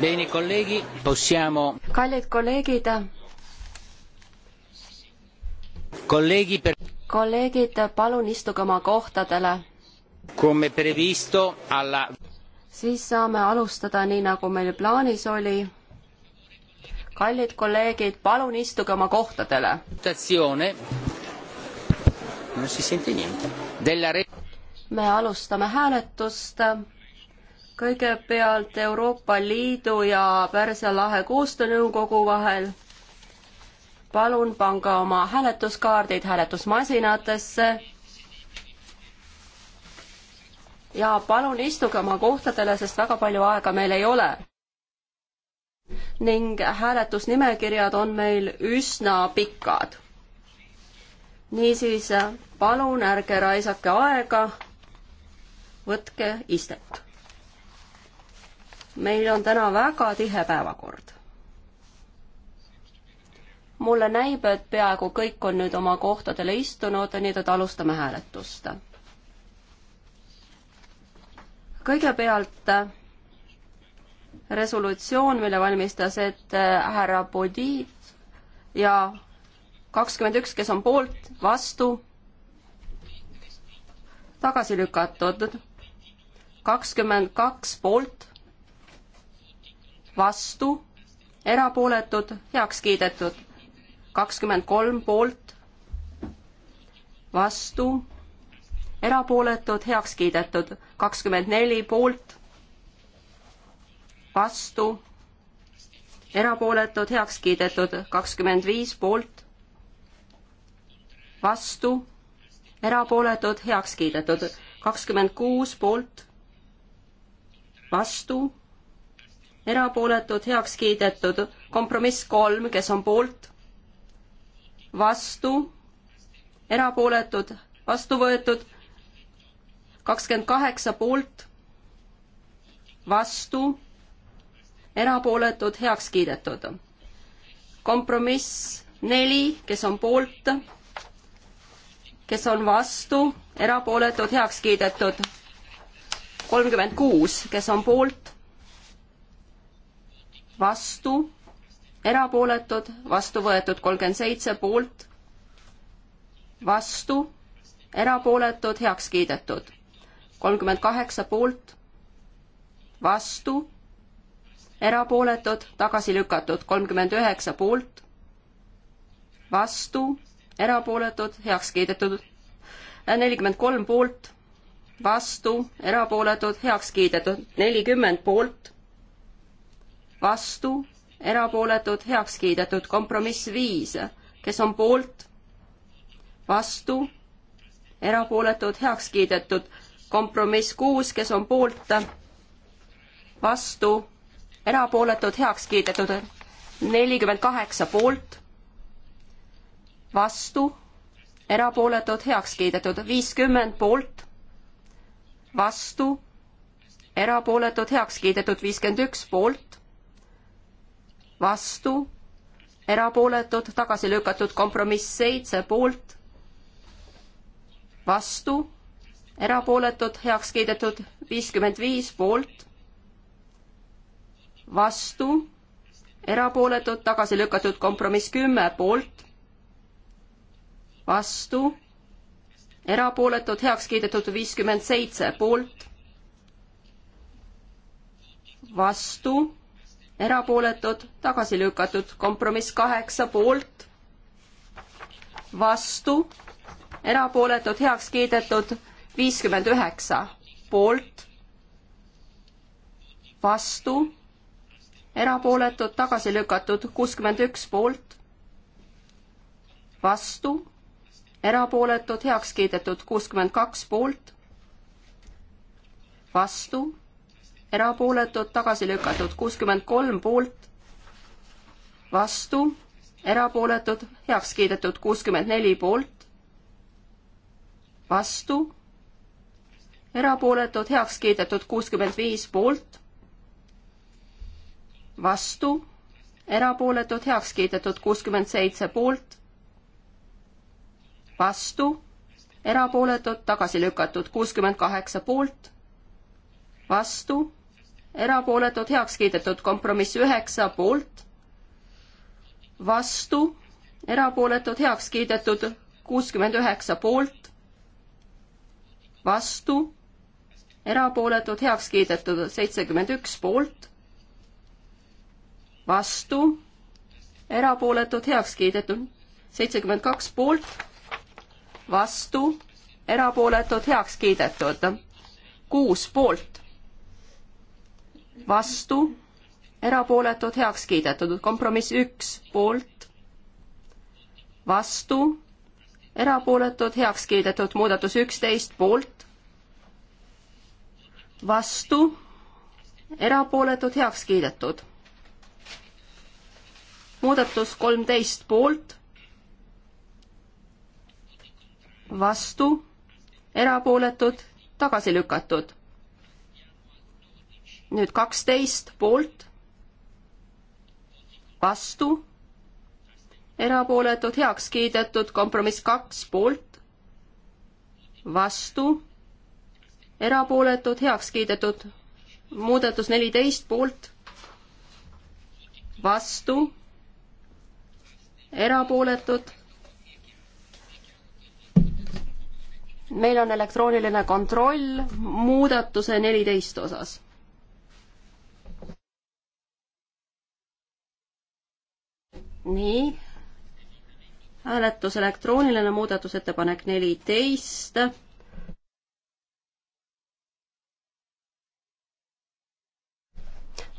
Bene, kolleegi, possiamo... kallid kolleegid. kolleegi per.... kolleegid, palun istuge oma kohtadele. Come previsto alla. siis saame alustada nii, nagu meil plaanis oli. kallid kolleegid, palun istuge oma kohtadele. Non si sente niente. Della re... me alustame hääletust kõigepealt Euroopa Liidu ja Pärsia lahe koostöönõukogu vahel. palun pange oma hääletuskaardid hääletusmasinatesse. ja palun istuge oma kohtadele, sest väga palju aega meil ei ole. ning hääletusnimekirjad on meil üsna pikad. niisiis, palun ärge raisake aega, võtke istet meil on täna väga tihe päevakord. mulle näib, et peaaegu kõik on nüüd oma kohtadele istunud, nii et alustame hääletust. kõigepealt resolutsioon, mille valmistas ette härra Bodi ja kakskümmend üks, kes on poolt, vastu, tagasi lükatud, kakskümmend kaks poolt vastu, erapooletud, heaks kiidetud. kakskümmend kolm poolt, vastu, erapooletud, heaks kiidetud. kakskümmend neli poolt, vastu, erapooletud, heaks kiidetud. kakskümmend viis poolt, vastu, erapooletud, heaks kiidetud. kakskümmend kuus poolt, vastu erapooletud, heaks kiidetud. kompromiss kolm, kes on poolt, vastu, erapooletud, vastu võetud, kakskümmend kaheksa poolt, vastu, erapooletud, heaks kiidetud. kompromiss neli, kes on poolt, kes on vastu, erapooletud, heaks kiidetud. kolmkümmend kuus, kes on poolt vastu, erapooletud, vastu võetud kolmkümmend seitse poolt, vastu, erapooletud, heaks kiidetud. kolmkümmend kaheksa poolt, vastu, erapooletud, tagasi lükatud, kolmkümmend üheksa poolt, vastu, erapooletud, heaks kiidetud, nelikümmend kolm poolt, vastu, erapooletud, heaks kiidetud, nelikümmend poolt vastu, erapooletud, heaks kiidetud, kompromiss viis, kes on poolt, vastu, erapooletud, heaks kiidetud, kompromiss kuus, kes on poolt, vastu, erapooletud, heaks kiidetud, nelikümmend kaheksa poolt, vastu, erapooletud, heaks kiidetud, viiskümmend poolt, vastu, erapooletud, heaks kiidetud, viiskümmend üks poolt, vastu, erapooletud, tagasi lükatud, kompromiss seitse poolt, vastu, erapooletud, heaks kiidetud, viiskümmend viis poolt, vastu, erapooletud, tagasi lükatud, kompromiss kümme poolt, vastu, erapooletud, heaks kiidetud, viiskümmend seitse poolt, vastu erapooletud, tagasi lükatud, kompromiss kaheksa poolt, vastu, erapooletud, heaks kiidetud, viiskümmend üheksa poolt, vastu, erapooletud, tagasi lükatud, kuuskümmend üks poolt, vastu, erapooletud, heaks kiidetud, kuuskümmend kaks poolt, vastu erapooletud, tagasi lükatud, kuuskümmend kolm poolt, vastu, erapooletud, heaks kiidetud, kuuskümmend neli poolt, vastu, erapooletud, heaks kiidetud, kuuskümmend viis poolt, vastu, erapooletud, heaks kiidetud, kuuskümmend seitse poolt, vastu, erapooletud, tagasi lükatud, kuuskümmend kaheksa poolt, vastu, erapooletud, heaks kiidetud, kompromiss üheksa poolt, vastu, erapooletud, heaks kiidetud, kuuskümmend üheksa poolt, vastu, erapooletud, heaks kiidetud, seitsekümmend üks poolt, vastu, erapooletud, heaks kiidetud, seitsekümmend kaks poolt, vastu, erapooletud, heaks kiidetud, kuus poolt, vastu, erapooletud, heaks kiidetud, kompromiss üks poolt, vastu, erapooletud, heaks kiidetud, muudatus üksteist poolt, vastu, erapooletud, heaks kiidetud. muudatus kolmteist poolt, vastu, erapooletud, tagasi lükatud nüüd kaksteist poolt, vastu, erapooletud, heaks kiidetud, kompromiss kaks poolt, vastu, erapooletud, heaks kiidetud, muudatus neliteist poolt, vastu, erapooletud. meil on elektrooniline kontroll muudatuse neliteist osas nii, hääletus elektrooniline muudatusettepanek neliteist.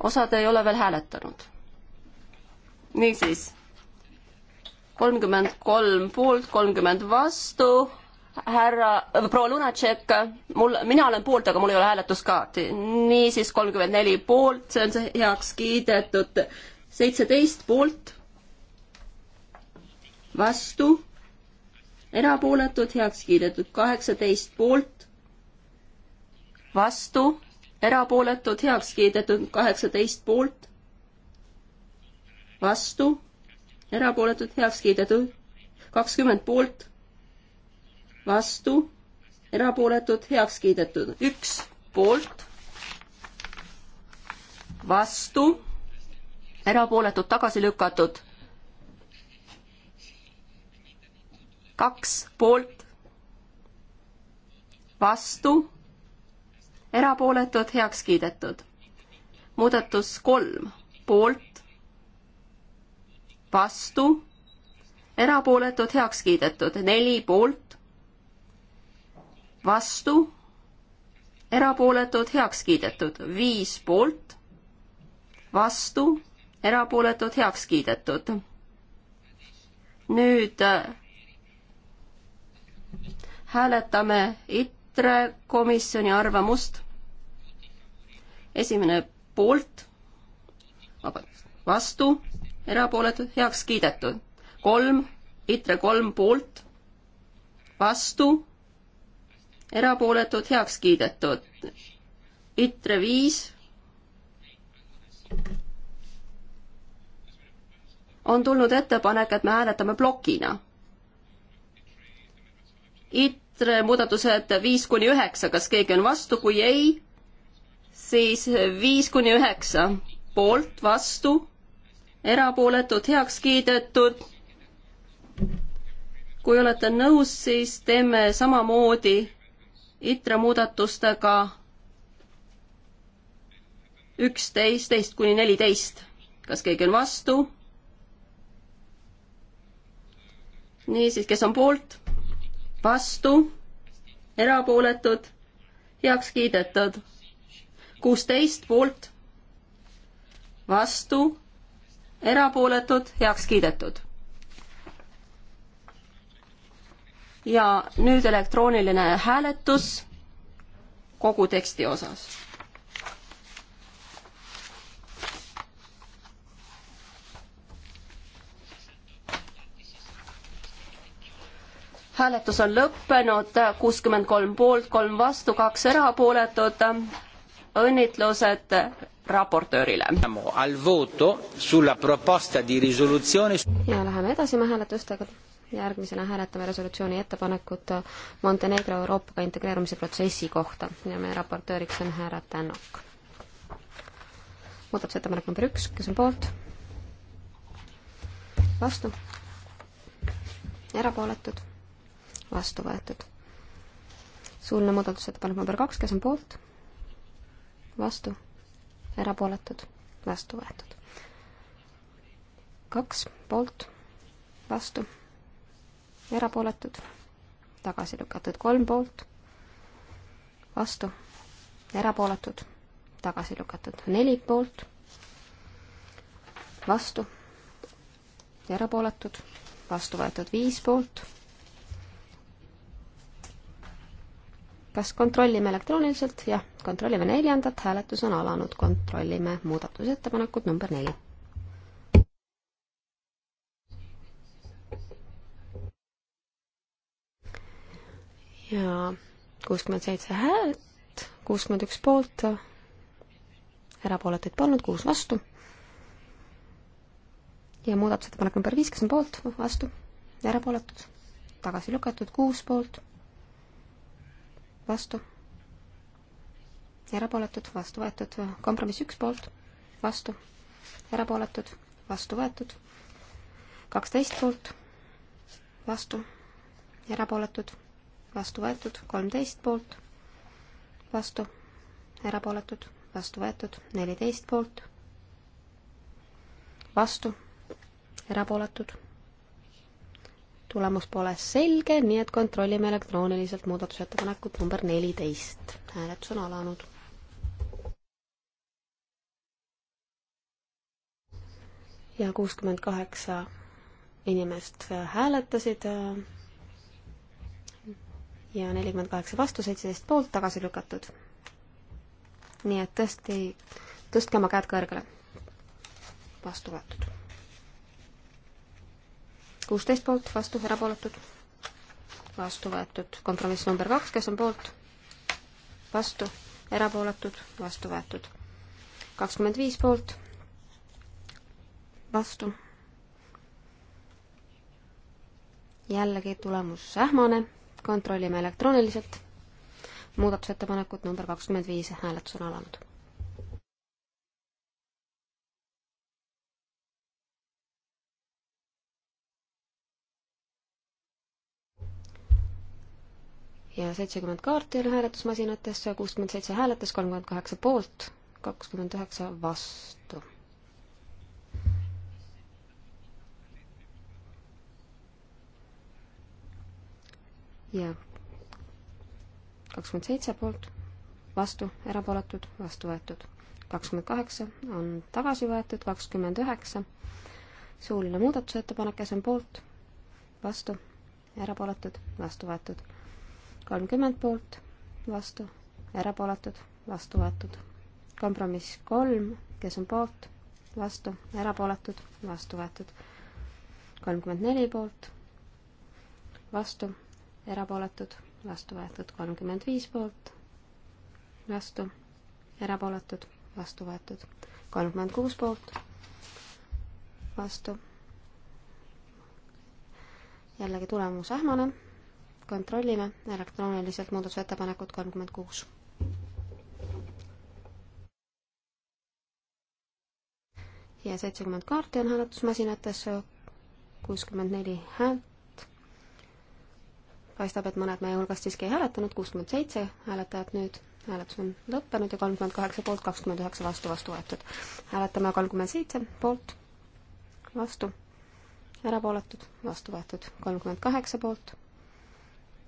osad ei ole veel hääletanud. niisiis, kolmkümmend kolm poolt, kolmkümmend vastu, härra, äh, proua Lunatšek, mul, mina olen poolt, aga mul ei ole hääletuskaarti. niisiis, kolmkümmend neli poolt, see on see heaks kiidetud, seitseteist poolt vastu, erapooletud, heaks kiidetud, kaheksateist poolt, vastu, erapooletud, heaks kiidetud, kaheksateist poolt, vastu, erapooletud, heaks kiidetud, kakskümmend poolt, vastu, erapooletud, heaks kiidetud, üks poolt, vastu, erapooletud, tagasi lükatud kaks poolt, vastu, erapooletud, heaks kiidetud. muudatus kolm poolt, vastu, erapooletud, heaks kiidetud, neli poolt, vastu, erapooletud, heaks kiidetud, viis poolt, vastu, erapooletud, heaks kiidetud. nüüd äh, hääletame ITRE komisjoni arvamust. esimene poolt, vabandust, vastu, erapooletud, heaks kiidetud. kolm, ITRE kolm poolt, vastu, erapooletud, heaks kiidetud. ITRE viis on tulnud ettepanek, et me hääletame plokina ITRE muudatused viis kuni üheksa, kas keegi on vastu, kui ei, siis viis kuni üheksa poolt, vastu, erapooletud, heaks kiidetud. kui olete nõus, siis teeme samamoodi ITRE muudatustega üksteist, teist kuni neliteist. kas keegi on vastu? niisiis, kes on poolt? vastu, erapooletud, heaks kiidetud. kuusteist poolt, vastu, erapooletud, heaks kiidetud. ja nüüd elektrooniline hääletus kogu teksti osas hääletus on lõppenud, kuuskümmend kolm poolt, kolm vastu, kaks erapooletut. õnnitlused raportöörile. ja läheme edasi oma hääletustega. järgmisena hääletame resolutsiooni ettepanekut Montenegro Euroopaga integreerumise protsessi kohta ja meie raportööriks on härra Tänok. muudatusettepanek number üks, kes on poolt? vastu? erapooletud vastu võetud. suuline muudatusettepanek number kaks, kes on poolt? vastu? erapooletud? vastu võetud. kaks poolt, vastu, erapooletud, tagasi lükatud kolm poolt, vastu, erapooletud, tagasi lükatud neli poolt, vastu, erapooletud, vastu võetud viis poolt kas kontrollime elektrooniliselt? jah, kontrollime neljandat, hääletus on alanud, kontrollime muudatusettepanekut number neli. ja kuuskümmend seitse häält, kuuskümmend üks poolt, erapooletuid polnud, kuus vastu. ja muudatusettepanek number viis, kes on poolt, vastu, erapooletud, tagasi lükatud, kuus poolt vastu, erapooletud, vastu võetud, kompromiss üks poolt, vastu, erapooletud, vastu võetud, kaksteist poolt, vastu, erapooletud, vastu võetud, kolmteist poolt, vastu, erapooletud, vastu võetud, neliteist poolt, vastu, erapooletud, tulemus pole selge, nii et kontrollime elektrooniliselt muudatusettepanekut number neliteist. hääletus on alanud. ja kuuskümmend kaheksa inimest hääletasid ja nelikümmend kaheksa vastu, seitseteist poolt, tagasi lükatud. nii et tõesti, tõstke oma käed kõrgele. vastu võetud kuusteist poolt, vastu, erapooletud, vastu võetud. kompromiss number kaks, kes on poolt, vastu, erapooletud, vastu võetud. kakskümmend viis poolt, vastu. jällegi tulemus ähmane, kontrollime elektrooniliselt. muudatusettepanekud number kakskümmend viis, hääletus on alanud ja seitsekümmend kaarti oli hääletusmasinates, kuuskümmend seitse hääletas, kolmkümmend kaheksa poolt, kakskümmend üheksa vastu. ja kakskümmend seitse poolt, vastu, erapooletud, vastu võetud. kakskümmend kaheksa on tagasi võetud, kakskümmend üheksa suuline muudatusettepanek, kes on poolt, vastu, erapooletud, vastu võetud kolmkümmend poolt, vastu, erapooletud, vastu võetud. kompromiss kolm, kes on poolt, vastu, erapooletud, vastu võetud. kolmkümmend neli poolt, vastu, erapooletud, vastu võetud. kolmkümmend viis poolt, vastu, erapooletud, vastu võetud. kolmkümmend kuus poolt, vastu. jällegi tulemus ähmane kontrollime elektrooniliselt muudatusettepanekut kolmkümmend kuus. ja seitsekümmend kaarti on hääletusmasinates, kuuskümmend neli häält. paistab, et mõned meie hulgast siiski ei hääletanud, kuuskümmend seitse hääletajat nüüd, hääletus on lõppenud ja kolmkümmend kaheksa poolt, kakskümmend üheksa vastu, vastu võetud. hääletame kolmkümmend seitse poolt, vastu erapooletud, vastu võetud kolmkümmend kaheksa poolt,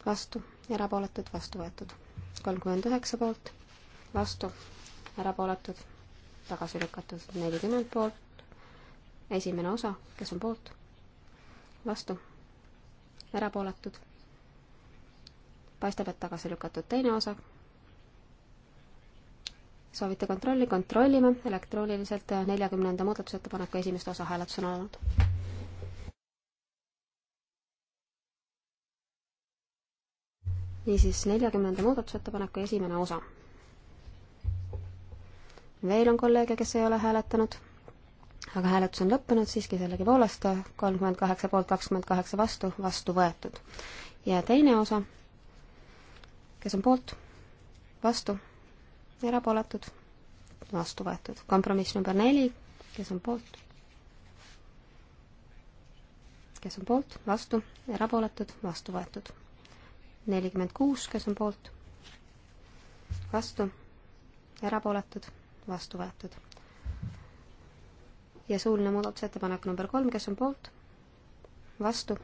vastu, erapooletud, vastu võetud. kolmkümmend üheksa poolt, vastu, erapooletud, tagasi lükatud. nelikümmend poolt, esimene osa, kes on poolt, vastu, erapooletud. paistab, et tagasi lükatud teine osa. soovite kontrolli, kontrollime elektrooniliselt äh, neljakümnenda muudatusettepaneku esimest osa hääletus on alanud niisiis neljakümnenda muudatusettepaneku esimene osa. veel on kolleege, kes ei ole hääletanud, aga hääletus on lõppenud siiski sellegipoolest, kolmkümmend kaheksa poolt, kakskümmend kaheksa vastu, vastu võetud. ja teine osa, kes on poolt, vastu, erapooletud, vastu võetud. kompromiss number neli, kes on poolt, kes on poolt, vastu, erapooletud, vastu võetud nelikümmend kuus, kes on poolt, vastu, erapooletud, vastu võetud. ja suuline muudatusettepanek number kolm, kes on poolt, vastu,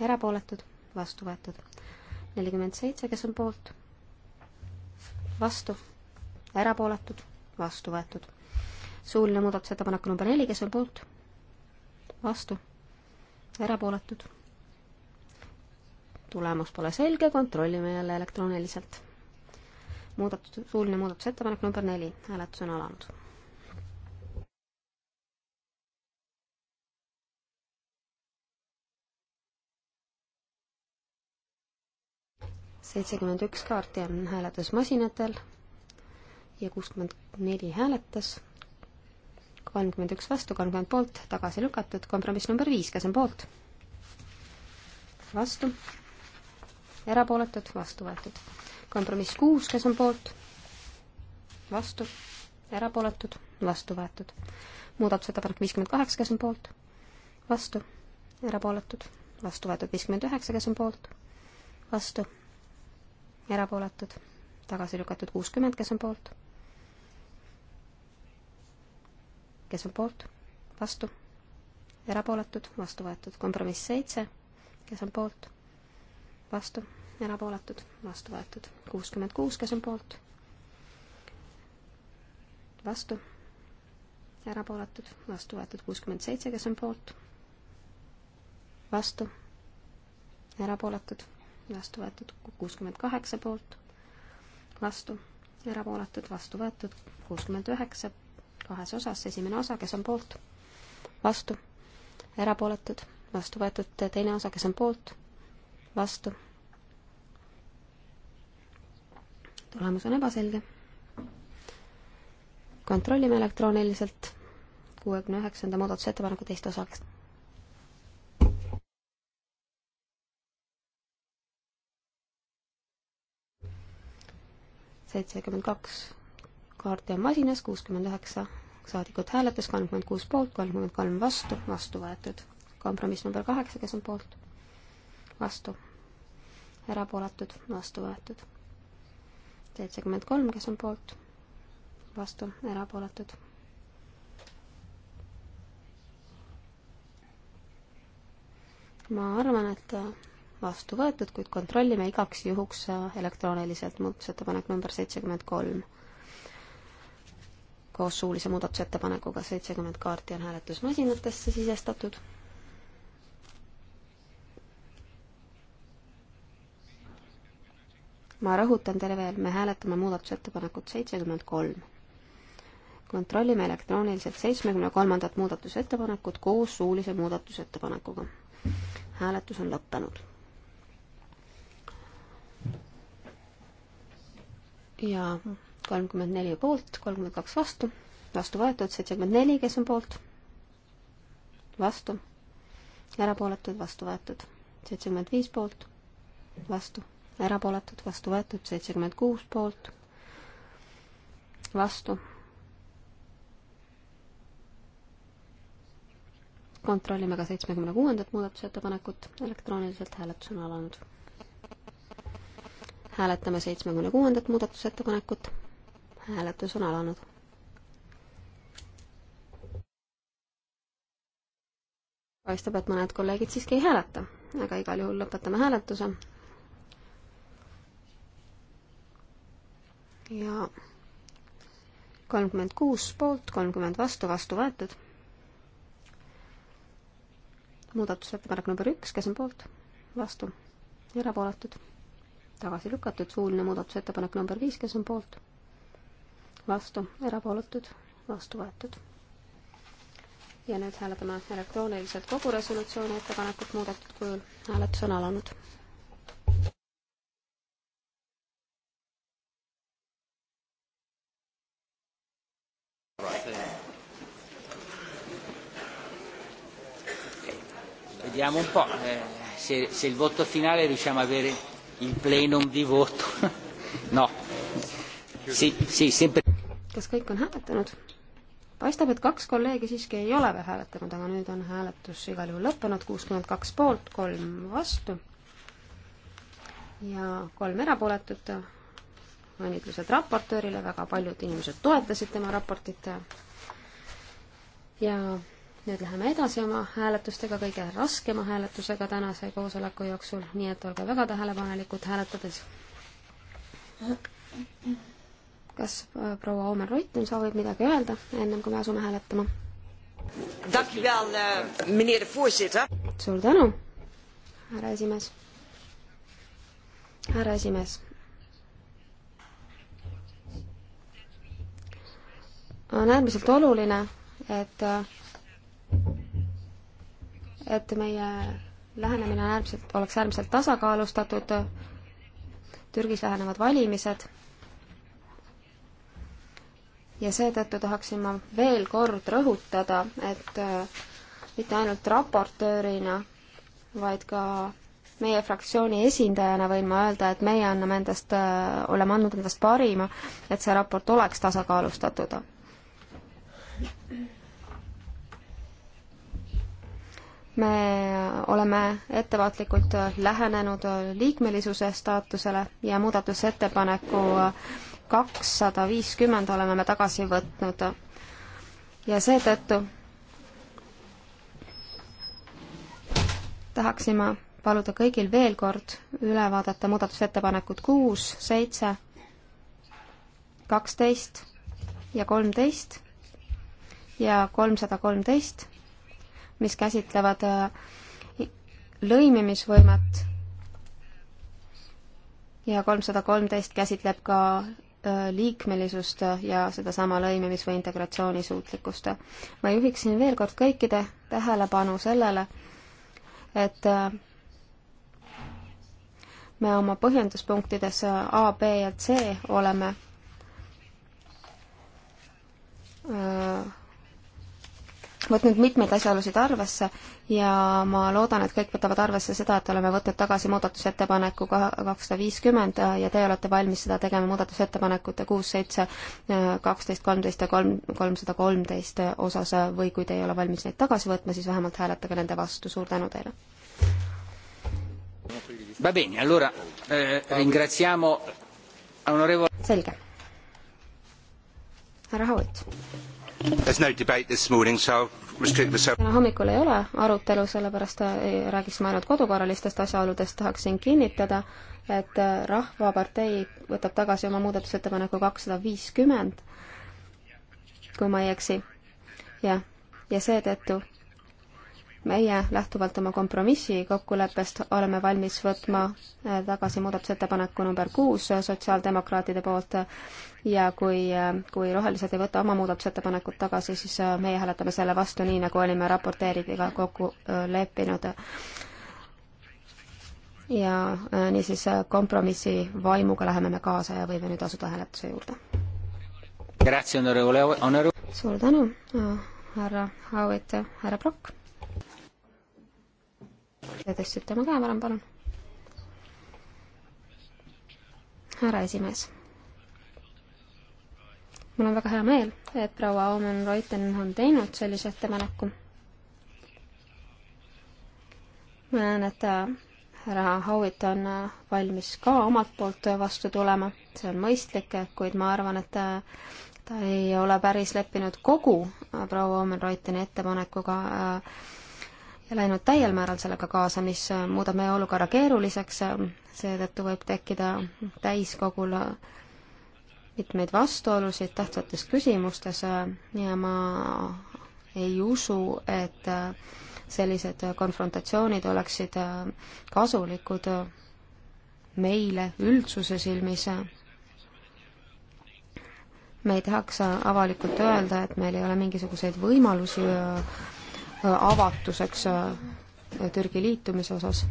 erapooletud, vastu võetud. nelikümmend seitse, kes on poolt, vastu, erapooletud, vastu võetud. suuline muudatusettepanek number neli, kes on poolt, vastu, erapooletud tulemus pole selge, kontrollime jälle elektrooniliselt. muudatus, suuline muudatusettepanek number neli, hääletus on alanud. seitsekümmend üks kaarti on hääletusmasinatel ja kuuskümmend neli hääletas, kolmkümmend üks vastu, kolmkümmend poolt, tagasi lükatud, kompromiss number viis, kes on poolt? vastu erapooletud, vastu võetud. kompromiss kuus, kes on poolt, vastu, erapooletud, vastu võetud. muudatusettepanek viiskümmend kaheksa, kes on poolt, vastu, erapooletud, vastu võetud viiskümmend üheksa, kes on poolt, vastu, erapooletud, tagasi lükatud kuuskümmend, kes on poolt, kes on poolt, vastu, erapooletud, vastu võetud, kompromiss seitse, kes on poolt vastu, erapooletud, vastu võetud. kuuskümmend kuus, kes on poolt, vastu, erapooletud, vastu võetud. kuuskümmend seitse, kes on poolt, vastu, erapooletud, vastu võetud. kuuskümmend kaheksa poolt, vastu, erapooletud, vastu võetud. kuuskümmend üheksa kahes osas, esimene osa, kes on poolt, vastu, erapooletud, vastu võetud teine osa, kes on poolt, vastu. tulemus on ebaselge. kontrollime elektrooniliselt kuuekümne üheksanda muudatusettepaneku teist osa. seitsekümmend kaks kaarti on masinas, kuuskümmend üheksa saadikut hääletas, kolmkümmend kuus poolt, kolmkümmend kolm vastu, vastu võetud. kompromiss number kaheksa, kes on poolt? vastu, erapooletud, vastu võetud. seitsekümmend kolm, kes on poolt, vastu, erapooletud. ma arvan, et äh, vastu võetud, kuid kontrollime igaks juhuks äh, elektrooniliselt muudatusettepanek number seitsekümmend kolm. koos suulise muudatusettepanekuga seitsekümmend kaarti on hääletusmasinatesse sisestatud ma rõhutan teile veel, me hääletame muudatusettepanekut seitsekümmend kolm. kontrollime elektrooniliselt seitsmekümne kolmandat muudatusettepanekut koos suulise muudatusettepanekuga. hääletus on lõppenud. ja kolmkümmend neli poolt, kolmkümmend kaks vastu, vastu võetud seitsekümmend neli, kes on poolt, vastu, erapooletud, vastu võetud, seitsekümmend viis poolt, vastu erapooletud, vastu võetud, seitsekümmend kuus poolt, vastu. kontrollime ka seitsmekümne kuuendat muudatusettepanekut, elektrooniliselt hääletus on alanud. hääletame seitsmekümne kuuendat muudatusettepanekut, hääletus on alanud paistab, et mõned kolleegid siiski ei hääleta, aga igal juhul lõpetame hääletuse. ja kolmkümmend kuus poolt, kolmkümmend vastu, vastu võetud. muudatusettepanek number üks, kes on poolt, vastu, erapooletud, tagasi lükatud, suuline muudatusettepanek number viis, kes on poolt, vastu, erapooletud, vastu võetud. ja nüüd hääletame elektrooniliselt kogu resolutsiooni ettepanekut muudetud kujul, hääletus on alanud vediamo un po', eh, se, se il voto finale riusciamo ad avere il plenum di voto. no. Sì, sì, sempre. kas kõik on hääletanud? paistab, et kaks kolleegi siiski ei ole veel hääletanud, aga nüüd on hääletus igal juhul lõppenud, kuuskümmend kaks poolt, kolm vastu ja kolm erapooletut. õnnitlused raportöörile, väga paljud inimesed toetasid tema raportit. ja nüüd läheme edasi oma hääletustega, kõige raskema hääletusega tänase koosoleku jooksul, nii et olge väga tähelepanelikud hääletades. kas äh, proua Oomen Ruiten soovib midagi öelda, ennem kui me asume hääletama? Äh, suur tänu, härra esimees. härra esimees on äärmiselt oluline, et äh, et meie lähenemine on äärmiselt, oleks äärmiselt tasakaalustatud. Türgis lähenevad valimised. ja seetõttu tahaksin ma veel kord rõhutada, et äh, mitte ainult raportöörina, vaid ka meie fraktsiooni esindajana võin ma öelda, et meie anname endast, äh, oleme andnud endast parima, et see raport oleks tasakaalustatud. me oleme ettevaatlikult lähenenud liikmelisuse staatusele ja muudatusettepaneku kakssada viiskümmend oleme me tagasi võtnud. ja seetõttu tahaksin ma paluda kõigil veel kord üle vaadata muudatusettepanekud kuus, seitse, kaksteist ja kolmteist ja kolmsada kolmteist mis käsitlevad äh, lõimimisvõimet ja kolmsada kolmteist käsitleb ka äh, liikmelisust ja sedasama lõimimis- või integratsioonisuutlikkust. ma juhiksin veel kord kõikide tähelepanu sellele, et äh, me oma põhjenduspunktides A, B ja C oleme öö, võtnud mitmeid asjaolusid arvesse ja ma loodan, et kõik võtavad arvesse seda, et oleme võtnud tagasi muudatusettepaneku kakssada viiskümmend ja te olete valmis seda tegema muudatusettepanekute kuus, seitse, kaksteist, kolmteist ja kolm, kolmsada kolmteist osas või kui te ei ole valmis neid tagasi võtma, siis vähemalt hääletage nende vastu, suur tänu teile! Eh, selge. härra Haavit täna hommikul ei ole arutelu, sellepärast eh, räägiks ma ainult kodukorralistest asjaoludest, tahaksin kinnitada, et eh, Rahvapartei võtab tagasi oma muudatusettepaneku kakssada viiskümmend, kui ma ei eksi. jah, ja seetõttu meie lähtuvalt oma kompromissi kokkuleppest oleme valmis võtma äh, tagasi muudatusettepaneku number kuus äh, sotsiaaldemokraatide poolt ja kui, äh, kui rohelised ei võta oma muudatusettepanekut tagasi, siis meie hääletame selle vastu, nii nagu olime raporteerijaga kokku leppinud. ja niisiis kompromissi vaimuga läheme me kaasa ja võime nüüd asuda hääletuse juurde. suur tänu, härra Haavet ja härra Prokk Te tõstsite oma käe varem, palun. härra esimees. mul on väga hea meel, et proua Omen Reuten on teinud sellise ettepaneku. ma näen, et äh, härra Howitt on äh, valmis ka omalt poolt vastu tulema, see on mõistlik, kuid ma arvan, et äh, ta ei ole päris leppinud kogu proua Omen Reuteni ettepanekuga äh, läinud täiel määral sellega kaasa, mis muudab meie olukorra keeruliseks, seetõttu võib tekkida täiskogul mitmeid vastuolusid tähtsates küsimustes ja ma ei usu, et sellised konfrontatsioonid oleksid kasulikud meile üldsuse silmis. me ei tahaks avalikult öelda, et meil ei ole mingisuguseid võimalusi avatuseks äh, Türgi liitumise osas.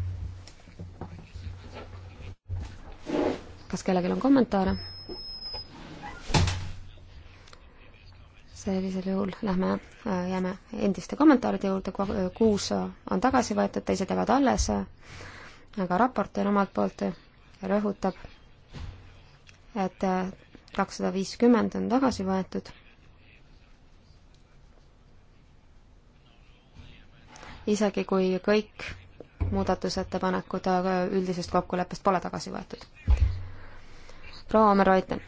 kas kellelgi on kommentaare? sellisel juhul lähme, äh, jääme endiste kommentaaride juurde, äh, kuus on tagasi võetud, teised jäävad alles, aga raportöör omalt poolt rõhutab, et kakssada viiskümmend on tagasi võetud isegi kui kõik muudatusettepanekud üldisest kokkuleppest pole tagasi võetud. proua Omer-Raiten.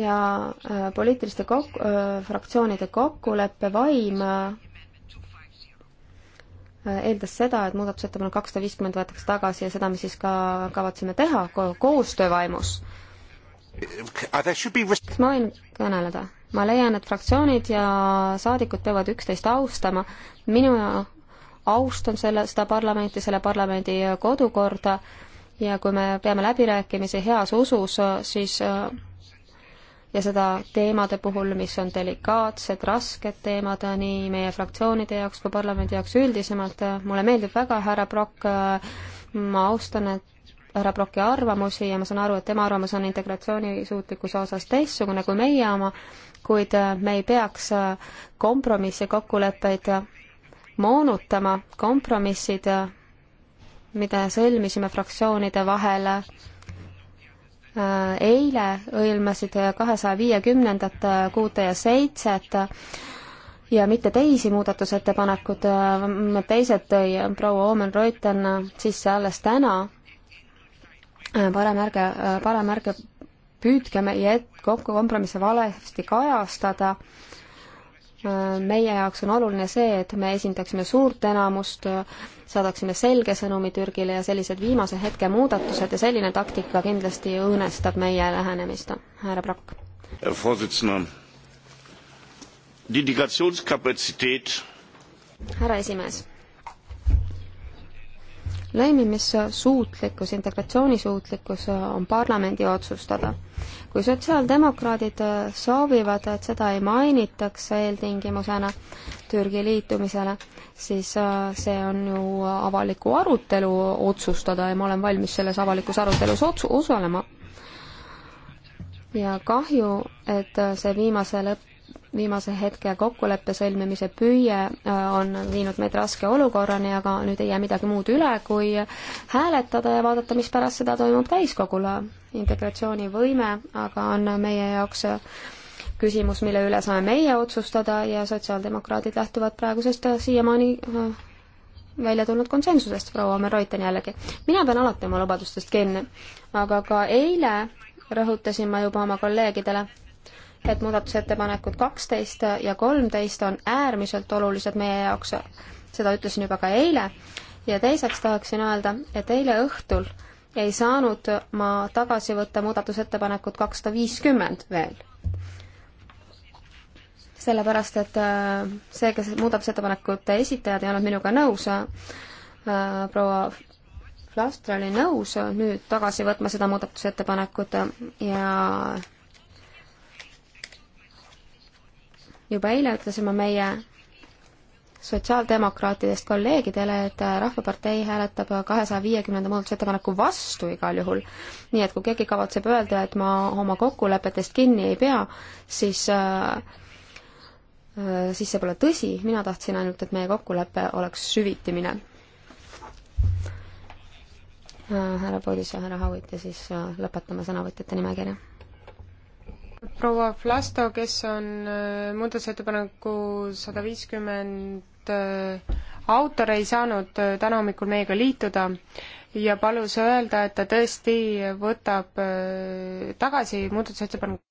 ja äh, poliitiliste kok- äh,, fraktsioonide kokkuleppe vaim äh, eeldas seda, et muudatusettepanek kakssada viiskümmend võetakse tagasi ja seda me siis ka kavatseme teha ko koostöö vaimus äh, Uh, kas ma võin kõneleda? ma leian, et fraktsioonid ja saadikud peavad üksteist austama. minu austan selle, seda parlamenti, selle parlamendi kodukorda ja kui me peame läbirääkimisi heas usus, siis ja seda teemade puhul, mis on delikaatsed, rasked teemad nii meie fraktsioonide jaoks kui parlamendi jaoks üldisemalt, mulle meeldib väga härra Brock, ma austan, et härra Broki arvamusi ja ma saan aru, et tema arvamus on integratsioonisuutlikkuse osas teistsugune kui meie oma, kuid äh, me ei peaks äh, kompromisse, kokkuleppeid äh, moonutama, kompromissid, mida sõlmisime fraktsioonide vahel eile, hõlmasid kahesaja viiekümnendat kuute ja seitset ja mitte teisi muudatusettepanekud, teised tõi proua Omen Reuten sisse alles täna Äh, parem ärge, äh, parem ärge püüdke meie kokku kompromisse valesti kajastada. Äh, meie jaoks on oluline see, et me esindaksime suurt enamust, saadaksime selge sõnumi Türgile ja sellised viimase hetke muudatused ja selline taktika kindlasti õõnestab meie lähenemist. härra Prokk. härra esimees lõimimissuutlikkus, integratsioonisuutlikkus äh, on parlamendi otsustada. kui sotsiaaldemokraadid äh, soovivad, et seda ei mainitaks eeltingimusena Türgi liitumisele, siis äh, see on ju avaliku arutelu otsustada ja ma olen valmis selles avalikus arutelus ots-, osalema. ja kahju, et see viimase lõpp viimase hetke kokkuleppe sõlmimise püüe äh, on viinud meid raske olukorrani, aga nüüd ei jää midagi muud üle, kui hääletada ja vaadata, mis pärast seda toimub täiskogule. integratsioonivõime aga on meie jaoks küsimus, mille üle saame meie otsustada ja sotsiaaldemokraadid lähtuvad praegusest siiamaani äh, välja tulnud konsensusest, proua Omer-Reuten jällegi. mina pean alati oma lubadustest kinni, aga ka eile rõhutasin ma juba oma kolleegidele, et muudatusettepanekud kaksteist ja kolmteist on äärmiselt olulised meie jaoks, seda ütlesin juba ka eile, ja teiseks tahaksin öelda, et eile õhtul ei saanud ma tagasi võtta muudatusettepanekut kakssada viiskümmend veel. sellepärast, et äh, see, kes muudatusettepanekute esitajad ei olnud minuga nõus, äh, proua Flastra oli nõus nüüd tagasi võtma seda muudatusettepanekut ja juba eile ütlesime meie sotsiaaldemokraatidest kolleegidele, et Rahvapartei hääletab kahesaja viiekümnenda muudatusettepaneku vastu igal juhul. nii et kui keegi kavatseb öelda, et ma oma kokkulepetest kinni ei pea, siis äh, siis see pole tõsi, mina tahtsin ainult, et meie kokkulepe oleks süviti minev. Äh, härra Poodis ja härra Haavit ja siis äh, lõpetame sõnavõtjate nimekirja proua Vlasto, kes on äh, muudatusettepaneku sada viiskümmend äh, autor, ei saanud äh, täna hommikul meiega liituda ja palus öelda, et ta tõesti võtab tagasi muudatusettepaneku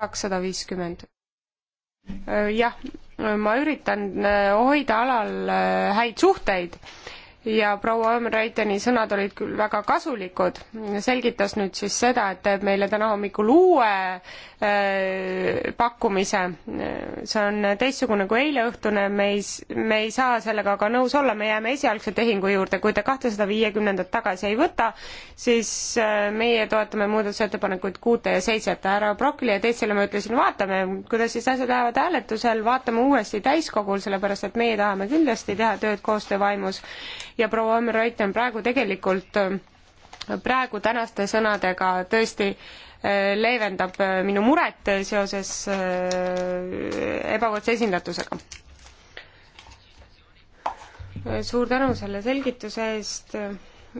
kakssada viiskümmend. jah, ma üritan hoida alal häid suhteid ja proua Ömerreiteni sõnad olid küll väga kasulikud, selgitas nüüd siis seda, et teeb meile täna hommikul uue äh, pakkumise. see on teistsugune kui eileõhtune, me ei, me ei saa sellega ka nõus olla, me jääme esialgse tehingu juurde, kui te kahtesada viiekümnendat tagasi ei võta, siis äh, meie toetame muudatusettepanekuid kuute ja seitset. härra Brokile ja teistele ma ütlesin, vaatame, kuidas siis asjad lähevad hääletusel, vaatame uuesti täiskogul, sellepärast et meie tahame kindlasti teha tööd koostöövaimus ja proua Ammerreuten praegu tegelikult, äh, praegu tänaste sõnadega tõesti äh, leevendab äh, minu muret seoses ebavõrdse esindatusega. suur tänu selle selgituse eest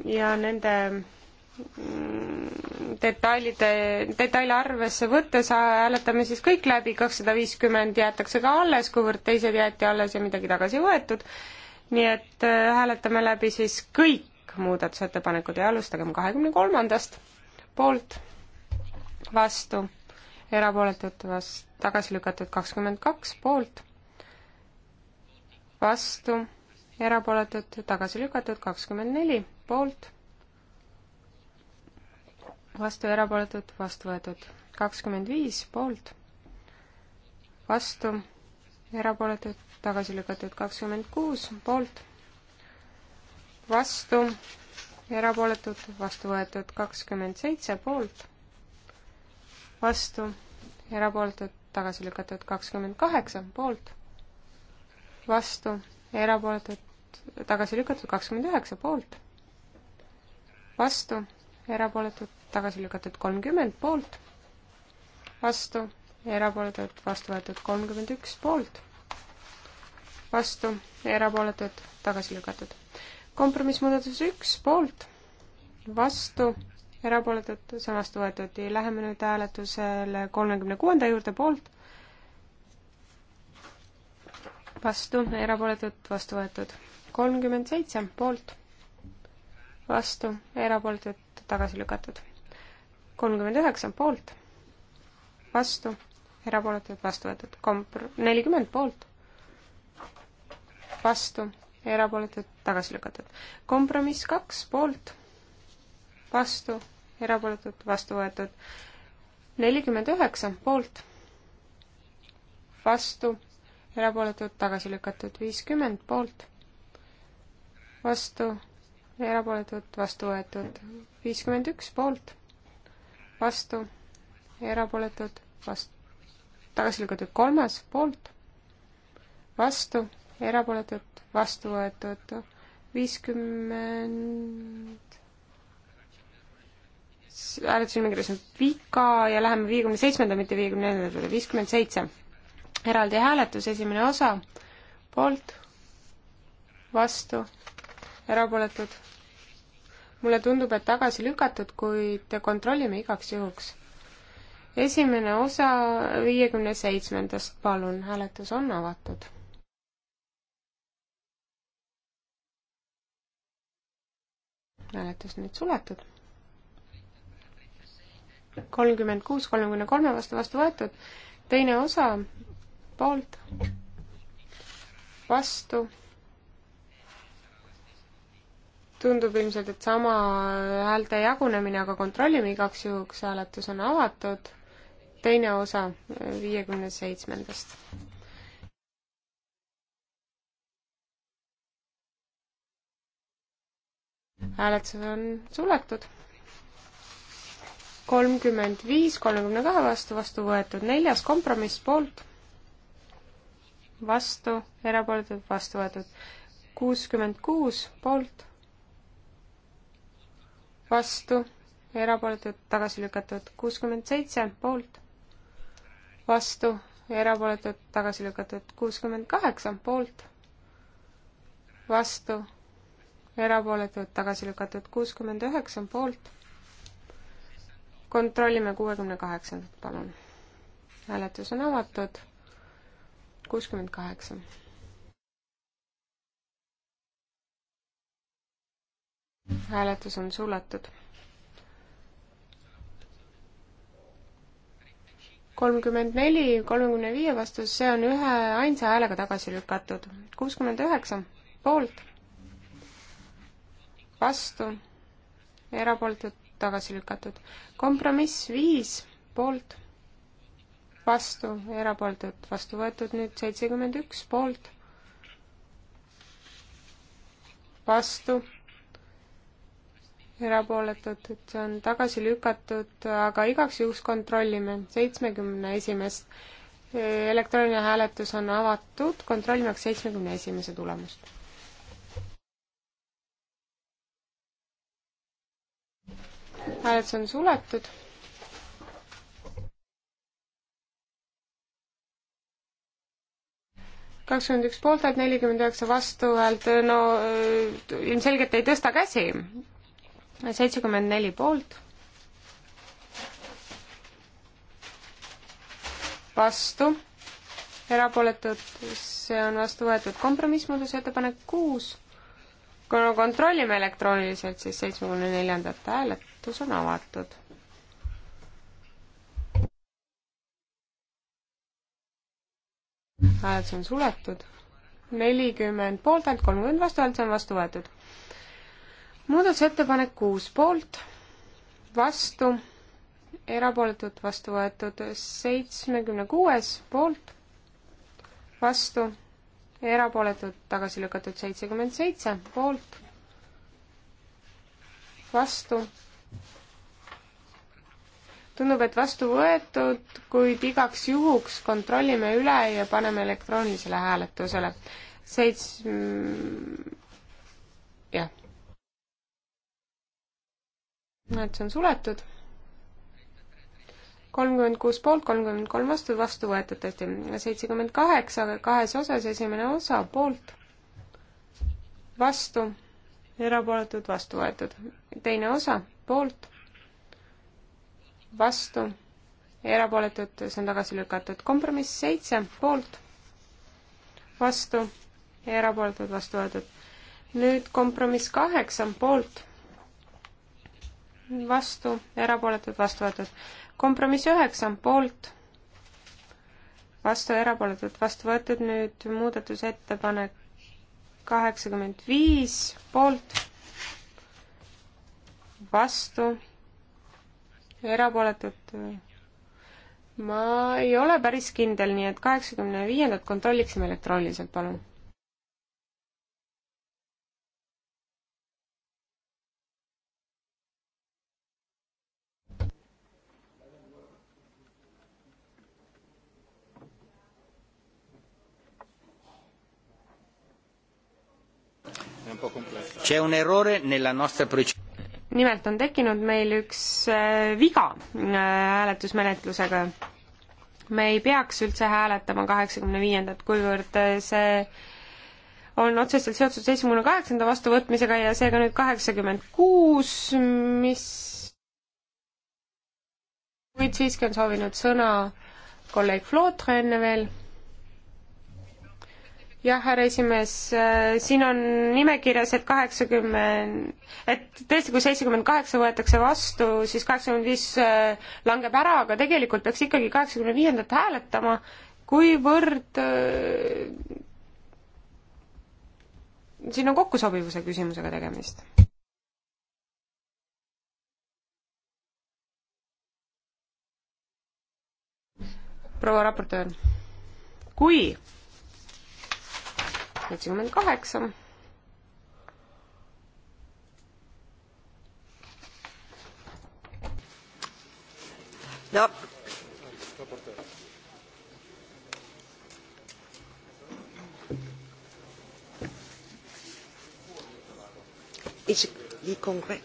ja nende mm, detailide, detaile arvesse võttes hääletame siis kõik läbi, kakssada viiskümmend jäetakse ka alles, kuivõrd teised jäeti alles ja midagi tagasi ei võetud nii et äh, hääletame läbi siis kõik muudatusettepanekud ja alustagem kahekümne kolmandast poolt, vastu, erapooletult vastu, tagasi lükatud kakskümmend kaks poolt, vastu, erapooletult tagasi lükatud kakskümmend neli poolt, vastu, erapooletult vastu võetud kakskümmend viis poolt, vastu, erapooletult tagasi lükatud kakskümmend kuus poolt, vastu, erapooletud, vastu võetud kakskümmend seitse poolt, vastu, erapooletud, tagasi lükatud kakskümmend kaheksa poolt, vastu, erapooletud, tagasi lükatud kakskümmend üheksa poolt, vastu, erapooletud, tagasi lükatud kolmkümmend poolt, vastu, erapooletud, vastu võetud kolmkümmend üks poolt vastu, erapooletud, tagasi lükatud. kompromissmuudatus üks, poolt, vastu, erapooletud, see on vastu võetud. Läheme nüüd hääletusele kolmekümne kuuenda juurde, poolt, vastu, erapooletud, vastu võetud. kolmkümmend seitse, poolt, vastu, erapooletud, tagasi lükatud. kolmkümmend üheksa, poolt, vastu erapooletud vastu võetud, komp-, nelikümmend poolt, vastu, erapooletud, tagasi lükatud. kompromiss kaks, poolt, vastu, erapooletud, vastu võetud. nelikümmend üheksa, poolt, vastu, erapooletud, tagasi lükatud. viiskümmend, poolt, vastu, erapooletud, vastu võetud. viiskümmend üks, poolt, vastu, erapooletud, vastu, tagasi lükatud. kolmas, poolt, vastu erapooletud, vastu võetud viiskümmend 50... hääletusnimekirjas on viga ja läheme viiekümne seitsmenda, mitte viiekümne neljanda peale, viiskümmend seitse. eraldi hääletus, esimene osa, poolt, vastu, erapooletud. mulle tundub, et tagasi lükatud, kuid kontrollime igaks juhuks. esimene osa viiekümne seitsmendast, palun, hääletus on avatud hääletus nüüd suletud. kolmkümmend kuus kolmekümne kolme vastu vastu võetud, teine osa poolt, vastu. tundub ilmselt, et sama häälte jagunemine, aga kontrollime igaks juhuks, hääletus on avatud. teine osa viiekümne seitsmendast hääletus on suletud. kolmkümmend viis, kolmekümne kahe vastu, vastu võetud neljas kompromiss poolt, vastu, erapooletud, vastu võetud. kuuskümmend kuus poolt, vastu, erapooletud, tagasi lükatud. kuuskümmend seitse poolt, vastu, erapooletud, tagasi lükatud. kuuskümmend kaheksa poolt, vastu erapooletud, tagasi lükatud kuuskümmend üheksa poolt. kontrollime kuuekümne kaheksandat, palun. hääletus on avatud. kuuskümmend kaheksa. hääletus on suletud. kolmkümmend neli, kolmekümne viie vastus, see on ühe ainsa häälega tagasi lükatud. kuuskümmend üheksa poolt vastu, erapooletud, tagasi lükatud. kompromiss viis poolt, vastu, erapooletud, vastu võetud, nüüd seitsekümmend üks poolt, vastu erapooletut, et see on tagasi lükatud, aga igaks juhuks kontrollime. seitsmekümne esimest elektrooniline hääletus on avatud, kontrollime seitsmekümne esimese tulemust. hääletus on suletud. kakskümmend üks poolthäält, nelikümmend üheksa vastuhäält, no äh, ilmselgelt ei tõsta käsi. seitsekümmend neli poolt. vastu, erapooletud, see on vastu võetud kompromissmuudatusettepanek kuus. kontrollime elektrooniliselt siis seitsmekümne neljandat häälet hääletus on avatud. hääletus on suletud. nelikümmend poolt häält, kolmkümmend vastu häält, see on vastu võetud. muudatusettepanek kuus poolt, vastu, erapooletult vastu võetud, seitsmekümne kuues poolt, vastu, erapooletult tagasi lükatud seitsekümmend seitse poolt, vastu tundub, et vastu võetud, kuid igaks juhuks kontrollime üle ja paneme elektroonilisele hääletusele. Seits-, jah. et see on suletud. kolmkümmend kuus poolt, kolmkümmend kolm vastu, vastu võetud tõesti. seitsekümmend kaheksa kahes osas, esimene osa poolt, vastu, erapooletud, vastu võetud. teine osa poolt vastu, erapooletud, see on tagasi lükatud. kompromiss seitse, poolt, vastu, erapooletud, vastu võetud. nüüd kompromiss kaheksa, poolt, vastu, erapooletud, vastu võetud. kompromiss üheksa, poolt vastu erapooletult vastu võetud, nüüd muudatusettepanek kaheksakümmend viis poolt, vastu, erapooletud? ma ei ole päris kindel, nii et kaheksakümne viiendat kontrolliksime elektrooniliselt, palun. C'è un errore nella nostra procedura nimelt on tekkinud meil üks äh, viga äh, hääletusmenetlusega. me ei peaks üldse hääletama kaheksakümne viiendat, kuivõrd äh, see on otseselt seotud seitsmekümne kaheksanda vastuvõtmisega ja seega nüüd kaheksakümmend kuus, mis kuid siiski on soovinud sõna kolleeg Flootre enne veel jah, härra esimees, äh, siin on nimekirjas, et kaheksakümmend, et tõesti, kui seitsekümmend kaheksa võetakse vastu, siis kaheksakümmend viis äh, langeb ära, aga tegelikult peaks ikkagi kaheksakümne viiendat hääletama, kuivõrd äh, siin on kokkusobivuse küsimusega tegemist? proua raportöör, kui seitsekümmend kaheksa. no it's the congress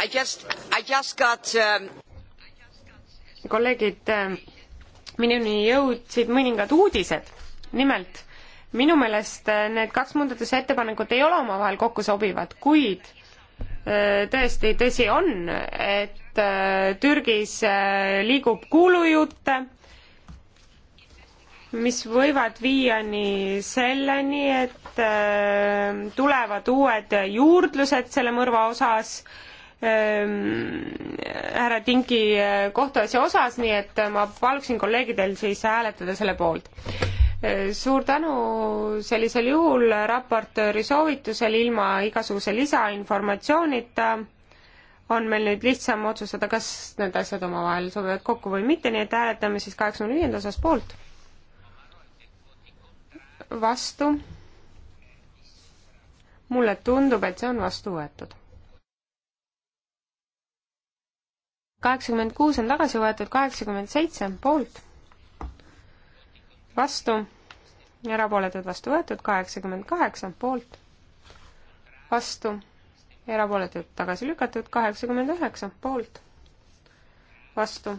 I just, I just got um... kolleegid, ähm, minuni jõudsid mõningad uudised. nimelt, minu meelest äh, need kaks muudatusettepanekut ei ole omavahel kokku sobivad, kuid äh, tõesti tõsi on, et äh, Türgis liigub kuulujutte, mis võivad viia nii selleni, et tulevad uued juurdlused selle mõrva osas Ehm, härra Tinki eh, kohtuasja osas, nii et eh, ma paluksin kolleegidel siis hääletada selle poolt. Eh, suur tänu sellisel juhul raportööri soovitusel ilma igasuguse lisainformatsioonita on meil nüüd lihtsam otsustada, kas need asjad omavahel sobivad kokku või mitte, nii et hääletame siis kaheksakümne viienda osas poolt. vastu. mulle tundub, et see on vastu võetud kaheksakümmend kuus on tagasi võetud, kaheksakümmend seitse on poolt, vastu, erapooletud vastu võetud, kaheksakümmend kaheksa on poolt, vastu, erapooletud tagasi lükatud, kaheksakümmend üheksa on poolt, vastu,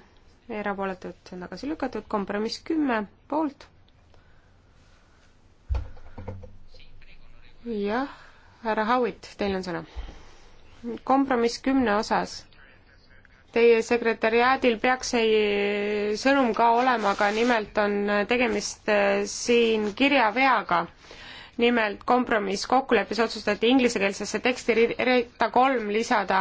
erapooletud tagasi lükatud, kompromiss kümme, poolt. jah, härra Howitt, teil on sõna. kompromiss kümne osas teie sekretäriaadil peaks see sõnum ka olema, aga nimelt on tegemist äh, siin kirjaveaga. nimelt kompromiss kokkuleppes otsustati inglisekeelsesse teksti rida kolm lisada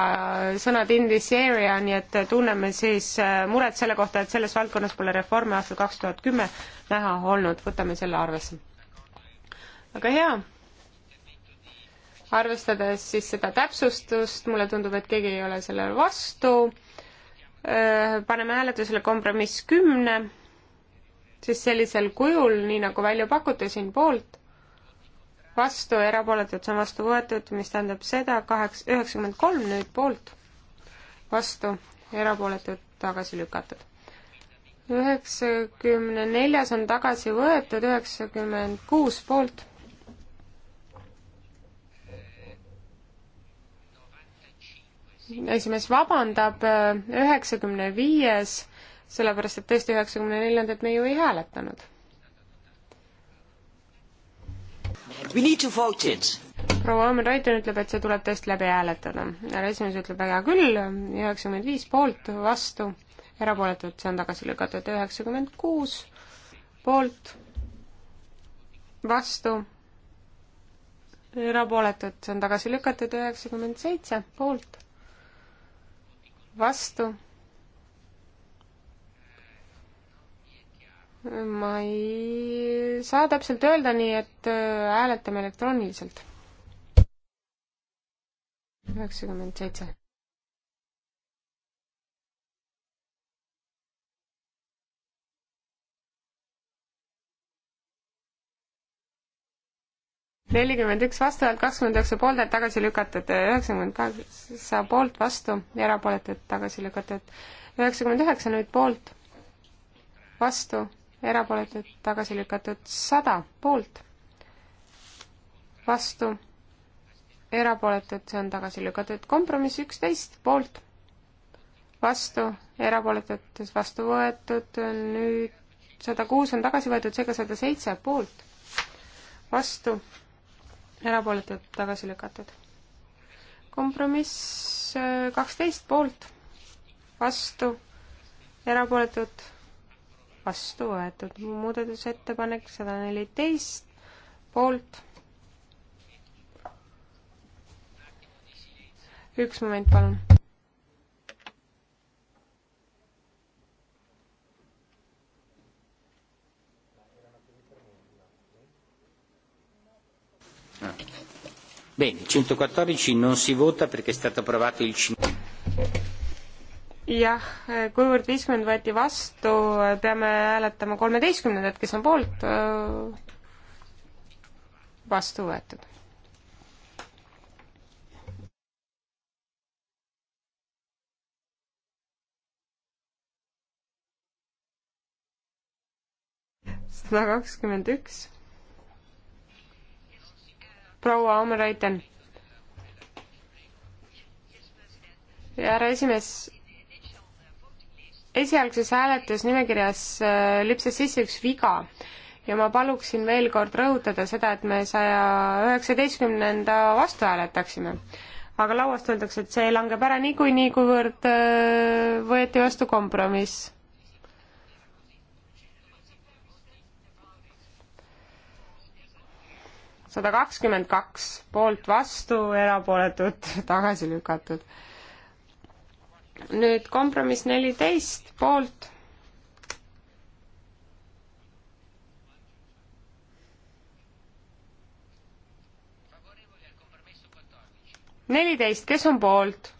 sõnad in this area, nii et tunneme siis äh, muret selle kohta, et selles valdkonnas pole reforme aastal kaks tuhat kümme näha olnud, võtame selle arvesse. väga hea arvestades siis seda täpsustust, mulle tundub, et keegi ei ole sellele vastu paneme hääletusele kompromiss kümne, siis sellisel kujul, nii nagu välja pakuti siin poolt, vastu, erapooletud, see on vastu võetud, mis tähendab seda, kaheksa, üheksakümmend kolm nüüd poolt, vastu, erapooletud, tagasi lükatud. üheksakümne neljas on tagasi võetud, üheksakümmend kuus poolt esimees vabandab, äh, üheksakümne viies, sellepärast et tõesti üheksakümne neljandat me ju ei hääletanud. proua Omen Raidon ütleb, et see tuleb tõesti läbi hääletada. härra esimees ütleb väga küll, üheksakümmend viis poolt, vastu, erapooletud, see on tagasi lükatud, üheksakümmend kuus poolt, vastu, erapooletud, see on tagasi lükatud, üheksakümmend seitse poolt vastu. ma ei saa täpselt öelda, nii et äh, hääletame elektrooniliselt. üheksakümmend seitse. nelikümmend üks vastavalt, kakskümmend üheksa pooldajat tagasi lükatud, üheksakümmend kaheksa poolt vastu ja erapooletud tagasi lükatud. üheksakümmend üheksa nüüd poolt, vastu, erapooletud tagasi lükatud, sada poolt, vastu, erapooletud, see on tagasi lükatud, kompromiss üksteist poolt, vastu, erapooletud, vastu võetud, nüüd sada kuus on tagasi võetud, seega sada seitse poolt, vastu erapooletud, tagasi lükatud. kompromiss äh, kaksteist poolt, vastu, erapooletud, vastu võetud. muudatusettepanek sada neliteist poolt. üks moment, palun Ah. Bene, 114 non si vota perché è stato approvato il 5. jah, kuivõrd viiskümmend võeti vastu, peame hääletama kolmeteistkümnendat, kes on poolt, vastu võetud. sada kakskümmend üks proua Omerreiten. härra esimees, esialgses hääletusnimekirjas äh, lipsas sisse üks viga ja ma paluksin veel kord rõhutada seda, et me saja üheksateistkümnenda vastu hääletaksime. aga lauast öeldakse, et see langeb ära niikuinii, kuivõrd äh, võeti vastu kompromiss sada kakskümmend kaks poolt vastu, erapooletud tagasi lükatud. nüüd kompromiss neliteist poolt. neliteist, kes on poolt?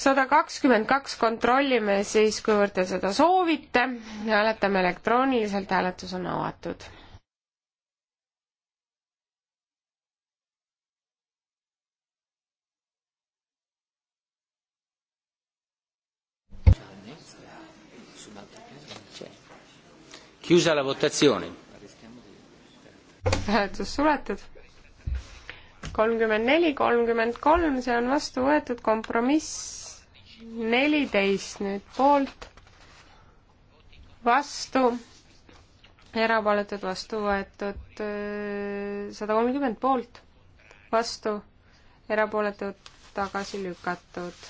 sada kakskümmend kaks kontrollime siis, kuivõrd te seda soovite. hääletame elektrooniliselt, hääletus on avatud. Chiusa la votazione. hääletus suletud kolmkümmend neli, kolmkümmend kolm, see on vastu võetud kompromiss neliteist nüüd poolt, vastu, erapooletud, vastu võetud äh, sada kolmkümmend poolt, vastu, erapooletud, tagasi lükatud.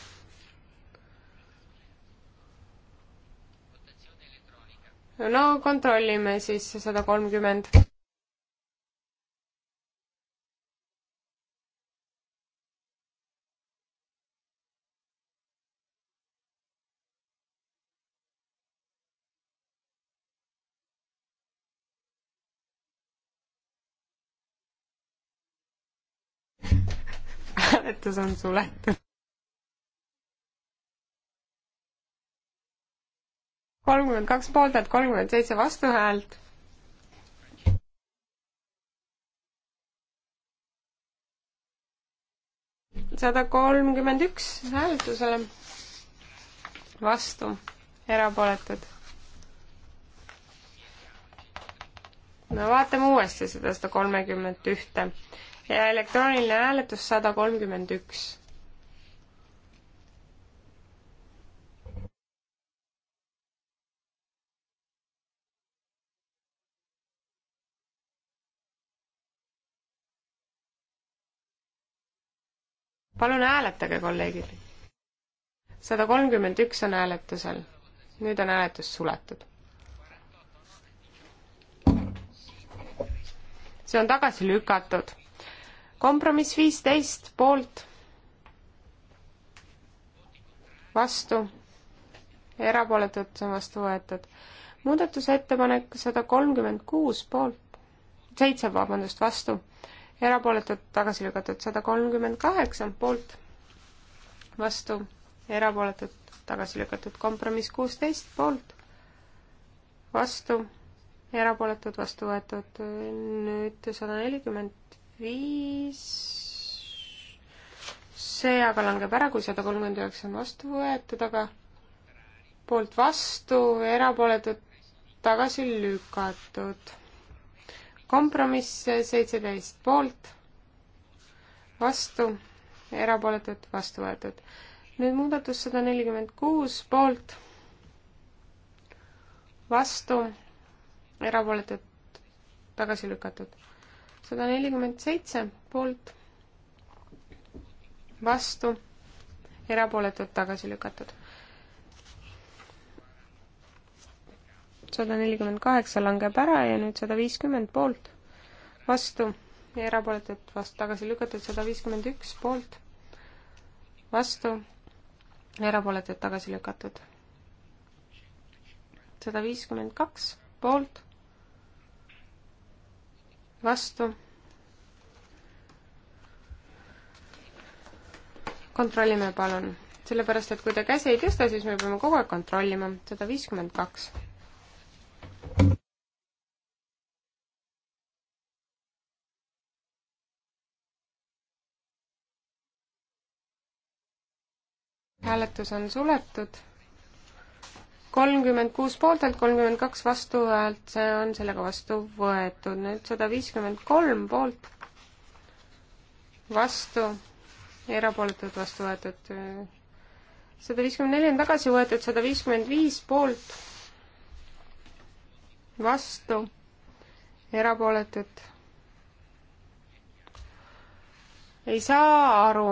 no kontrollime siis sada kolmkümmend. hääletus on suletud. kolmkümmend kaks poolthäält, kolmkümmend seitse vastuhäält. sada kolmkümmend üks hääletusele vastu, erapooletud. no vaatame uuesti seda sada kolmekümmet ühte ja elektrooniline hääletus sada kolmkümmend üks. palun hääletage, kolleegid. sada kolmkümmend üks on hääletusel. nüüd on hääletus suletud. see on tagasi lükatud kompromiss viisteist poolt, vastu, erapooletud on vastu võetud. muudatusettepanek sada kolmkümmend kuus poolt, seitse, vabandust, vastu, erapooletud tagasi lükatud sada kolmkümmend kaheksa poolt, vastu, erapooletud tagasi lükatud kompromiss kuusteist poolt, vastu erapooletud vastu võetud nüüd sada nelikümmend viis, see aga langeb ära, kui sada kolmkümmend üheksa on vastu võetud, aga poolt vastu, erapooletud tagasi lükatud. kompromiss seitseteist poolt, vastu, erapooletud, vastu võetud. nüüd muudatus sada nelikümmend kuus poolt, vastu, erapooletud, tagasi lükatud sada nelikümmend seitse poolt, vastu, erapooletud, tagasi lükatud. sada nelikümmend kaheksa langeb ära ja nüüd sada viiskümmend poolt, vastu ja erapooletud vastu tagasi lükatud sada viiskümmend üks poolt, vastu, erapooletud tagasi lükatud. sada viiskümmend kaks poolt, vastu. kontrollime palun, sellepärast et kui te käsi ei tõsta, siis me peame kogu aeg kontrollima, sada viiskümmend kaks. hääletus on suletud kolmkümmend kuus pooltelt, kolmkümmend kaks vastuhäält, see on sellega vastu võetud. nüüd sada viiskümmend kolm poolt, vastu, erapooletud vastu võetud. sada viiskümmend neli on tagasi võetud, sada viiskümmend viis poolt, vastu, erapooletud. ei saa aru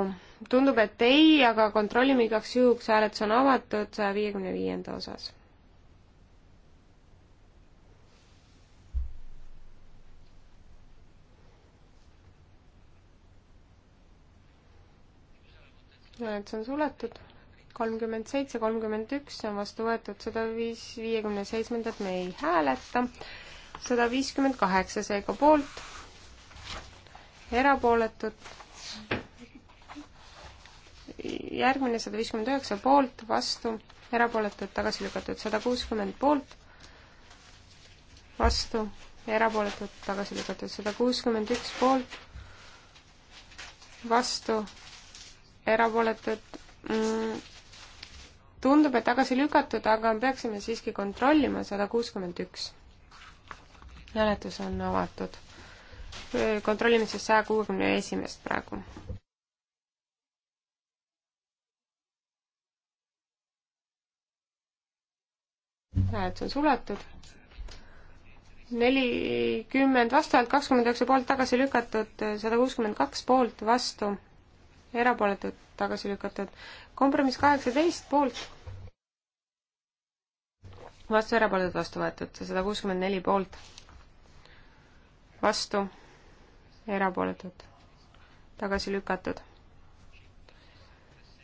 tundub, et ei, aga kontrollime igaks juhuks, hääletus on avatud saja viiekümne viienda osas. hääletus on suletud, kolmkümmend seitse, kolmkümmend üks on vastu võetud, sada viis, viiekümne seitsmendat me ei hääleta, sada viiskümmend kaheksa seega poolt, erapooletut järgmine sada viiskümmend üheksa poolt, vastu, erapooletud, tagasi lükatud, sada kuuskümmend poolt, vastu, erapooletud, tagasi lükatud, sada kuuskümmend üks poolt, vastu, erapooletud mm,, tundub, et tagasi lükatud, aga peaksime siiski kontrollima, sada kuuskümmend üks. hääletus on avatud. kontrollime siis saja kuuekümne esimest praegu hääletus on suletud. nelikümmend vastuhäält, kakskümmend üheksa poolt tagasi lükatud, sada kuuskümmend kaks poolt vastu, erapooletud tagasi lükatud. kompromiss kaheksateist poolt, vastu erapooletud vastu võetud, sada kuuskümmend neli poolt, vastu, erapooletud, tagasi lükatud.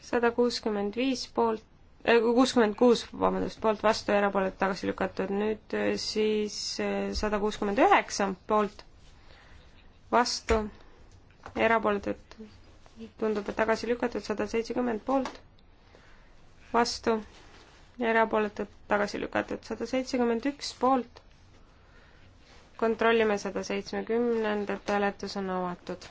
sada kuuskümmend viis poolt, Äh, kuuskümmend kuus, vabandust, poolt vastu ja erapooletud tagasi lükatud, nüüd äh, siis äh, sada kuuskümmend üheksa poolt vastu, erapooletud tundub, et tagasi lükatud, sada seitsekümmend poolt vastu, erapooletud tagasi lükatud, sada seitsekümmend üks poolt. kontrollime sada seitsmekümnendat, hääletus on avatud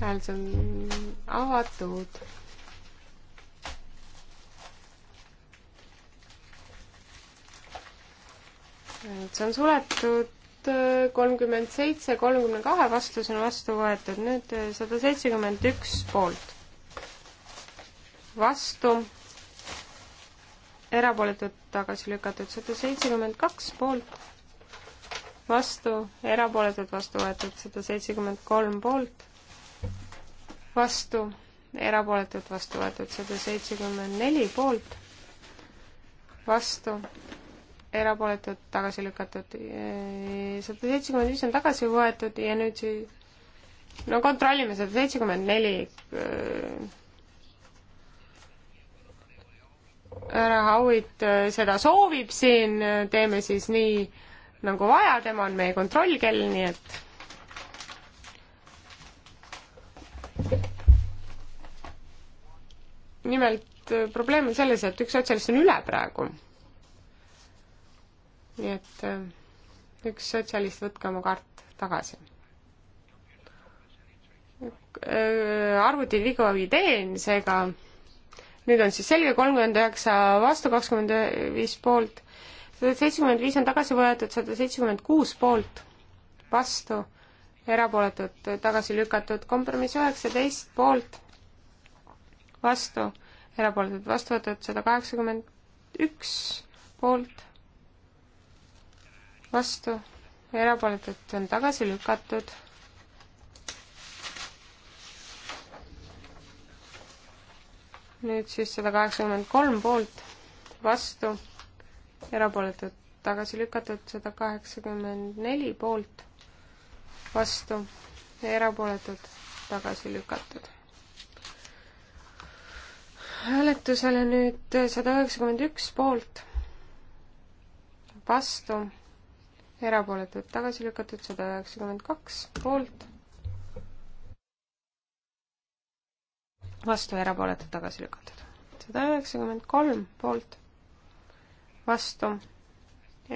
hääletus on avatud. see on suletud äh, kolmkümmend seitse, kolmekümne kahe vastus on vastu võetud, nüüd äh, sada seitsekümmend üks poolt. vastu, erapooletud tagasi lükatud, sada seitsekümmend kaks poolt, vastu, erapooletud vastu võetud, sada seitsekümmend kolm poolt, vastu, erapooletult vastu võetud sada seitsekümmend neli poolt, vastu, erapooletult tagasi lükatud. sada seitsekümmend viis on tagasi võetud ja nüüd siis no kontrollime sada seitsekümmend neli. härra Howitt seda soovib siin, teeme siis nii nagu vaja, tema on meie kontrollkell, nii et nimelt äh, probleem on selles, et üks sotsialist on üle praegu. nii et äh, üks sotsialist, võtke oma kaart tagasi. Äh, arvutil vigu ei teen, seega nüüd on siis selge, kolmkümmend üheksa vastu, kakskümmend viis poolt, sada seitsekümmend viis on tagasi võetud, sada seitsekümmend kuus poolt vastu, erapooletud tagasi lükatud, kompromiss üheksateist poolt vastu, erapooletud vastu võetud sada kaheksakümmend üks poolt, vastu, erapooletud on tagasi lükatud. nüüd siis sada kaheksakümmend kolm poolt, vastu, erapooletud tagasi lükatud, sada kaheksakümmend neli poolt, vastu ja erapooletud tagasi lükatud hääletusele nüüd sada üheksakümmend üks poolt, vastu, erapooletud tagasi lükatud sada üheksakümmend kaks poolt, vastu, erapooletud tagasi lükatud sada üheksakümmend kolm poolt, vastu,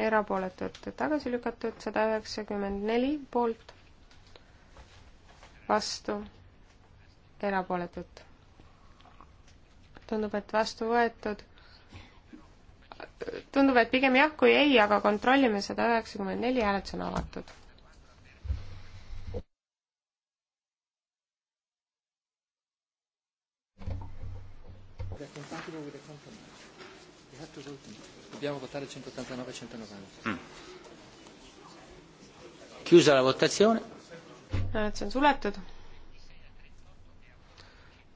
erapooletud tagasi lükatud sada üheksakümmend neli poolt, vastu, erapooletud tundub, et vastu võetud. tundub, et pigem jah kui ei, aga kontrollime seda, üheksakümmend neli hääletus on avatud. Dobbiamo votare 189 e 190. Mm. Chiusa la votazione. Hääletus on suletud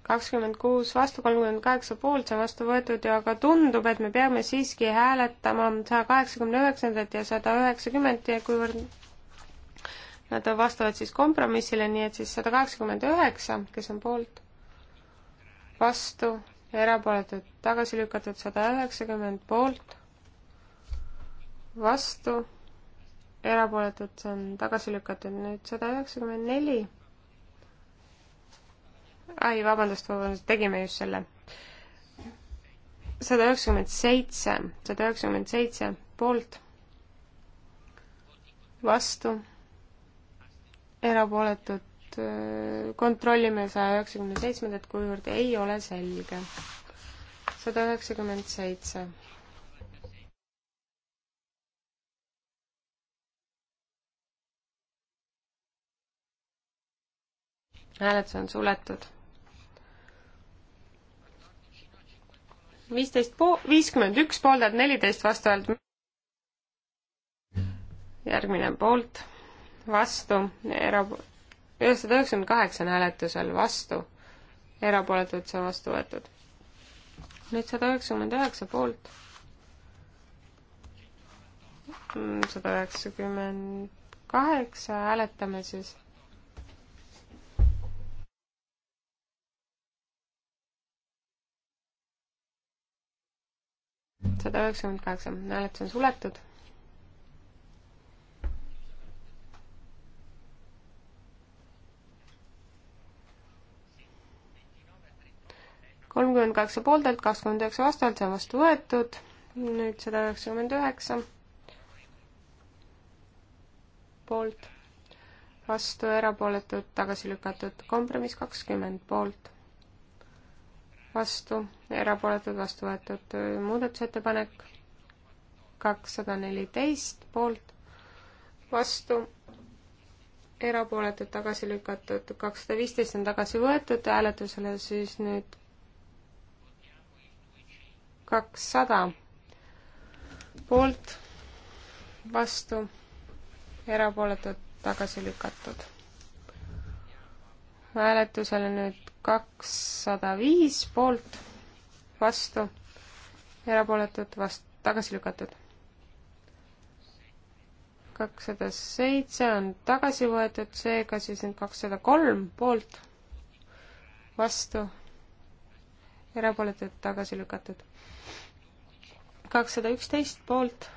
kakskümmend kuus vastu, kolmkümmend kaheksa poolt, see on vastu võetud ja ka tundub, et me peame siiski hääletama saja kaheksakümne üheksandat ja sada üheksakümmend, kuivõrd nad vastavad siis kompromissile, nii et siis sada kaheksakümmend üheksa, kes on poolt, vastu, erapooletud, tagasi lükatud sada üheksakümmend poolt, vastu, erapooletud, see on tagasi lükatud nüüd sada üheksakümmend neli ai, vabandust, vabandust, tegime just selle. sada üheksakümmend seitse, sada üheksakümmend seitse poolt, vastu, erapooletud, kontrollime saja üheksakümne seitsmendat, kuivõrd ei ole selge. sada üheksakümmend seitse hääletus on suletud. viisteist po-, viiskümmend üks pooldajad, neliteist vastuhäält. järgmine poolt, vastu, era-, üheksasada üheksakümmend kaheksa on hääletusel vastu, erapooletud see vastu võetud. nüüd sada üheksakümmend üheksa poolt, mm, sada üheksakümmend kaheksa, hääletame siis sada üheksakümmend kaheksa, hääletus on suletud. kolmkümmend kaheksa pooltelt, kakskümmend üheksa vastavalt, see on vastu võetud. nüüd sada üheksakümmend üheksa poolt, vastu erapooletud, tagasi lükatud, kompromiss kakskümmend poolt vastu, erapooletud, vastu võetud muudatusettepanek kakssada neliteist poolt, vastu, erapooletud, tagasi lükatud, kakssada viisteist on tagasi võetud hääletusele, siis nüüd kakssada poolt, vastu, erapooletud, tagasi lükatud. hääletusele nüüd kakssada viis poolt, vastu, erapooletud, vast-, tagasi lükatud. kakssada seitse on tagasi võetud, seega siis nüüd kakssada kolm poolt, vastu, erapooletud, tagasi lükatud. kakssada üksteist poolt,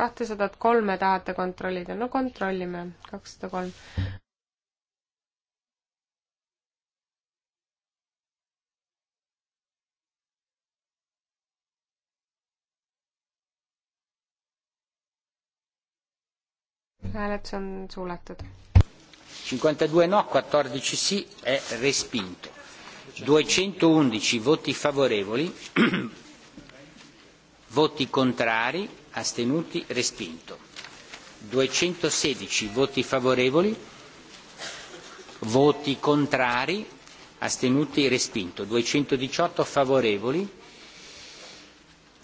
kahtesadat kolme tahate kontrollida, no kontrollime, kakssada kolm. hääletus on suletud. Cinquantadue no, quattordici si è respinto. Duecentoundici voti favorevoli, voti contrari, astenuti, respinto. Duecentosedici voti favorevoli, voti contrari, astenuti, respinto. Duecentodiciotto favorevoli,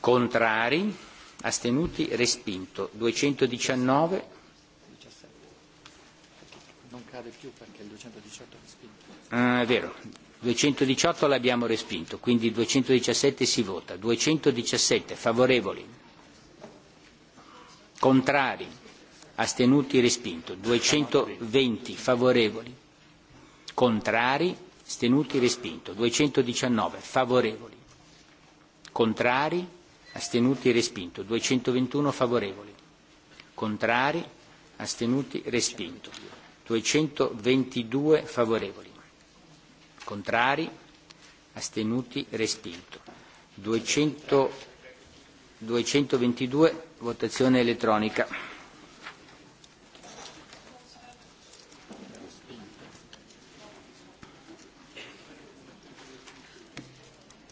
contrari, astenuti, respinto. Duecentodiciannove cade più perché il 218 è respinto. Ah, è vero, 218 l'abbiamo respinto, quindi 217 si vota. 217 favorevoli, contrari, astenuti respinto. 220 favorevoli, contrari, astenuti respinto. 219 favorevoli, contrari, astenuti respinto. 221 favorevoli, contrari, astenuti respinto. 222 favorevoli, contrari, astenuti, respinto. 200, 222 votazione elettronica.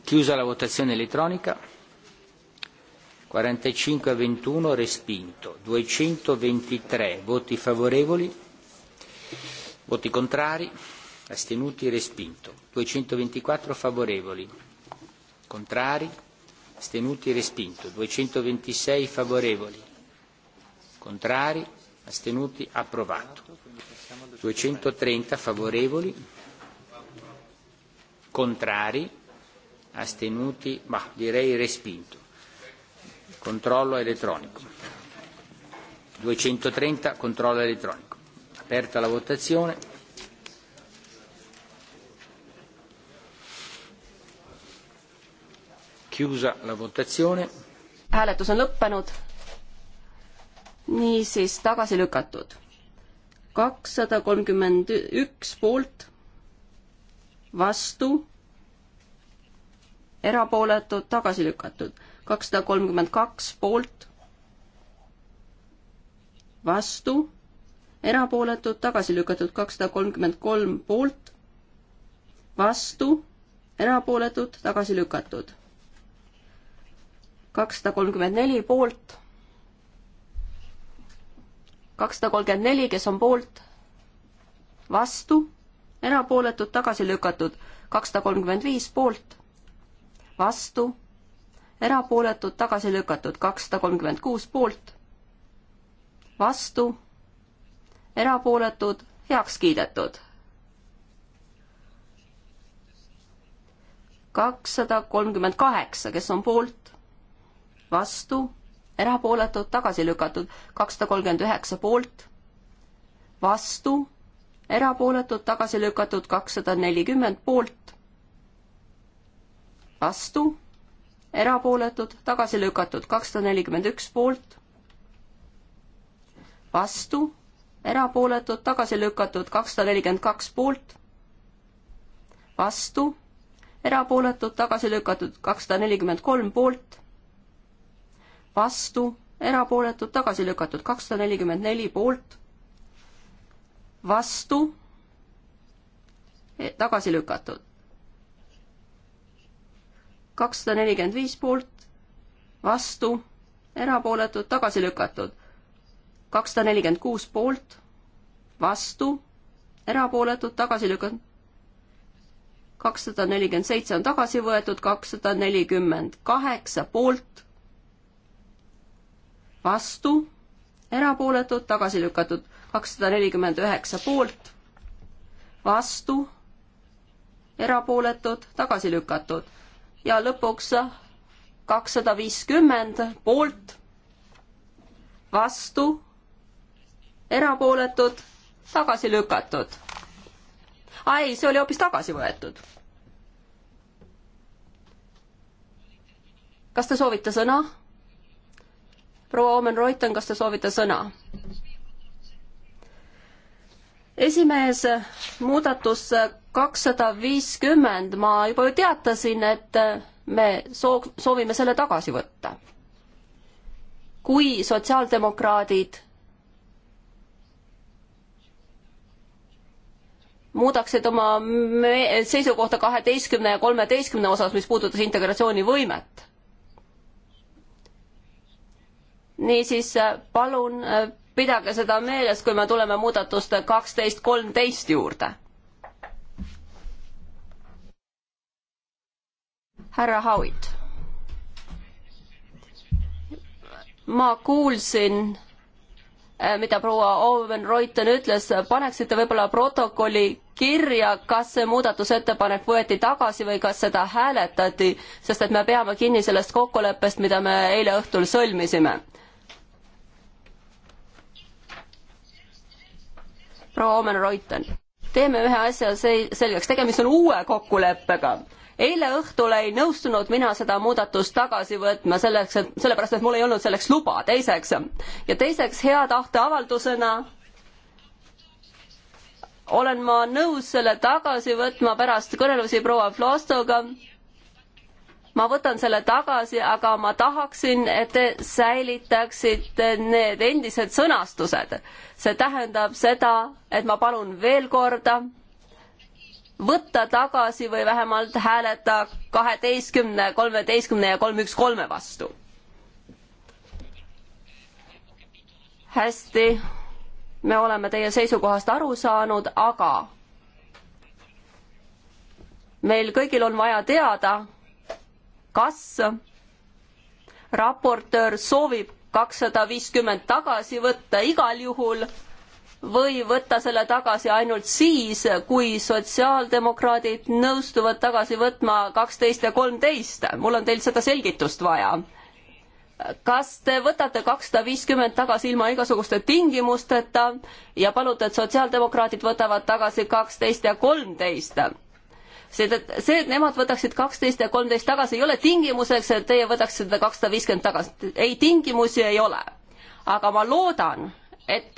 Chiusa la votazione elettronica. 45 a 21 respinto. 223 voti favorevoli, Voti contrari? Astenuti? E respinto. 224 favorevoli. Contrari? Astenuti? E respinto. 226 favorevoli. Contrari? Astenuti? Approvato. 230 favorevoli. Contrari? Astenuti? Bah, direi respinto. Controllo elettronico. 230 controllo elettronico. Aperta la votazione. Chiusa la votazione. hääletus on lõppenud. niisiis tagasi lükatud. kakssada kolmkümmend üks poolt, vastu, erapooletud, tagasi lükatud. kakssada kolmkümmend kaks poolt, vastu erapooletud, tagasi lükatud kakssada kolmkümmend kolm poolt, vastu, erapooletud, tagasi lükatud. kakssada kolmkümmend neli poolt, kakssada kolmkümmend neli, kes on poolt, vastu, erapooletud, tagasi lükatud, kakssada kolmkümmend viis poolt, vastu, erapooletud, tagasi lükatud, kakssada kolmkümmend kuus poolt, vastu erapooletud, heaks kiidetud. kakssada kolmkümmend kaheksa, kes on poolt, vastu, erapooletud, tagasi lükatud, kakssada kolmkümmend üheksa poolt, vastu, erapooletud, tagasi lükatud, kakssada nelikümmend poolt, vastu, erapooletud, tagasi lükatud, kakssada nelikümmend üks poolt, vastu erapooletud, tagasi lükatud kakssada nelikümmend kaks poolt, vastu, erapooletud, tagasi lükatud kakssada nelikümmend kolm poolt, vastu, erapooletud, tagasi lükatud kakssada nelikümmend neli poolt, vastu, e, tagasi lükatud kakssada nelikümmend viis poolt, vastu, erapooletud, tagasi lükatud kakssada nelikümmend kuus poolt, vastu, erapooletud, tagasi lükatud. kakssada nelikümmend seitse on tagasi võetud, kakssada nelikümmend kaheksa poolt, vastu, erapooletud, tagasi lükatud, kakssada nelikümmend üheksa poolt, vastu, erapooletud, tagasi lükatud ja lõpuks kakssada viiskümmend poolt, vastu erapooletud, tagasi lükatud. aa ei, see oli hoopis tagasi võetud. kas te soovite sõna? proua Omen Reuten, kas te soovite sõna? esimees, muudatus kakssada viiskümmend, ma juba ju teatasin, et me soov, soovime selle tagasi võtta. kui sotsiaaldemokraadid muudaksid oma seisukohta kaheteistkümne ja kolmeteistkümne osas, mis puudutas integratsioonivõimet. niisiis palun äh, pidage seda meeles, kui me tuleme muudatuste kaksteist, kolmteist juurde. härra Hauit. ma kuulsin äh, mida proua Owen Reuten ütles, paneksite võib-olla protokolli kirja, kas see muudatusettepanek võeti tagasi või kas seda hääletati, sest et me peame kinni sellest kokkuleppest, mida me eile õhtul sõlmisime. proua Omen Reuten, teeme ühe asja selgeks, tegemist on uue kokkuleppega. eile õhtul ei nõustunud mina seda muudatust tagasi võtma selleks, et sellepärast, et mul ei olnud selleks luba, teiseks. ja teiseks hea tahte avaldusena olen ma nõus selle tagasi võtma pärast kõnelusi proua Flostoga. ma võtan selle tagasi, aga ma tahaksin, et te säilitaksite need endised sõnastused. see tähendab seda, et ma palun veel korda võtta tagasi või vähemalt hääleta kaheteistkümne, kolmeteistkümne ja kolm, üks, kolme vastu. hästi me oleme teie seisukohast aru saanud, aga meil kõigil on vaja teada, kas raportöör soovib kakssada viiskümmend tagasi võtta igal juhul või võtta selle tagasi ainult siis, kui sotsiaaldemokraadid nõustuvad tagasi võtma kaksteist ja kolmteist. mul on teilt seda selgitust vaja kas te võtate kakssada viiskümmend tagasi ilma igasuguste tingimusteta ja palute, et sotsiaaldemokraadid võtavad tagasi kaksteist ja kolmteist? see, see, et nemad võtaksid kaksteist ja kolmteist tagasi, ei ole tingimuseks, et teie võtaksite kakssada viiskümmend tagasi. ei, tingimusi ei ole. aga ma loodan, et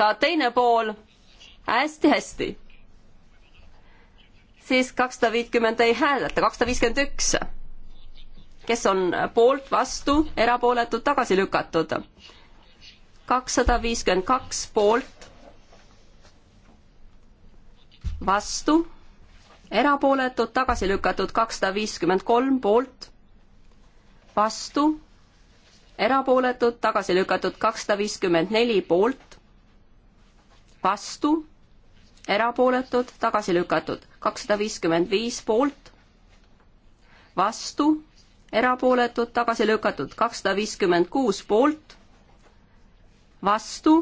ka teine pool hästi-hästi siis kakssada viitkümmend ei hääleta, kakssada viiskümmend üks kes on poolt, vastu, erapooletud, tagasi lükatud. kakssada viiskümmend kaks poolt, vastu, erapooletud, tagasi lükatud, kakssada viiskümmend kolm poolt, vastu, erapooletud, tagasi lükatud, kakssada viiskümmend neli poolt, vastu, erapooletud, tagasi lükatud, kakssada viiskümmend viis poolt, vastu erapooletud, tagasi lükatud kakssada viiskümmend kuus poolt, vastu,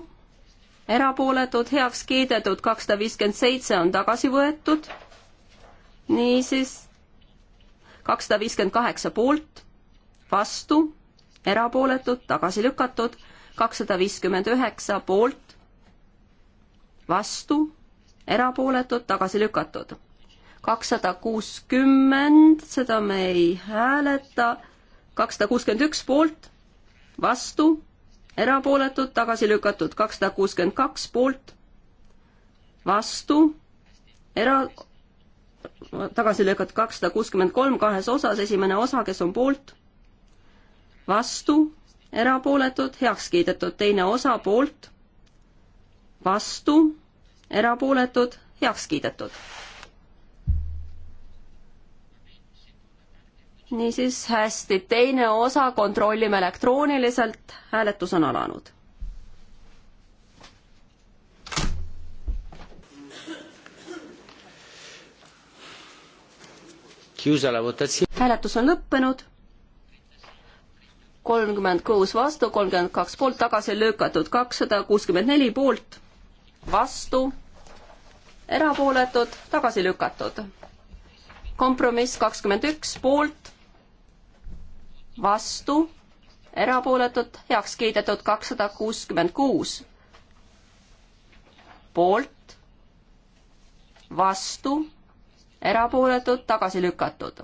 erapooletud, heaks kiidetud kakssada viiskümmend seitse on tagasi võetud, niisiis kakssada viiskümmend kaheksa poolt, vastu, erapooletud, tagasi lükatud, kakssada viiskümmend üheksa poolt, vastu, erapooletud, tagasi lükatud kakssada kuuskümmend, seda me ei hääleta, kakssada kuuskümmend üks poolt, vastu, erapooletud, tagasi lükatud, kakssada kuuskümmend kaks poolt, vastu, era-, tagasi lükatud kakssada kuuskümmend kolm kahes osas, esimene osa, kes on poolt, vastu, erapooletud, heaks kiidetud, teine osa poolt, vastu, erapooletud, heaks kiidetud niisiis hästi, teine osa kontrollime elektrooniliselt, hääletus on alanud. hääletus on lõppenud. kolmkümmend kuus vastu, kolmkümmend kaks poolt, tagasi lükatud kakssada kuuskümmend neli poolt, vastu, erapooletud, tagasi lükatud. kompromiss kakskümmend üks poolt vastu, erapooletud, heaks kiidetud kakssada kuuskümmend kuus. poolt, vastu, erapooletud, tagasi lükatud.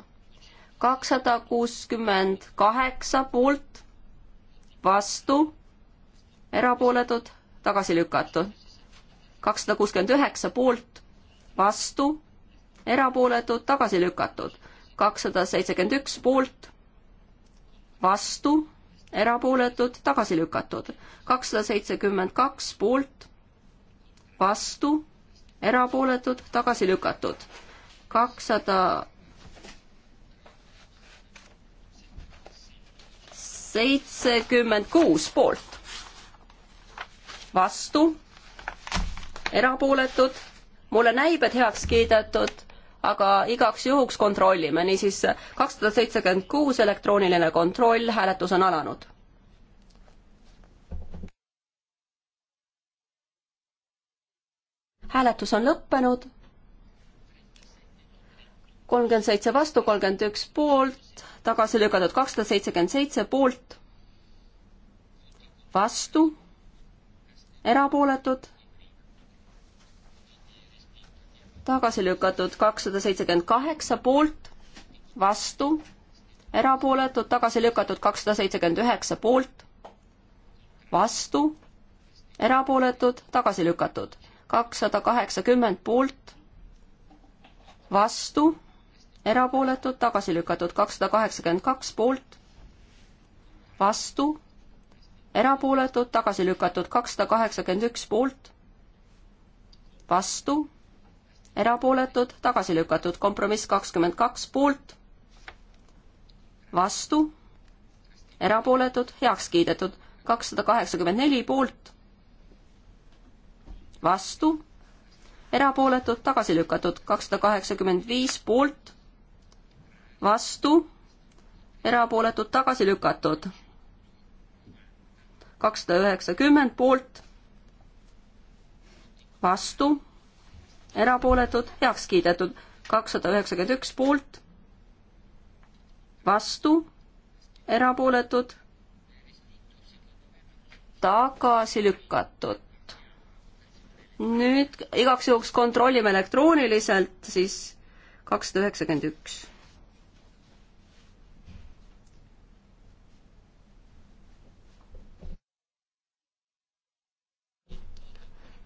kakssada kuuskümmend kaheksa poolt, vastu, erapooletud, tagasi lükatud. kakssada kuuskümmend üheksa poolt, vastu, erapooletud, tagasi lükatud. kakssada seitsekümmend üks poolt vastu, erapooletud, tagasi lükatud. kakssada seitsekümmend kaks poolt, vastu, erapooletud, tagasi lükatud. kakssada seitsekümmend kuus poolt, vastu, erapooletud, mulle näib, et heaks kiidetud aga igaks juhuks kontrollime, niisiis kakssada seitsekümmend kuus elektrooniline kontroll, hääletus on alanud. hääletus on lõppenud. kolmkümmend seitse vastu, kolmkümmend üks poolt, tagasi lükatud kakssada seitsekümmend seitse poolt, vastu, erapooletud tagasi lükatud kakssada seitsekümmend kaheksa poolt, vastu, erapooletud, tagasi lükatud kakssada seitsekümmend üheksa poolt, vastu, erapooletud, tagasi lükatud kakssada kaheksakümmend poolt, vastu, erapooletud, tagasi lükatud kakssada kaheksakümmend kaks poolt, vastu, erapooletud, tagasi lükatud kakssada kaheksakümmend üks poolt, vastu erapooletud, tagasi lükatud, kompromiss kakskümmend kaks poolt, vastu, erapooletud, heaks kiidetud, kakssada kaheksakümmend neli poolt, vastu, erapooletud, tagasi lükatud, kakssada kaheksakümmend viis poolt, vastu, erapooletud, tagasi lükatud, kakssada üheksakümmend poolt, vastu erapooletud, heaks kiidetud. kakssada üheksakümmend üks poolt, vastu, erapooletud, tagasi lükatud. nüüd igaks juhuks kontrollime elektrooniliselt siis kakssada üheksakümmend üks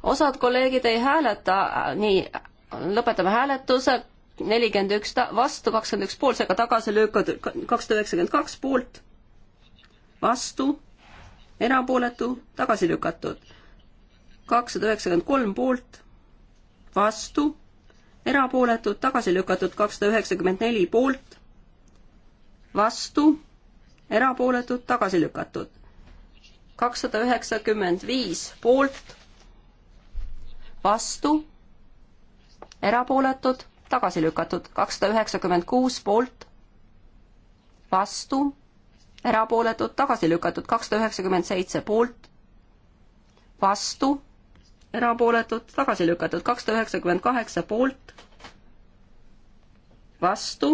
osad kolleegid ei hääleta, nii, lõpetame hääletuse, nelikümmend üks vastu, kakskümmend üks poolt, seega tagasi lükatud kakssada üheksakümmend kaks poolt, vastu, erapooletu, tagasi lükatud. kakssada üheksakümmend kolm poolt, vastu, erapooletud, tagasi lükatud, kakssada üheksakümmend neli poolt, vastu, erapooletud, tagasi lükatud. kakssada üheksakümmend viis poolt vastu, erapooletud, tagasi lükatud, kakssada üheksakümmend kuus poolt, vastu, erapooletud, tagasi lükatud, kakssada üheksakümmend seitse poolt, vastu, erapooletud, tagasi lükatud, kakssada üheksakümmend kaheksa poolt, vastu,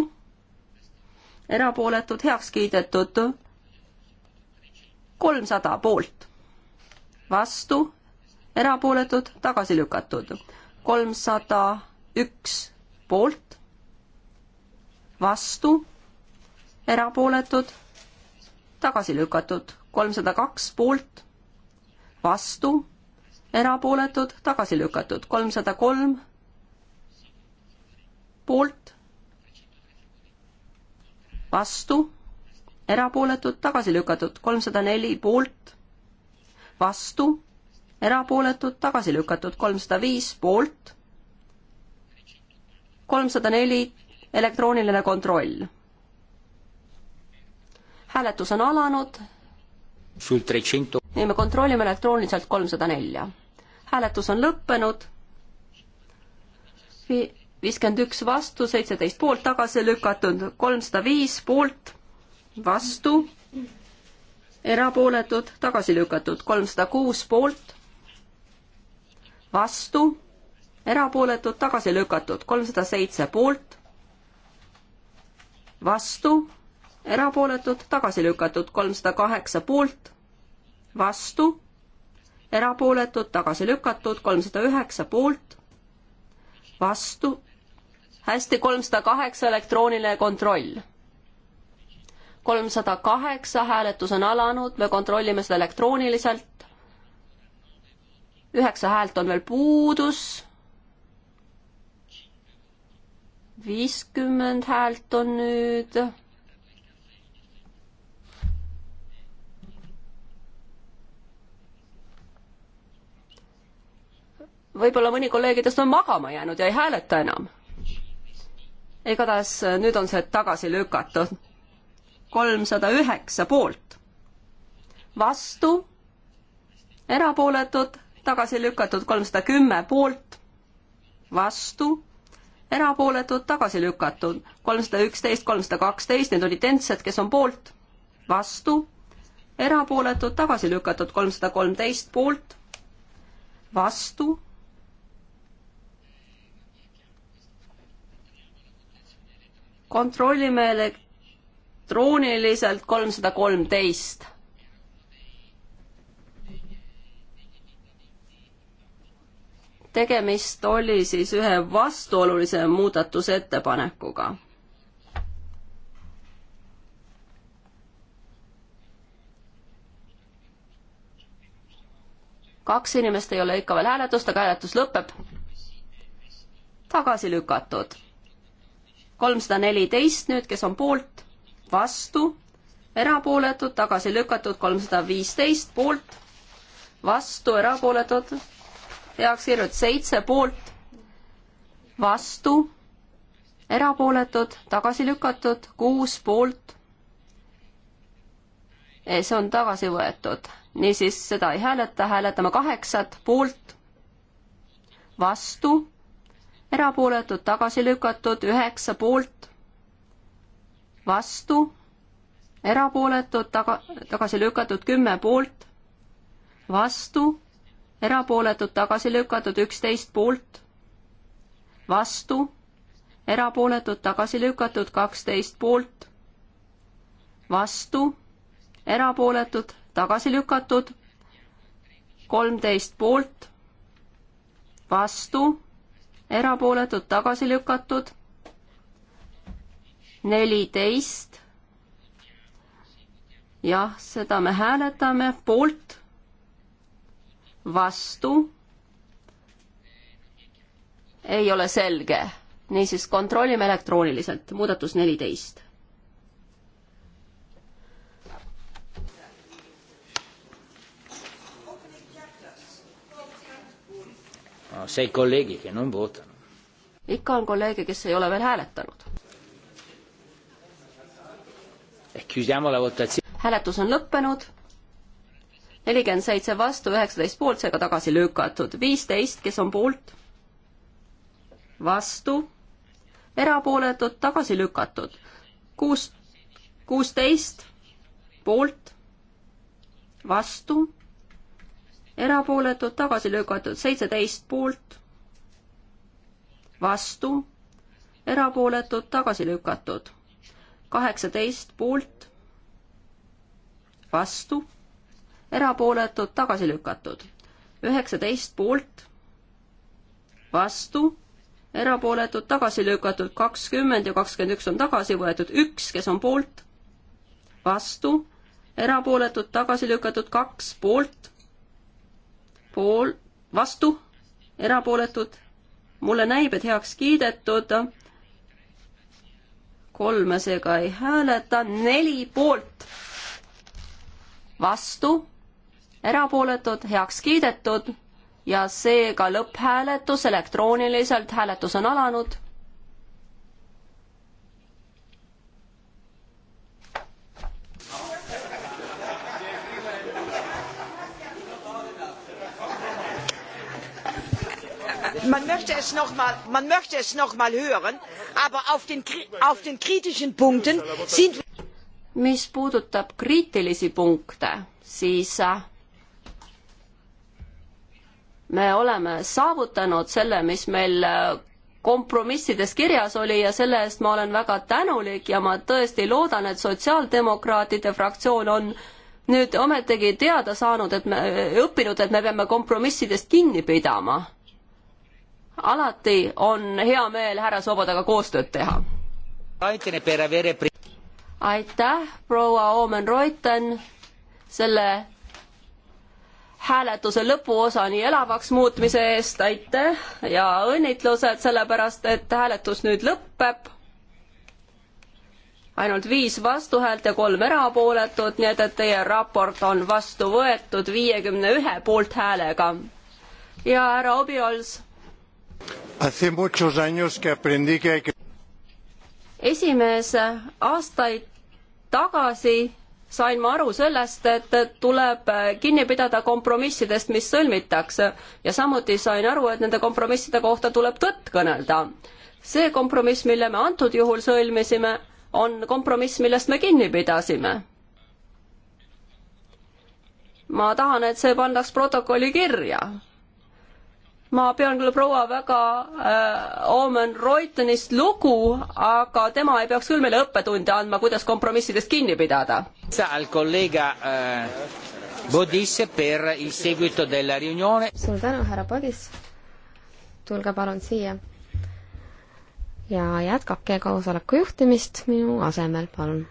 erapooletud, heaks kiidetud, kolmsada poolt, vastu erapooletud, tagasi lükatud. kolmsada üks poolt, vastu, erapooletud, tagasi lükatud. kolmsada kaks poolt, vastu, erapooletud, tagasi lükatud. kolmsada kolm poolt, vastu, erapooletud, tagasi lükatud. kolmsada neli poolt, vastu erapooletud, tagasi lükatud, kolmsada viis poolt, kolmsada neli elektrooniline kontroll. hääletus on alanud. ja me kontrollime elektrooniliselt kolmsada nelja. hääletus on lõppenud viiskümmend üks vastu, seitseteist poolt tagasi lükatud, kolmsada viis poolt vastu, erapooletud tagasi lükatud, kolmsada kuus poolt vastu, erapooletud, tagasi lükatud, kolmsada seitse poolt, vastu, erapooletud, tagasi lükatud, kolmsada kaheksa poolt, vastu, erapooletud, tagasi lükatud, kolmsada üheksa poolt, vastu, hästi, kolmsada kaheksa elektrooniline kontroll. kolmsada kaheksa hääletus on alanud, me kontrollime seda elektrooniliselt üheksa häält on veel puudus. viiskümmend häält on nüüd. võib-olla mõni kolleegidest on magama jäänud ja ei hääleta enam. igatahes äh, nüüd on see tagasi lükatud. kolmsada üheksa poolt, vastu, erapooletud tagasi lükatud kolmsada kümme poolt, vastu, erapooletud, tagasi lükatud kolmsada üksteist, kolmsada kaksteist, need olid identsed, kes on poolt, vastu, erapooletud, tagasi lükatud kolmsada kolmteist poolt, vastu kontrollime elektrooniliselt kolmsada kolmteist. tegemist oli siis ühe vastuolulise muudatusettepanekuga. kaks inimest ei ole ikka veel hääletust, aga hääletus lõpeb. tagasi lükatud. kolmsada neliteist nüüd, kes on poolt, vastu, erapooletud, tagasi lükatud, kolmsada viisteist poolt, vastu, erapooletud heaks kirjutatud seitse poolt, vastu, erapooletud, tagasi lükatud, kuus poolt. Eh, see on tagasi võetud, niisiis seda ei hääleta, hääletame kaheksat poolt, vastu, erapooletud, tagasi lükatud, üheksa poolt, vastu erapooletud, taga, tagasi lükatud kümme poolt, vastu, erapooletud tagasi lükatud üksteist poolt, vastu, erapooletud tagasi lükatud kaksteist poolt, vastu, erapooletud tagasi lükatud kolmteist poolt, vastu, erapooletud tagasi lükatud neliteist, jah, seda me hääletame, poolt vastu, ei ole selge. niisiis kontrollime elektrooniliselt, muudatus neliteist. no ah, sei colleghi che non votano. ikka on kolleege, kes ei ole veel hääletanud. Eh, hääletus on lõppenud nelikümmend seitse vastu, üheksateist poolt, seega tagasi lükatud. viisteist, kes on poolt? vastu, erapooletud, tagasi lükatud. kuus, kuusteist poolt, vastu, erapooletud, tagasi lükatud. seitseteist poolt, vastu, erapooletud, tagasi lükatud. kaheksateist poolt, vastu erapooletud, tagasi lükatud. üheksateist poolt, vastu, erapooletud, tagasi lükatud, kakskümmend ja kakskümmend üks on tagasi võetud, üks, kes on poolt, vastu, erapooletud, tagasi lükatud, kaks poolt, pool, vastu, erapooletud, mulle näib, et heaks kiidetud, kolme seega ei hääleta, neli poolt, vastu erapooletud, heaks kiidetud ja seega lõpphääletus elektrooniliselt, hääletus on alanud. Man möchte es noch mal, man möchte es noch mal hören, aber auf den, auf den kritischen Punkten sind mis puudutab kriitilisi punkte, siis äh, me oleme saavutanud selle, mis meil äh, kompromissides kirjas oli ja selle eest ma olen väga tänulik ja ma tõesti loodan, et sotsiaaldemokraatide fraktsioon on nüüd ometigi teada saanud, et me, äh, õppinud, et me peame kompromissidest kinni pidama. alati on hea meel härra Sobodaga koostööd teha. aitäh, proua Oomen Reuten, selle hääletuse lõpuosa nii elavaks muutmise eest, aitäh ja õnnitlused, sellepärast et hääletus nüüd lõpeb. ainult viis vastuhäält ja kolm erapooletut, nii et, et teie raport on vastu võetud viiekümne ühe poolthäälega. ja härra Obiols. esimees, aastaid tagasi sain ma aru sellest, et tuleb kinni pidada kompromissidest, mis sõlmitakse ja samuti sain aru, et nende kompromisside kohta tuleb tõtt kõnelda. see kompromiss, mille me antud juhul sõlmisime, on kompromiss, millest me kinni pidasime. ma tahan, et see pandaks protokolli kirja ma pean küll proua väga äh, Omen Reutenist lugu, aga tema ei peaks küll meile õppetunde andma, kuidas kompromissidest kinni pidada. Äh, suur tänu, härra Bodis. tulge palun siia ja jätkake koosoleku juhtimist minu asemel, palun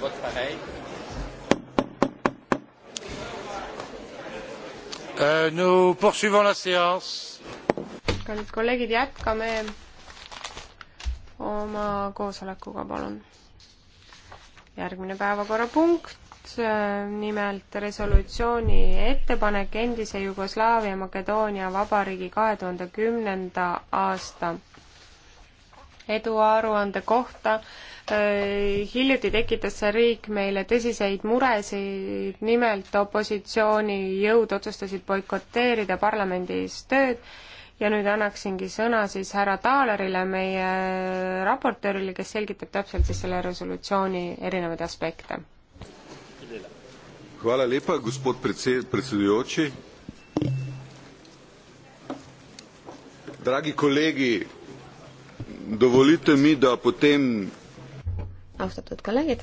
vote pareil. Euh, nous poursuivons la séance. kallid kolleegid, jätkame oma koosolekuga, palun. järgmine päevakorrapunkt, äh, nimelt resolutsiooni ettepanek endise Jugoslaavia Makedoonia Vabariigi kahe tuhande kümnenda aasta eduaruande kohta Äh, hiljuti tekitas see riik meile tõsiseid muresid, nimelt opositsioonijõud otsustasid boikoteerida parlamendis tööd ja nüüd annaksingi sõna siis härra Taalerile, meie raportöörile, kes selgitab täpselt siis selle resolutsiooni erinevaid aspekte. Hvala lepa, gospod predsedujoči. Dragi kolegi, dovolite mi, da potem austatud kolleegid.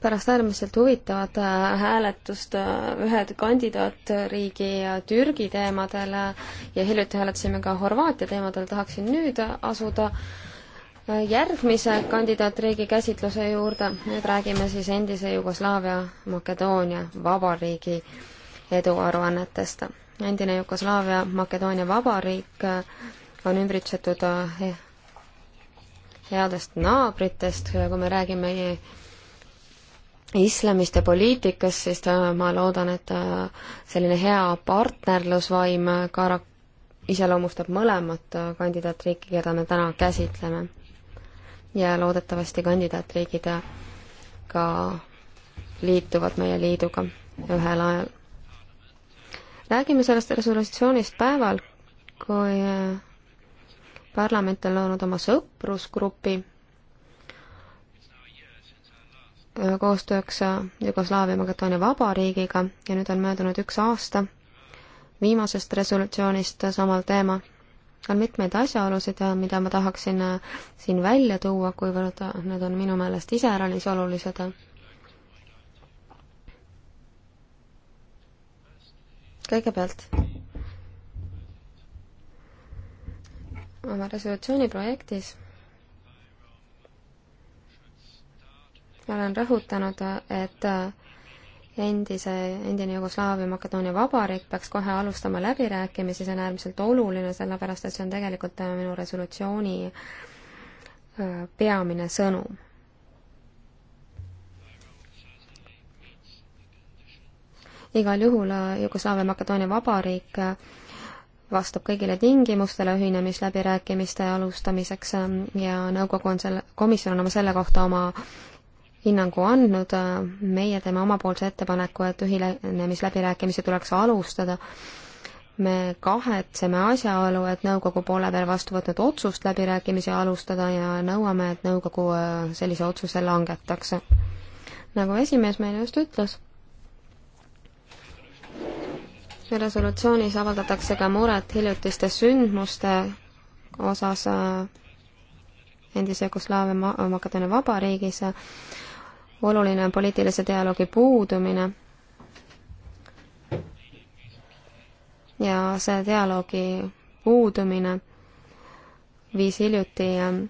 pärast äärmiselt huvitavat äh, hääletust äh, ühe kandidaatriigi Türgi teemadel äh, ja hiljuti hääletasime ka Horvaatia teemadel, tahaksin nüüd asuda järgmise kandidaatriigi käsitluse juurde. nüüd räägime siis endise Jugoslaavia Makedoonia Vabariigi eduaruannetest endine Jugoslaavia Makedoonia vabariik äh, on ümbritsetud äh, eh, headest naabritest, kui me räägime äh, islamist ja poliitikast, siis ma loodan, et selline hea partnerlusvaim kara-, iseloomustab mõlemat kandidaatriiki, keda me täna käsitleme. ja loodetavasti kandidaatriigid ka liituvad meie liiduga ühel ajal räägime sellest resolutsioonist päeval, kui äh, parlament on loonud oma sõprusgrupi äh, koostööks äh, Jugoslaavia Makedoonia Vabariigiga ja nüüd on möödunud üks aasta viimasest resolutsioonist samal teemal. on mitmeid asjaolusid, mida ma tahaksin siin välja tuua, kuivõrd need on minu meelest iseäranis olulised kõigepealt oma resolutsiooni projektis olen rõhutanud, et endise, endine Jugoslaavia Makedoonia Vabariik peaks kohe alustama läbirääkimisi, see on äärmiselt oluline, sellepärast et see on tegelikult minu resolutsiooni äh, peamine sõnum igal juhul äh, Jugoslaavia-Makedoonia Vabariik äh, vastab kõigile tingimustele ühinemisläbirääkimiste alustamiseks ähm, ja nõukogu on selle, komisjon on oma selle kohta oma hinnangu andnud, äh, meie teeme omapoolse ettepaneku, et ühinemisläbirääkimisi tuleks alustada me kahetseme asjaolu, et nõukogu pole veel vastu võtnud otsust läbirääkimisi alustada ja nõuame, et nõukogu sellise otsuse langetaks. nagu esimees meile just ütles, resolutsioonis avaldatakse ka muret hiljutiste sündmuste osas äh, endise Jugoslaavia äh, Makedoonia vabariigis. oluline on poliitilise dialoogi puudumine. ja see dialoogi puudumine viis hiljuti äh,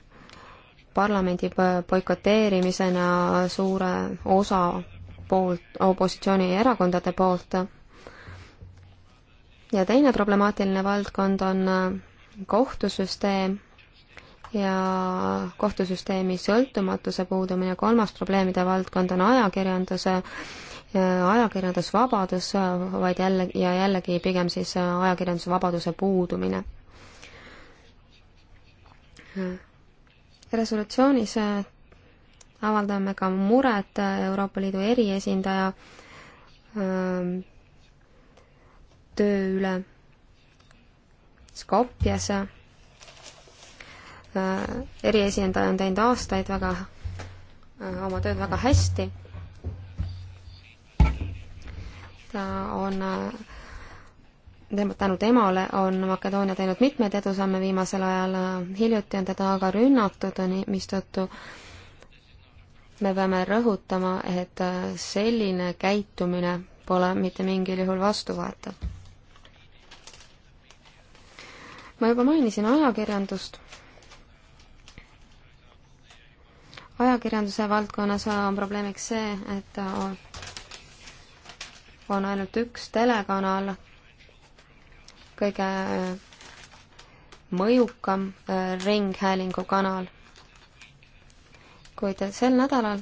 parlamendi boikoteerimisena suure osa poolt, opositsioonierakondade poolt ja teine problemaatiline valdkond on äh, kohtusüsteem ja kohtusüsteemi sõltumatuse puudumine, kolmas probleemide valdkond on ajakirjanduse, äh, ajakirjandusvabadus, äh, vaid jälle, ja jällegi pigem siis ajakirjandusvabaduse puudumine. resolutsioonis avaldame ka muret Euroopa Liidu eriesindaja töö üle Skopjas. Äh, eriesindaja on teinud aastaid väga, äh, oma tööd väga hästi. ta on äh, tema, tänu temale on Makedoonia teinud mitmeid edusamme viimasel ajal, hiljuti on teda aga rünnatud, mistõttu me peame rõhutama, et selline käitumine pole mitte mingil juhul vastuvõetav ma juba mainisin ajakirjandust. ajakirjanduse valdkonnas on probleemiks see, et on, on ainult üks telekanal, kõige mõjukam äh, ringhäälingukanal. kuid sel nädalal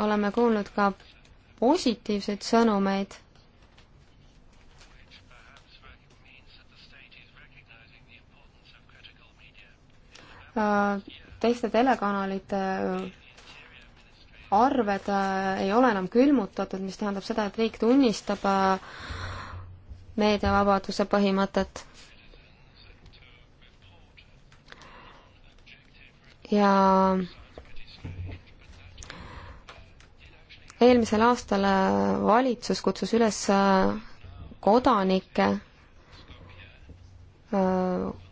oleme kuulnud ka positiivseid sõnumeid Äh, teiste telekanalite äh, arved äh, ei ole enam külmutatud, mis tähendab seda, et riik tunnistab meediavabaduse põhimõtet. ja eelmisel aastal valitsus kutsus üles kodanikke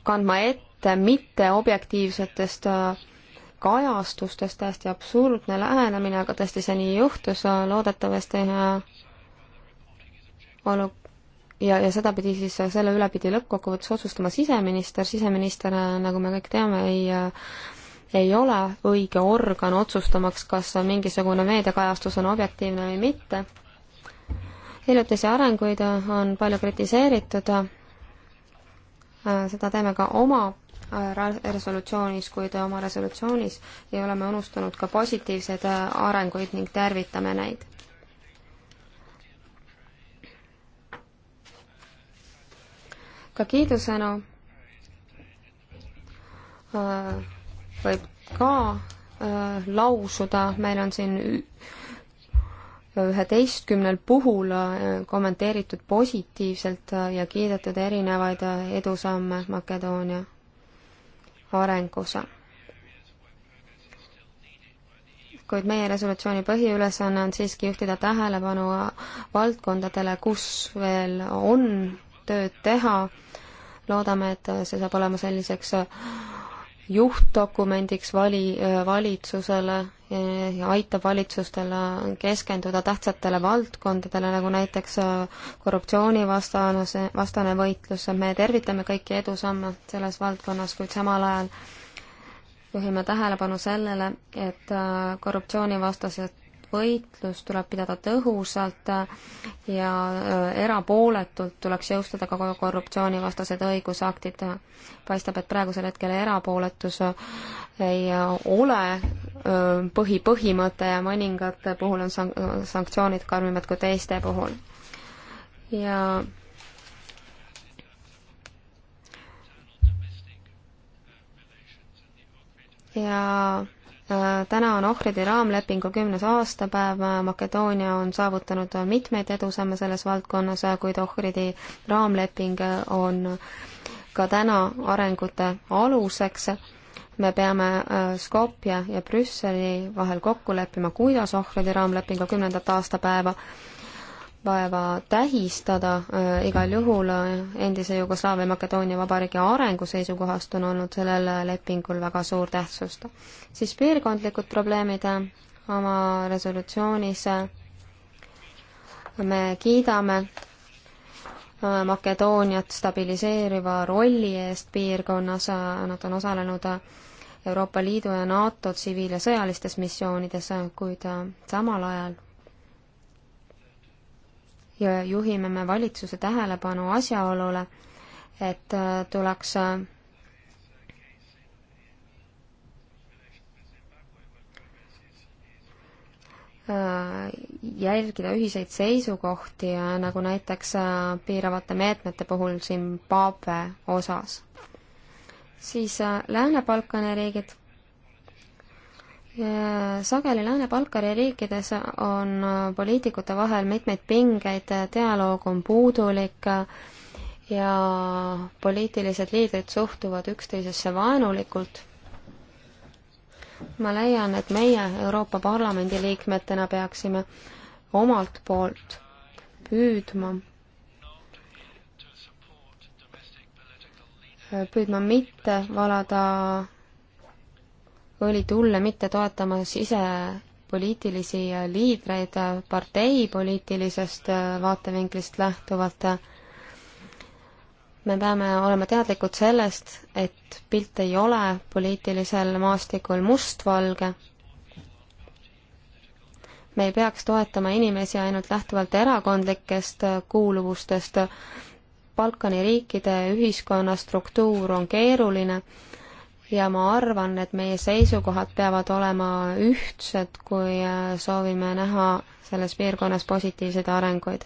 kandma ette lähtuvate mitteobjektiivsetest äh, kajastustest, täiesti absurdne lähenemine, aga tõesti see nii juhtus, äh, loodetavasti äh, olu- ja, ja sedapidi siis, selle üle pidi lõppkokkuvõttes otsustama siseminister, siseminister, nagu me kõik teame, ei ei ole õige organ otsustamaks, kas mingisugune meediakajastus on objektiivne või mitte. hiljutisi arenguid on palju kritiseeritud, seda teeme ka oma resolutsioonis kui ta oma resolutsioonis ja oleme unustanud ka positiivseid äh, arenguid ning tervitame neid. ka kiidusõnu äh, võib ka äh, lausuda, meil on siin üheteistkümnel puhul kommenteeritud positiivselt ja kiidetud erinevaid edusamme Makedoonia arengus. kuid meie resolutsiooni põhiülesanne on siiski juhtida tähelepanu valdkondadele, kus veel on tööd teha. loodame, et see saab olema selliseks juhtdokumendiks vali, valitsusele ja aitab valitsustele keskenduda tähtsatele valdkondadele, nagu näiteks äh, korruptsioonivastane, vastane võitlus, me tervitame kõiki edusamme selles valdkonnas, kuid samal ajal juhime tähelepanu sellele, et äh, korruptsioonivastased võitlus tuleb pidada tõhusalt ja äh, erapooletult tuleks jõustada ka korruptsioonivastased õigusaktid. paistab, et praegusel hetkel erapooletus äh, ei äh, ole põhipõhimõte ja mõningate puhul on sank-, sanktsioonid karmimad kui teiste puhul. ja ja täna on ohvridi raamlepingu kümnes aastapäev, Makedoonia on saavutanud mitmeid edusamme selles valdkonnas, kuid ohvridi raamleping on ka täna arengute aluseks. me peame äh, Skopje ja Brüsseli vahel kokku leppima, kuidas ohvridi raamlepingu kümnendat aastapäeva vaeva tähistada, äh, igal juhul äh, endise Jugoslaavia Makedoonia Vabariigi arengu seisukohast on olnud sellel lepingul väga suur tähtsust. siis piirkondlikud probleemid äh, oma resolutsioonis me kiidame Makedooniat stabiliseeriva rolli eest piirkonnas, nad on osalenud Euroopa Liidu ja NATO tsiviil- ja sõjalistes missioonides, kuid samal ajal ja juhime me valitsuse tähelepanu asjaolule, et äh, tuleks äh, jälgida ühiseid seisukohti, nagu näiteks äh, piiravate meetmete puhul Zimbabwe osas. siis Lääne-Balkani riigid sageli Lääne-Balkari riikides on äh, poliitikute vahel mitmeid pingeid, äh, dialoog on puudulik äh, ja poliitilised liidrid suhtuvad üksteisesse vaenulikult. ma leian, et meie Euroopa Parlamendi liikmetena peaksime omalt poolt püüdma püüdma mitte valada oli tulla mitte toetama sisepoliitilisi liidreid parteipoliitilisest vaatevinklist lähtuvalt. me peame olema teadlikud sellest, et pilt ei ole poliitilisel maastikul mustvalge. me ei peaks toetama inimesi ainult lähtuvalt erakondlikest kuuluvustest. Balkani riikide ühiskonnastruktuur on keeruline ja ma arvan, et meie seisukohad peavad olema ühtsed, kui äh, soovime näha selles piirkonnas positiivseid arenguid.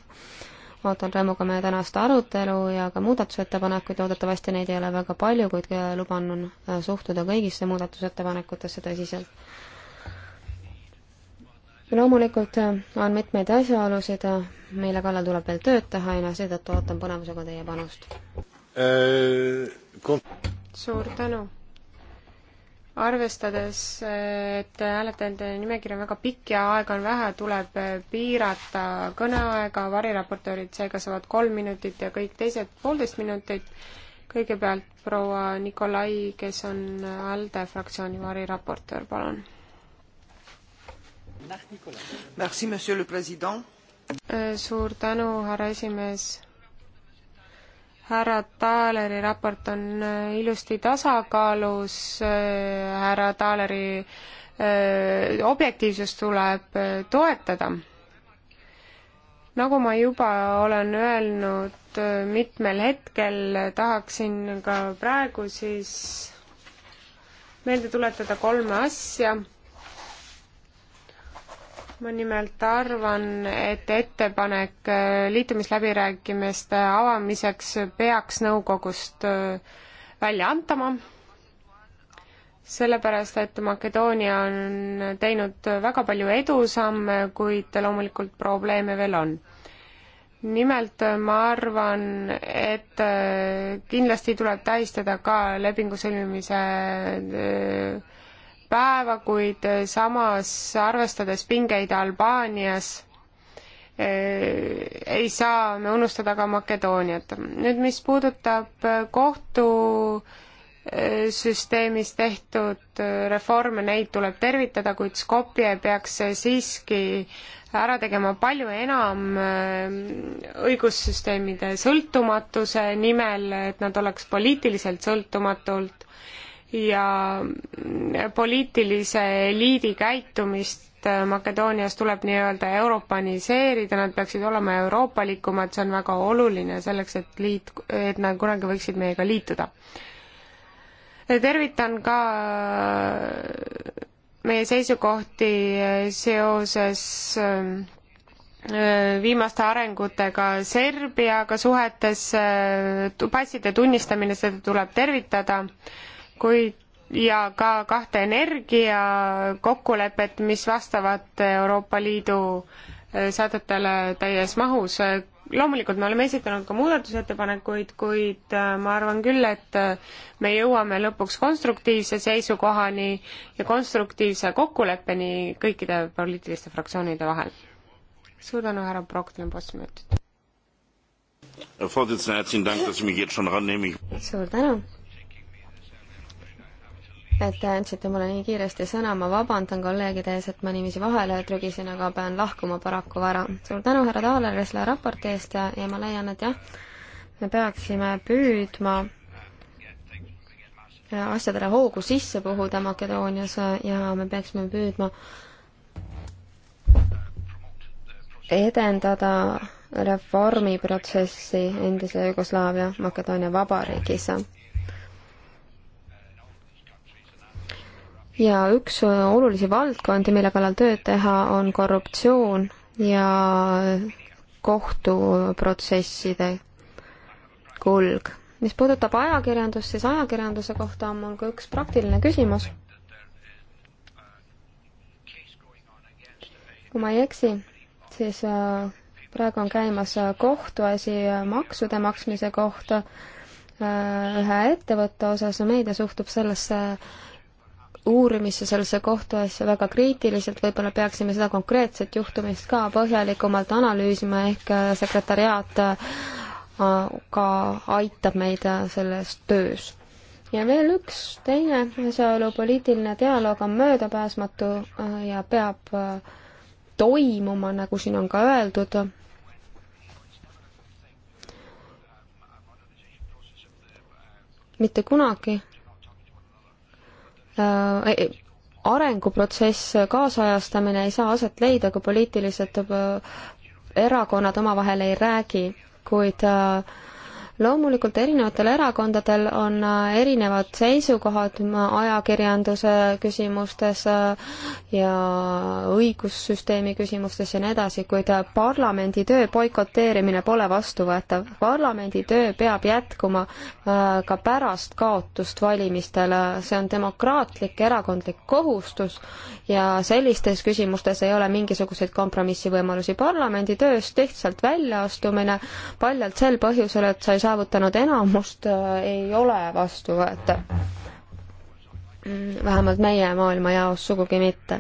ootan rõõmuga meie tänast arutelu ja ka muudatusettepanekuid, loodetavasti neid ei ole väga palju, kuid äh, luban äh, suhtuda kõigisse muudatusettepanekutesse tõsiselt loomulikult on mitmeid asjaolusid, mille kallal tuleb veel tööd teha ja seetõttu ootan põnevusega teie panust. suur tänu arvestades, et hääletajate nimekiri on väga pikk ja aega on vähe, tuleb piirata kõneaega, variraportöörid seega saavad kolm minutit ja kõik teised poolteist minutit. kõigepealt proua Nikolai, kes on ALDE fraktsiooni variraportöör, palun. suur tänu, härra esimees härra Taaleri raport on äh, ilusti tasakaalus, äh, härra Taaleri äh, objektiivsust tuleb toetada. nagu ma juba olen öelnud mitmel hetkel, tahaksin ka praegu siis meelde tuletada kolme asja ma nimelt arvan, et ettepanek äh, liitumisläbirääkimiste avamiseks peaks nõukogust äh, välja antama, sellepärast et Makedoonia on teinud väga palju edusamme, kuid loomulikult probleeme veel on. nimelt äh, ma arvan, et kindlasti tuleb tähistada ka lepingu sõlmimise päeva, kuid eh, samas arvestades pingeid Albaanias, eh, ei saa me unustada ka Makedooniat. nüüd, mis puudutab eh, kohtusüsteemis tehtud reforme, neid tuleb tervitada, kuid Skopje peaks siiski ära tegema palju enam õigussüsteemide sõltumatuse nimel, et nad oleks poliitiliselt sõltumatult ja poliitilise eliidi käitumist äh, Makedoonias tuleb nii-öelda europaniseerida, nad peaksid olema euroopalikumad, see on väga oluline selleks, et liit, et nad kunagi võiksid meiega liituda. tervitan ka äh, meie seisukohti äh, seoses ähm, viimaste arengutega Serbiaga suhetes, passide tunnistamine, seda tuleb tervitada kuid ja ka kahte energiakokkulepet, mis vastavad Euroopa Liidu äh, sätetele täies mahus. loomulikult me oleme esitanud ka muudatusettepanekuid, kuid äh, ma arvan küll, et äh, me jõuame lõpuks konstruktiivse seisukohani ja konstruktiivse kokkuleppeni kõikide poliitiliste fraktsioonide vahel. suur tänu, härra Prokk, teil on post minutit. suur tänu et te andsite mulle nii kiiresti sõna, ma vabandan kolleegide ees, et ma niiviisi vahele trügisin, aga pean lahkuma paraku vara. suur tänu, härra Taaler, selle raporti eest ja, ja ma leian, et jah, me peaksime püüdma asjadele hoogu sisse puhuda Makedoonias ja me peaksime püüdma edendada reformiprotsessi endise Jugoslaavia Makedoonia vabariigis ja üks äh, olulisi valdkondi, mille kallal tööd teha, on korruptsioon ja kohtuprotsesside kulg. mis puudutab ajakirjandust, siis ajakirjanduse kohta on mul ka üks praktiline küsimus. kui ma ei eksi, siis äh, praegu on käimas äh, kohtuasi maksude maksmise kohta ühe ettevõtte osas ja meedia suhtub sellesse uurimisse, sellesse kohtuasja väga kriitiliselt, võib-olla peaksime seda konkreetset juhtumist ka põhjalikumalt analüüsima, ehk äh, sekretäriaat äh, ka aitab meid äh, selles töös. ja veel üks teine asjaolu, poliitiline dialoog on möödapääsmatu ja peab toimuma, nagu siin on ka öeldud, mitte kunagi Äh, arenguprotsess, äh, kaasajastamine ei saa aset leida, kui poliitilised äh, erakonnad omavahel ei räägi, kuid äh, loomulikult erinevatel erakondadel on äh, erinevad seisukohad ajakirjanduse küsimustes äh, ja õigussüsteemi küsimustes ja nii edasi, kuid äh, parlamendi töö boikoteerimine pole vastuvõetav. parlamendi töö peab jätkuma ka pärast kaotust valimistel, see on demokraatlik erakondlik kohustus ja sellistes küsimustes ei ole mingisuguseid kompromissivõimalusi. parlamendi tööst lihtsalt väljaastumine paljalt sel põhjusel, et sa ei saavutanud enamust, äh, ei ole vastuvõetav. vähemalt meie maailmajaos sugugi mitte.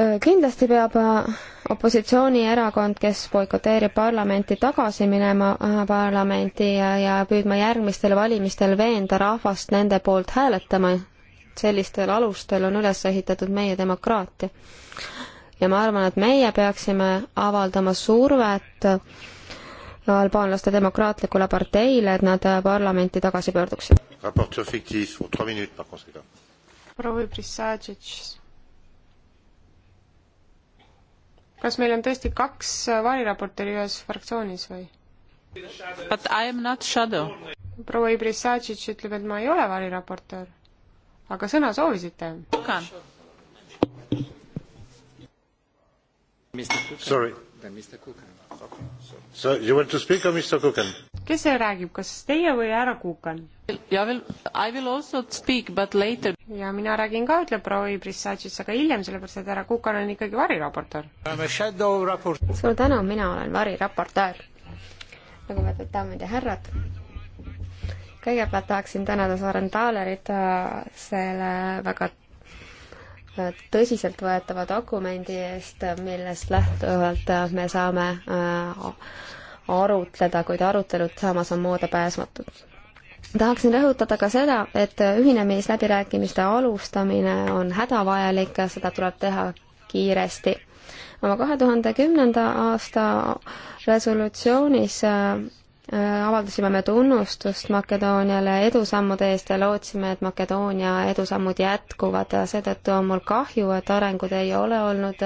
Äh, kindlasti peab äh, opositsioonierakond, kes boikoteerib parlamenti, tagasi minema parlamenti ja, ja püüdma järgmistel valimistel veenda rahvast nende poolt hääletama. sellistel alustel on üles ehitatud meie demokraatia ja ma arvan, et meie peaksime avaldama survet albaanlaste demokraatlikule parteile, et nad äh, parlamenti tagasi pöörduksid. proua Prisadžitš. kas meil on tõesti kaks äh, variraportööri ühes fraktsioonis või? proua Prisadžitš ütleb, et ma ei ole variraportöör. aga sõna soovisite? Sorry. Mr. Kukan kes see räägib, kas teie või härra Kukan? ja mina räägin ka, ütleb proua Ibris Sadžits, aga hiljem, sellepärast et härra Kukan on ikkagi variraportöör. suur tänu, mina olen variraportöör. lugupeetud daamid ja härrad kõigepealt tahaksin tänada Soren Taalerit äh, selle väga Äh, tõsiseltvõetava dokumendi eest, millest lähtuvalt äh, me saame äh, arutleda, kuid arutelud samas on moodapääsmatud. tahaksin rõhutada ka seda, et ühinemisläbirääkimiste alustamine on hädavajalik ja seda tuleb teha kiiresti. oma kahe tuhande kümnenda aasta resolutsioonis Äh, avaldasime me tunnustust Makedooniale edusammude eest ja lootsime, et Makedoonia edusammud jätkuvad ja seetõttu on mul kahju, et arengud ei ole olnud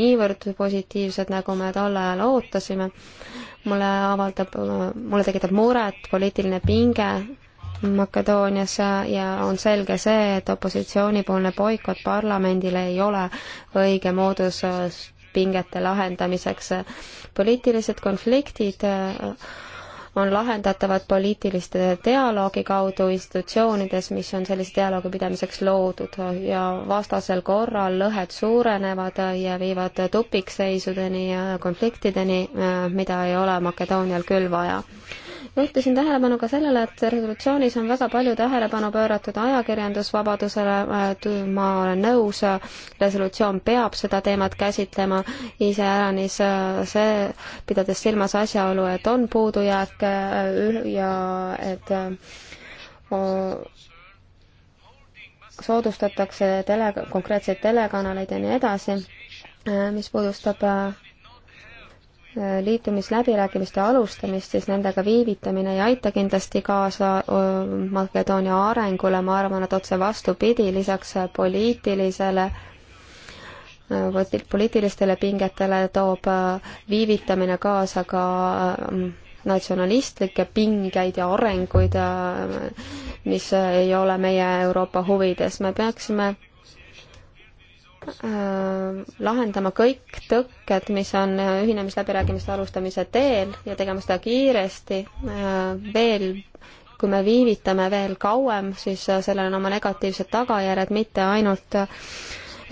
niivõrd positiivsed, nagu me tol ajal ootasime. mulle avaldab, mulle tekitab muret poliitiline pinge Makedoonias ja on selge see, et opositsioonipoolne boikot parlamendile ei ole õige moodus pingete lahendamiseks. poliitilised konfliktid on lahendatavad poliitiliste dialoogi kaudu institutsioonides, mis on sellise dialoogi pidamiseks loodud ja vastasel korral lõhed suurenevad ja viivad tupikseisudeni ja konfliktideni, mida ei ole Makedoonial küll vaja juhtisin tähelepanu ka sellele, et resolutsioonis on väga palju tähelepanu pööratud ajakirjandusvabadusele, ma olen nõus, resolutsioon peab seda teemat käsitlema, iseäranis äh, see, pidades silmas asjaolu, et on puudujääke äh, ja et äh, soodustatakse tele, konkreetseid telekanaleid ja nii edasi, mis puudustab liitumisläbirääkimiste alustamist, siis nendega viivitamine ei aita kindlasti kaasa Makedoonia arengule, ma arvan, et otse vastupidi, lisaks poliitilisele poliitilistele pingetele toob viivitamine kaasa ka natsionalistlikke pingeid ja arenguid, mis ei ole meie Euroopa huvides. me peaksime Äh, lahendama kõik tõkked, mis on äh, ühinemisläbirääkimiste alustamise teel ja tegema seda kiiresti äh, veel kui me viivitame veel kauem, siis sellel on oma negatiivsed tagajärjed mitte ainult äh,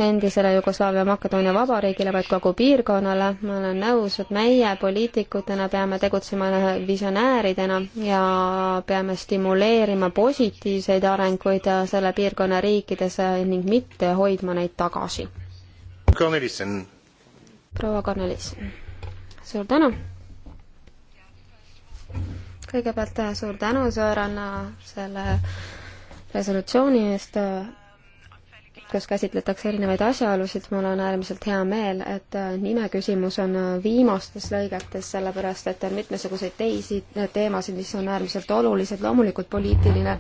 endisele Jugoslaavia Makedoonia Vabariigile, vaid kogu piirkonnale. ma olen nõus, et meie poliitikutena peame tegutsema visionääridena ja peame stimuleerima positiivseid arenguid selle piirkonna riikides ning mitte hoidma neid tagasi. Cornelissen. proua Cornelissen, suur tänu! kõigepealt suur tänu, Sõõranna, selle resolutsiooni eest kus käsitletakse erinevaid asjaolusid, mul on äärmiselt hea meel, et äh, nimeküsimus on äh, viimastes lõigetes, sellepärast et on mitmesuguseid teisi äh, teemasid, mis on äärmiselt olulised, loomulikult poliitiline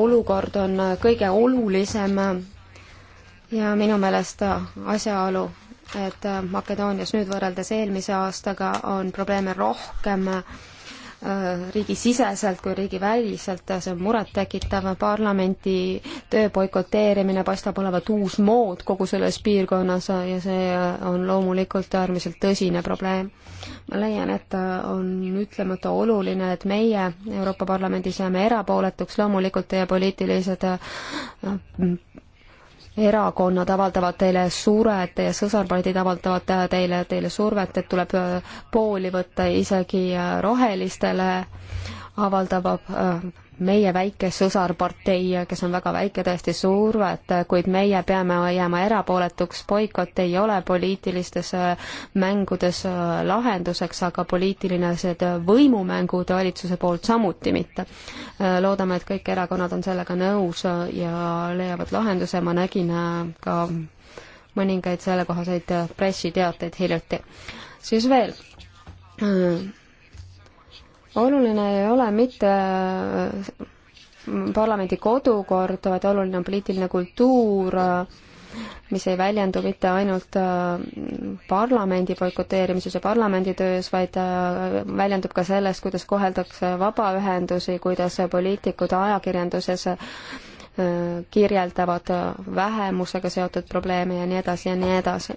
olukord on kõige olulisem ja minu meelest asjaolu, et Makedoonias nüüd võrreldes eelmise aastaga on probleeme rohkem, Äh, riigisiseselt kui riigiväliselt, see on murettekitav, parlamendi töö boikoteerimine paistab olevat uus mood kogu selles piirkonnas ja see on loomulikult äärmiselt tõsine probleem. ma leian, et on ütlemata oluline, et meie Euroopa Parlamendis jääme erapooletuks, loomulikult teie poliitilised äh, erakonnad avaldavad teile suret, teie sõsarpartid avaldavad teile, teile survet, et tuleb äh, pooli võtta isegi äh, rohelistele avaldab äh, meie väike sõsarpartei, kes on väga väike, tõesti suured, äh, kuid meie peame jääma erapooletuks, boikott ei ole poliitilistes äh, mängudes äh, lahenduseks, aga poliitilised võimumängud valitsuse poolt samuti mitte. loodame, et kõik erakonnad on sellega nõus ja leiavad lahenduse, ma nägin ka mõningaid sellekohaseid pressiteateid hiljuti. siis veel oluline ei ole mitte äh, parlamendi kodukord, vaid oluline on poliitiline kultuur, äh, mis ei väljendu mitte ainult äh, parlamendi boikoteerimises ja parlamendi töös, vaid väljendub ka selles, kuidas koheldakse vabaühendusi, kuidas poliitikud ajakirjanduses kirjeldavad vähemusega seotud probleeme ja nii edasi ja nii edasi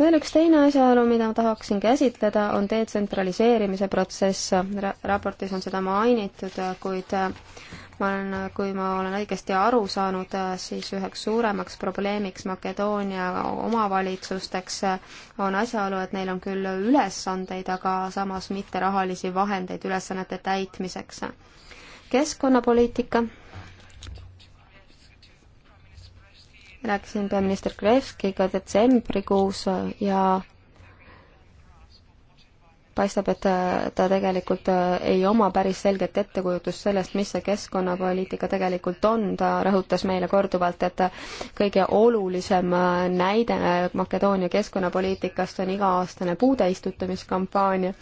veel üks teine asjaolu, mida ma tahaksin käsitleda, on detsentraliseerimise protsess. raportis on seda mainitud, kuid äh, ma olen, äh, kui ma olen õigesti aru saanud, äh, siis üheks suuremaks probleemiks Makedoonia omavalitsusteks on asjaolu, et neil on küll ülesandeid, aga samas mitte rahalisi vahendeid ülesannete täitmiseks. keskkonnapoliitika rääkisin peaminister Krevskiga detsembrikuus ja paistab, et ta tegelikult ei oma päris selget ettekujutust sellest, mis see keskkonnapoliitika tegelikult on, ta rõhutas meile korduvalt, et kõige olulisem näide Makedoonia keskkonnapoliitikast on iga-aastane puude istutamiskampaania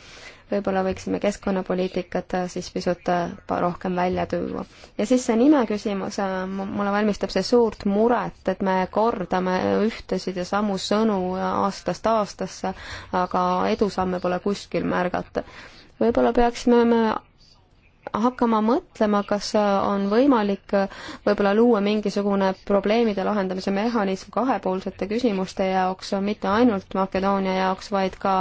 võib-olla võiksime keskkonnapoliitikat äh, siis pisut äh, rohkem välja tuua. ja siis see nime küsimus, äh, mulle valmistab see suurt muret, et me kordame ühtesid ja samu sõnu aastast aastasse, aga edusamme pole kuskil märgata. võib-olla peaksime me hakkama mõtlema, kas äh, on võimalik äh, võib-olla luua mingisugune probleemide lahendamise mehhanism kahepoolsete küsimuste jaoks, mitte ainult Makedoonia jaoks, vaid ka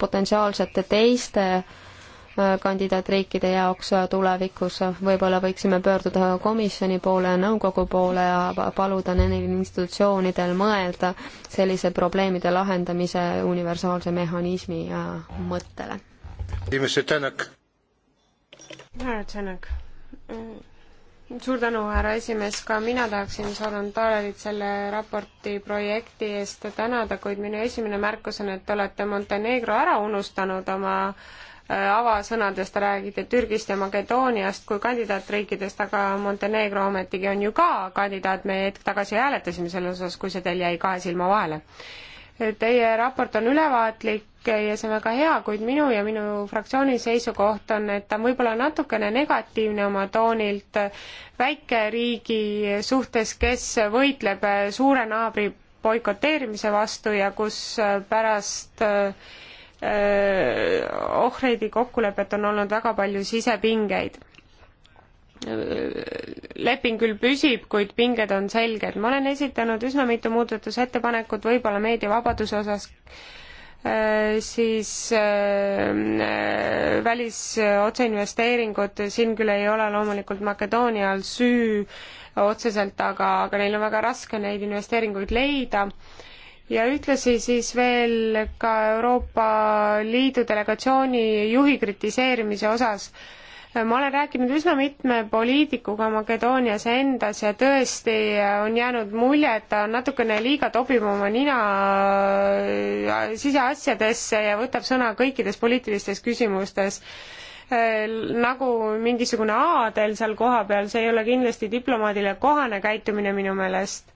potentsiaalsete teiste äh, kandidaatriikide jaoks tulevikus. võib-olla võiksime pöörduda komisjoni poole ja nõukogu poole ja paluda neil institutsioonidel mõelda sellise probleemide lahendamise universaalse mehhanismi mõttele härra Tšenak suur tänu, härra esimees, ka mina tahaksin Soran Taalerit selle raporti projekti eest tänada, kuid minu esimene märkus on, et te olete Montenegro ära unustanud oma äh, avasõnadest räägite Türgist ja Makedooniast kui kandidaatriikidest, aga Montenegro ometigi on ju ka kandidaat, me hetk tagasi hääletasime selle osas, kui see teil jäi kahe silma vahele. Teie raport on ülevaatlik, ja see on väga hea, kuid minu ja minu fraktsiooni seisukoht on, et ta on võib-olla natukene negatiivne oma toonilt väikeriigi suhtes, kes võitleb suure naabri boikoteerimise vastu ja kus pärast äh, ohvreidi kokkulepet on olnud väga palju sisepingeid leping küll püsib, kuid pinged on selged. ma olen esitanud üsna mitu muudatusettepanekut võib-olla meediavabaduse osas Äh, siis äh, välisotseinvesteeringud, siin küll ei ole loomulikult Makedoonial süü otseselt, aga, aga neil on väga raske neid investeeringuid leida ja ühtlasi siis veel ka Euroopa Liidu delegatsiooni juhi kritiseerimise osas äh, ma olen rääkinud üsna mitme poliitikuga Makedoonias endas ja tõesti äh, on jäänud mulje, et ta natukene liiga tobib oma nina äh, siseasjadesse ja võtab sõna kõikides poliitilistes küsimustes äh, nagu mingisugune aadel seal kohapeal, see ei ole kindlasti diplomaadile kohane käitumine minu meelest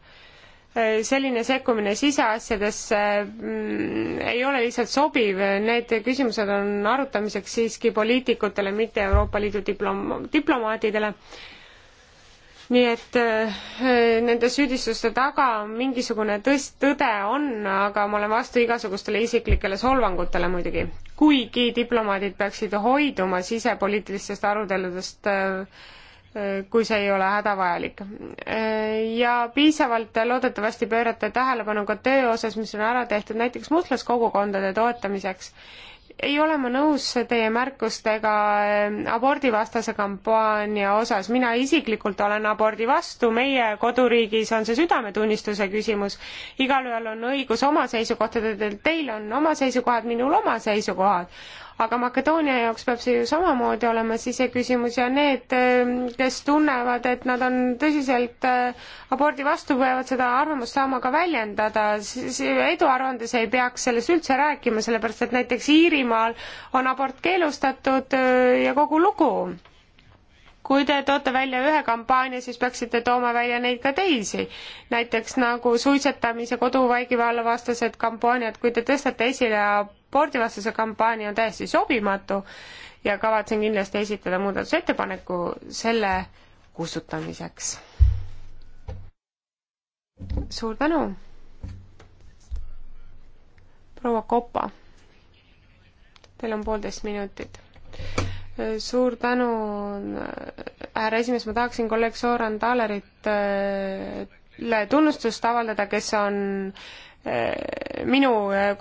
selline sekkumine siseasjadesse mm, ei ole lihtsalt sobiv, need küsimused on arutamiseks siiski poliitikutele, mitte Euroopa Liidu diplom-, diplomaatidele. nii et äh, nende süüdistuste taga mingisugune tõs-, tõde on, aga ma olen vastu igasugustele isiklikele solvangutele muidugi. kuigi diplomaadid peaksid hoiduma sisepoliitilistest aruteludest äh, kui see ei ole hädavajalik. ja piisavalt loodetavasti pöörate tähelepanu ka töö osas, mis on ära tehtud näiteks mustlaskogukondade toetamiseks ei ole ma nõus teie märkustega eh, abordivastase kampaania osas, mina isiklikult olen abordi vastu, meie koduriigis on see südametunnistuse küsimus, igalühel on õigus oma seisukohtadel, teil on oma seisukohad, minul oma seisukohad, aga Makedoonia jaoks peab see ju samamoodi olema siseküsimus ja need, ähm, kes tunnevad, et nad on tõsiselt äh, abordi vastu, peavad seda arvamust saama ka väljendada. eduaruandes ei peaks sellest üldse rääkima, sellepärast et näiteks Iirimaal on abort keelustatud äh, ja kogu lugu kui te toote välja ühe kampaania, siis peaksite tooma välja neid ka teisi. näiteks nagu suitsetamise, koduvaigivalla vastased kampaaniad, kui te tõstate esile abordivastase kampaania, on täiesti sobimatu ja kavatsen kindlasti esitada muudatusettepaneku selle kustutamiseks. suur tänu! proua Kopa, teil on poolteist minutit suur tänu, härra esimees, ma tahaksin kolleeg Soran Taaleritele tunnustust avaldada, kes on eh, minu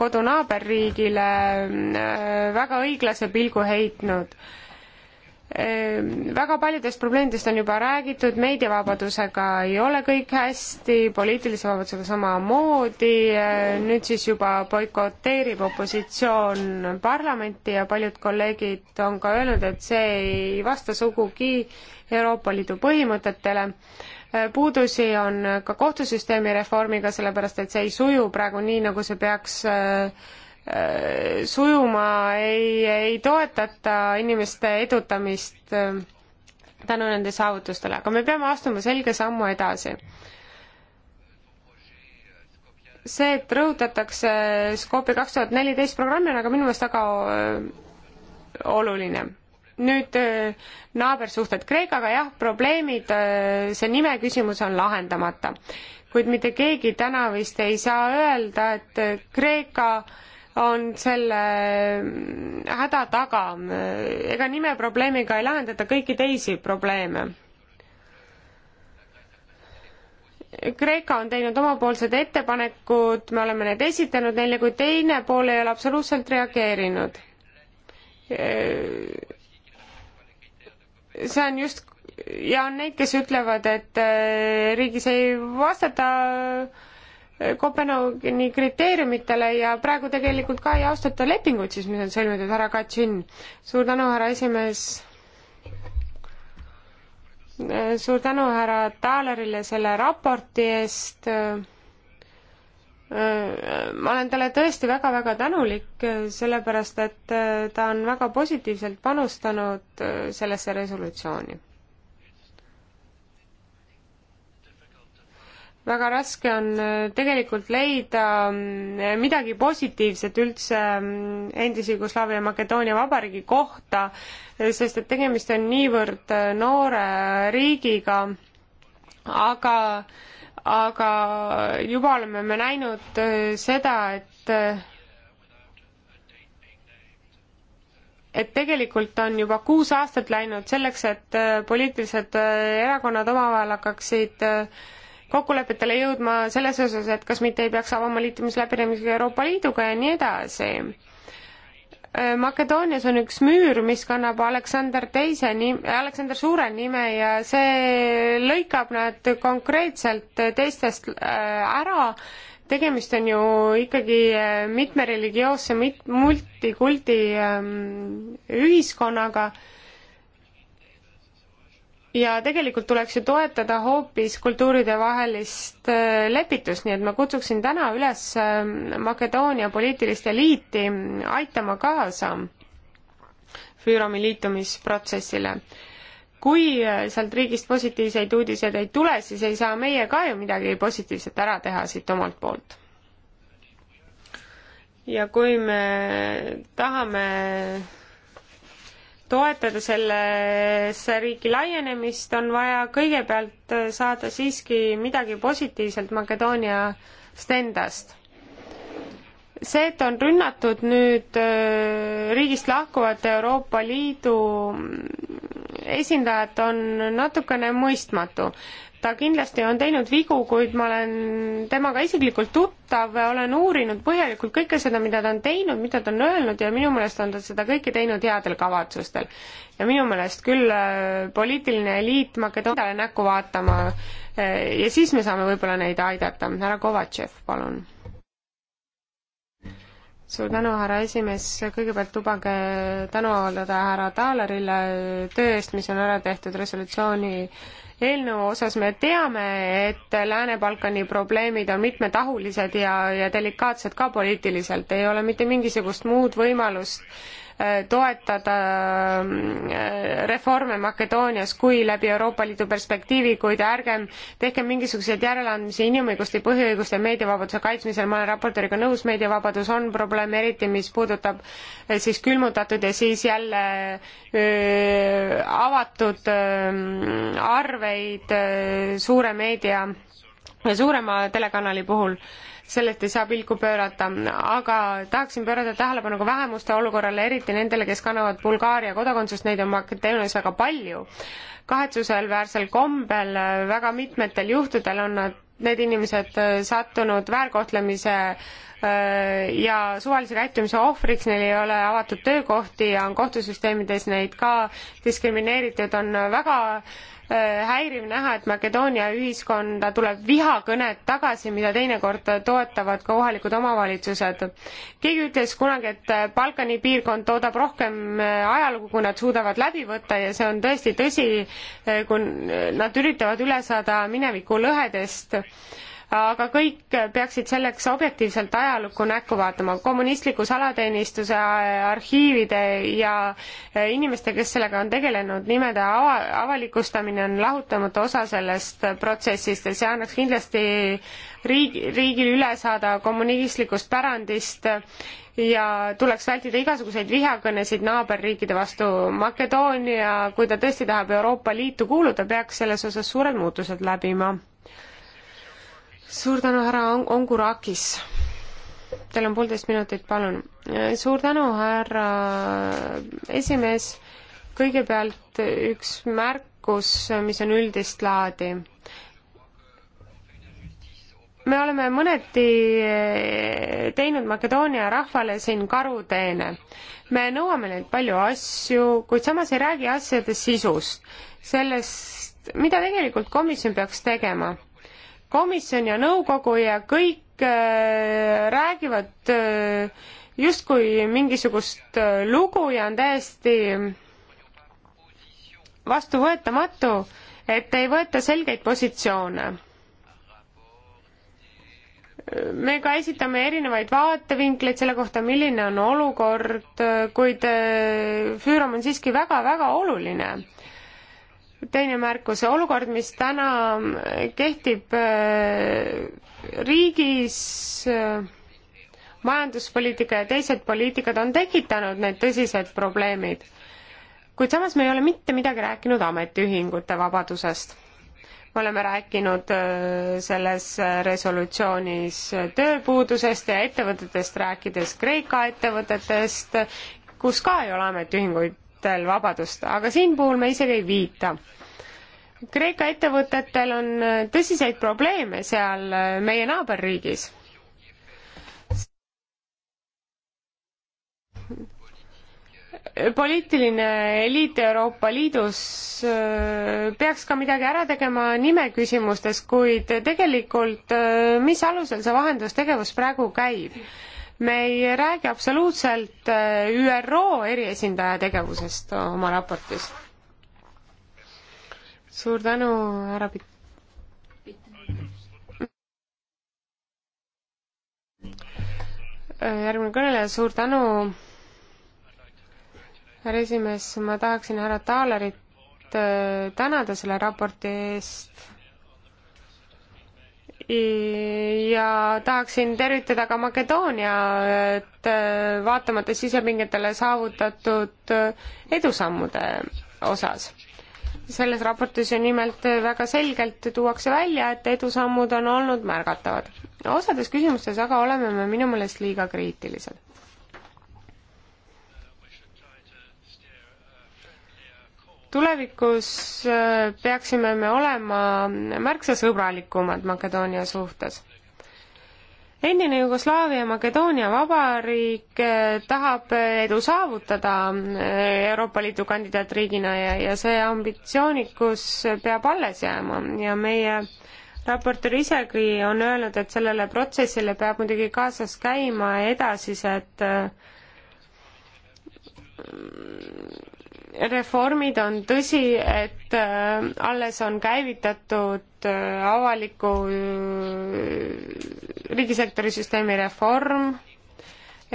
kodunaaberriigile eh, väga õiglase pilgu heitnud Ehm, väga paljudest probleemidest on juba räägitud, meediavabadusega ei ole kõik hästi, poliitilise vabadusega samamoodi, ehm, nüüd siis juba boikoteerib opositsioon parlamenti ja paljud kolleegid on ka öelnud, et see ei vasta sugugi Euroopa Liidu põhimõtetele. Ehm, puudusi on ka kohtusüsteemi reformiga, sellepärast et see ei suju praegu nii, nagu see peaks äh, Äh, sujuma, ei, ei toetata inimeste edutamist äh, tänu nende saavutustele, aga me peame astuma selge sammu edasi. see, et rõhutatakse Skopje kaks tuhat neliteist programmi, on aga minu meelest väga äh, oluline. nüüd naabersuhted Kreekaga, jah, probleemid, see nime küsimus on lahendamata. kuid mitte keegi täna vist ei saa öelda, et Kreeka äh, on selle häda taga. ega nimeprobleemiga ei lahendata kõiki teisi probleeme. Kreeka on teinud omapoolsed ettepanekud, me oleme need esitanud neile, kuid teine pool ei ole absoluutselt reageerinud. see on just ja on neid, kes ütlevad, et riigis ei vastata Kopenhaageni kriteeriumitele ja praegu tegelikult ka ei austata lepinguid siis, mis on sõlmitud, härra Katšin. suur tänu, härra esimees. suur tänu härra Taalerile selle raporti eest. ma olen talle tõesti väga-väga tänulik, sellepärast et ta on väga positiivselt panustanud sellesse resolutsiooni väga raske on äh, tegelikult leida mm, midagi positiivset üldse mm, endise Jugoslaavia Makedoonia Vabariigi kohta, äh, sest et tegemist on niivõrd äh, noore riigiga, aga, aga juba oleme me näinud seda, et et tegelikult on juba kuus aastat läinud selleks, et poliitilised erakonnad omavahel hakkaksid äh, kokkulepetele jõudma selles osas, et kas mitte ei peaks avama liitumisläbirääkimisi Euroopa Liiduga ja nii edasi. Äh, Makedoonias on üks müür, mis kannab Aleksander teise nime, Aleksander Suure nime ja see lõikab nad konkreetselt teistest äh, ära. tegemist on ju ikkagi äh, mitmereligioosse, mit-, multikuldi ähm, ühiskonnaga ja tegelikult tuleks ju toetada hoopis kultuuridevahelist äh, lepitust, nii et ma kutsuksin täna üles ähm, Makedoonia poliitilist eliiti aitama kaasa Füürami liitumisprotsessile. kui äh, sealt riigist positiivseid uudiseid ei tule, siis ei saa meie ka ju midagi positiivset ära teha siit omalt poolt. ja kui me tahame toetada sellesse riigi laienemist, on vaja kõigepealt saada siiski midagi positiivselt Makedooniast endast. see, et on rünnatud nüüd äh, riigist lahkuvate Euroopa Liidu mm, esindajat, on natukene mõistmatu ta kindlasti on teinud vigu, kuid ma olen temaga isiklikult tuttav, olen uurinud põhjalikult kõike seda, mida ta on teinud, mida ta on öelnud ja minu meelest on ta seda kõike teinud headel kavatsustel. ja minu meelest küll äh, poliitiline eliit Makedooniale näkku vaatama äh, ja siis me saame võib-olla neid aidata. härra Kovatšev, palun suur tänu, härra esimees, kõigepealt lubage tänu avaldada härra Taalerile töö eest, mis on ära tehtud resolutsiooni eelnõu osas me teame, et Lääne-Balkani probleemid on mitmetahulised ja, ja delikaatsed ka poliitiliselt, ei ole mitte mingisugust muud võimalust Äh, toetada äh, reforme Makedoonias kui läbi Euroopa Liidu perspektiivi, kuid ärgem tehkem mingisuguseid järeleandmisi inimõiguste, põhiõiguste, meediavabaduse kaitsmisel, ma olen raportööriga nõus, meediavabadus on probleem, eriti mis puudutab äh, siis külmutatud ja siis jälle öö, avatud öö, arveid öö, suure meedia, suurema telekanali puhul sellelt ei saa pilku pöörata, aga tahaksin pöörata tähelepanu ka vähemuste olukorrale, eriti nendele, kes kannavad Bulgaaria kodakondsust, neid on Makedoonias väga palju. kahetsusväärsel kombel äh, väga mitmetel juhtudel on nad, need inimesed äh, sattunud väärkohtlemise äh, ja suvalise käitumise ohvriks, neil ei ole avatud töökohti ja on kohtusüsteemides neid ka diskrimineeritud, on väga äh, Äh, häiriv näha, et Makedoonia ühiskonda tuleb vihakõnet tagasi, mida teinekord toetavad ka kohalikud omavalitsused. keegi ütles kunagi, et äh, Balkani piirkond toodab rohkem äh, ajalugu, kui nad suudavad läbi võtta ja see on tõesti tõsi, kui nad üritavad üle saada mineviku lõhedest aga kõik peaksid selleks objektiivselt ajalukku näkku vaatama. kommunistliku salateenistuse arhiivide ja e, inimeste, kes sellega on tegelenud, nimede ava, avalikustamine on lahutamatu osa sellest protsessist ja see annaks kindlasti riigi, riigil üle saada kommunistlikust pärandist ja tuleks vältida igasuguseid vihakõnesid naaberriikide vastu. Makedoonia, kui ta tõesti tahab Euroopa Liitu kuuluda, peaks selles osas suured muutused läbima suur tänu, härra Ongurakis. Teil on poolteist minutit, palun. suur tänu, härra esimees. kõigepealt üks märkus, mis on üldist laadi me oleme mõneti teinud Makedoonia rahvale siin karuteene. me nõuame neilt palju asju, kuid samas ei räägi asjade sisust, sellest, mida tegelikult komisjon peaks tegema komisjon ja nõukogu ja kõik äh, räägivad äh, justkui mingisugust äh, lugu ja on täiesti vastuvõetamatu, et ei võeta selgeid positsioone. me ka esitame erinevaid vaatevinkleid selle kohta, milline on olukord, kuid Füürom on siiski väga-väga oluline teine märkus, olukord, mis täna kehtib äh, riigis, äh, majanduspoliitika ja teised poliitikad on tekitanud need tõsised probleemid. kuid samas me ei ole mitte midagi rääkinud ametiühingute vabadusest. me oleme rääkinud äh, selles resolutsioonis tööpuudusest ja ettevõtetest, rääkides Kreeka ettevõtetest, kus ka ei ole ametiühinguid ettevõtetel vabadust, aga siin puhul me isegi ei viita. Kreeka ettevõtetel on äh, tõsiseid probleeme seal äh, meie naaberriigis. poliitiline eliit Euroopa Liidus äh, peaks ka midagi ära tegema nime küsimustes, kuid tegelikult mis alusel see vahendustegevus praegu käib? me ei räägi absoluutselt äh, ÜRO eriesindaja tegevusest oma raportis. suur tänu, härra Pikk. Äh, järgmine kõneleja, suur tänu, härra esimees, ma tahaksin härra Taalerit äh, tänada selle raporti eest ja tahaksin tervitada ka Makedooniat äh, vaatamata sisepingetele saavutatud äh, edusammude osas. selles raportis ju nimelt väga selgelt tuuakse välja, et edusammud on olnud märgatavad. osades küsimustes aga oleme me minu meelest liiga kriitilised. tulevikus äh, peaksime me olema märksa sõbralikumad Makedoonia suhtes. endine Jugoslaavia Makedoonia Vabariik äh, tahab edu saavutada äh, Euroopa Liidu kandidaatriigina ja, ja see ambitsioonikus peab alles jääma ja meie raportöör isegi on öelnud, et sellele protsessile peab muidugi kaasas käima edasised reformid on tõsi, et äh, alles on käivitatud äh, avaliku äh, riigisektori süsteemi reform,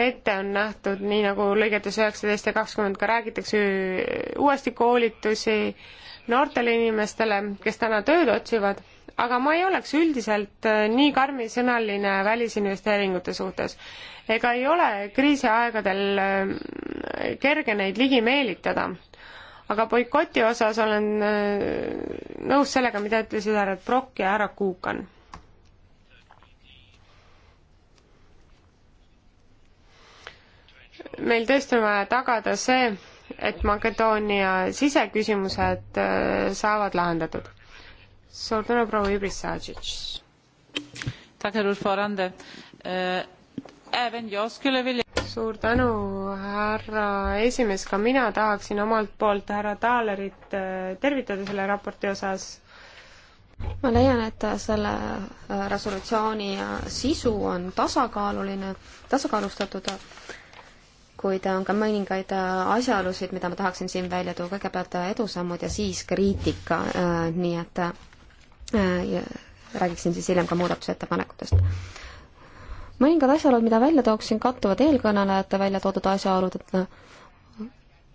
ette on nähtud, nii nagu lõigetes üheksateist ja kakskümmend ka räägitakse, uuesti koolitusi noortele inimestele, kes täna tööd otsivad, aga ma ei oleks üldiselt nii karmisõnaline välisinvesteeringute suhtes. ega ei ole kriisiaegadel kerge neid ligi meelitada aga boikoti osas olen äh, nõus sellega, mida ütlesid härra Brock ja härra Kuukan. meil tõesti on vaja tagada see, et Makedoonia siseküsimused äh, saavad lahendatud. suur tänu, proua Ibris Sajic! suur tänu, härra esimees, ka mina tahaksin omalt poolt härra Taalerit äh, tervitada selle raporti osas ma leian, et selle äh, resolutsiooni äh, sisu on tasakaaluline, tasakaalustatud, kuid on ka mõningaid asjaolusid, mida ma tahaksin siin välja tuua, kõigepealt edusammud ja siis kriitika, nii et räägiksin siis hiljem ka muudatusettepanekutest mõningad asjaolud, mida välja tooksin, kattuvad eelkõnelejate välja toodud asjaoludega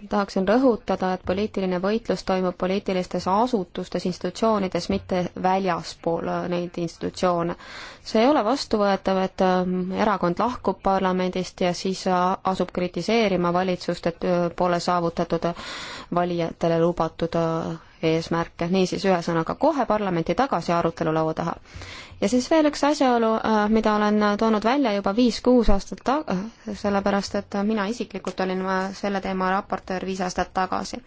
tahaksin rõhutada, et poliitiline võitlus toimub poliitilistes asutustes, institutsioonides, mitte väljaspool neid institutsioone. see ei ole vastuvõetav, et ähm, erakond lahkub parlamendist ja siis äh, asub kritiseerima valitsust, et äh, pole saavutatud äh, valijatele lubatud eesmärke, niisiis ühesõnaga kohe parlamenti tagasi arutelulaua taha. ja siis veel üks asjaolu, äh, mida olen toonud välja juba viis-kuus aastat ta-, äh, sellepärast et mina isiklikult olin äh, selle teema raportöör viis aastat tagasi.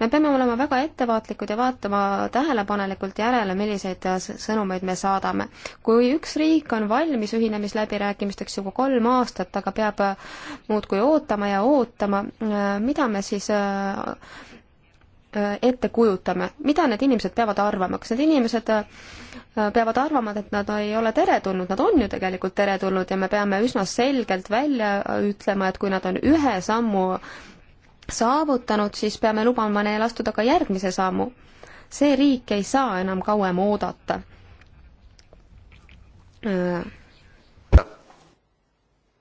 me peame olema väga ettevaatlikud ja vaatama tähelepanelikult järele, milliseid sõnumeid me saadame. kui üks riik on valmis ühinemisläbirääkimisteks juba kolm aastat, aga peab muudkui ootama ja ootama, mida me siis Äh, ette kujutame, mida need inimesed peavad arvama, kas need inimesed äh, peavad arvama, et nad ei ole teretulnud, nad on ju tegelikult teretulnud ja me peame üsna selgelt välja ütlema, et kui nad on ühe sammu saavutanud, siis peame lubama neil astuda ka järgmise sammu. see riik ei saa enam kauem oodata äh,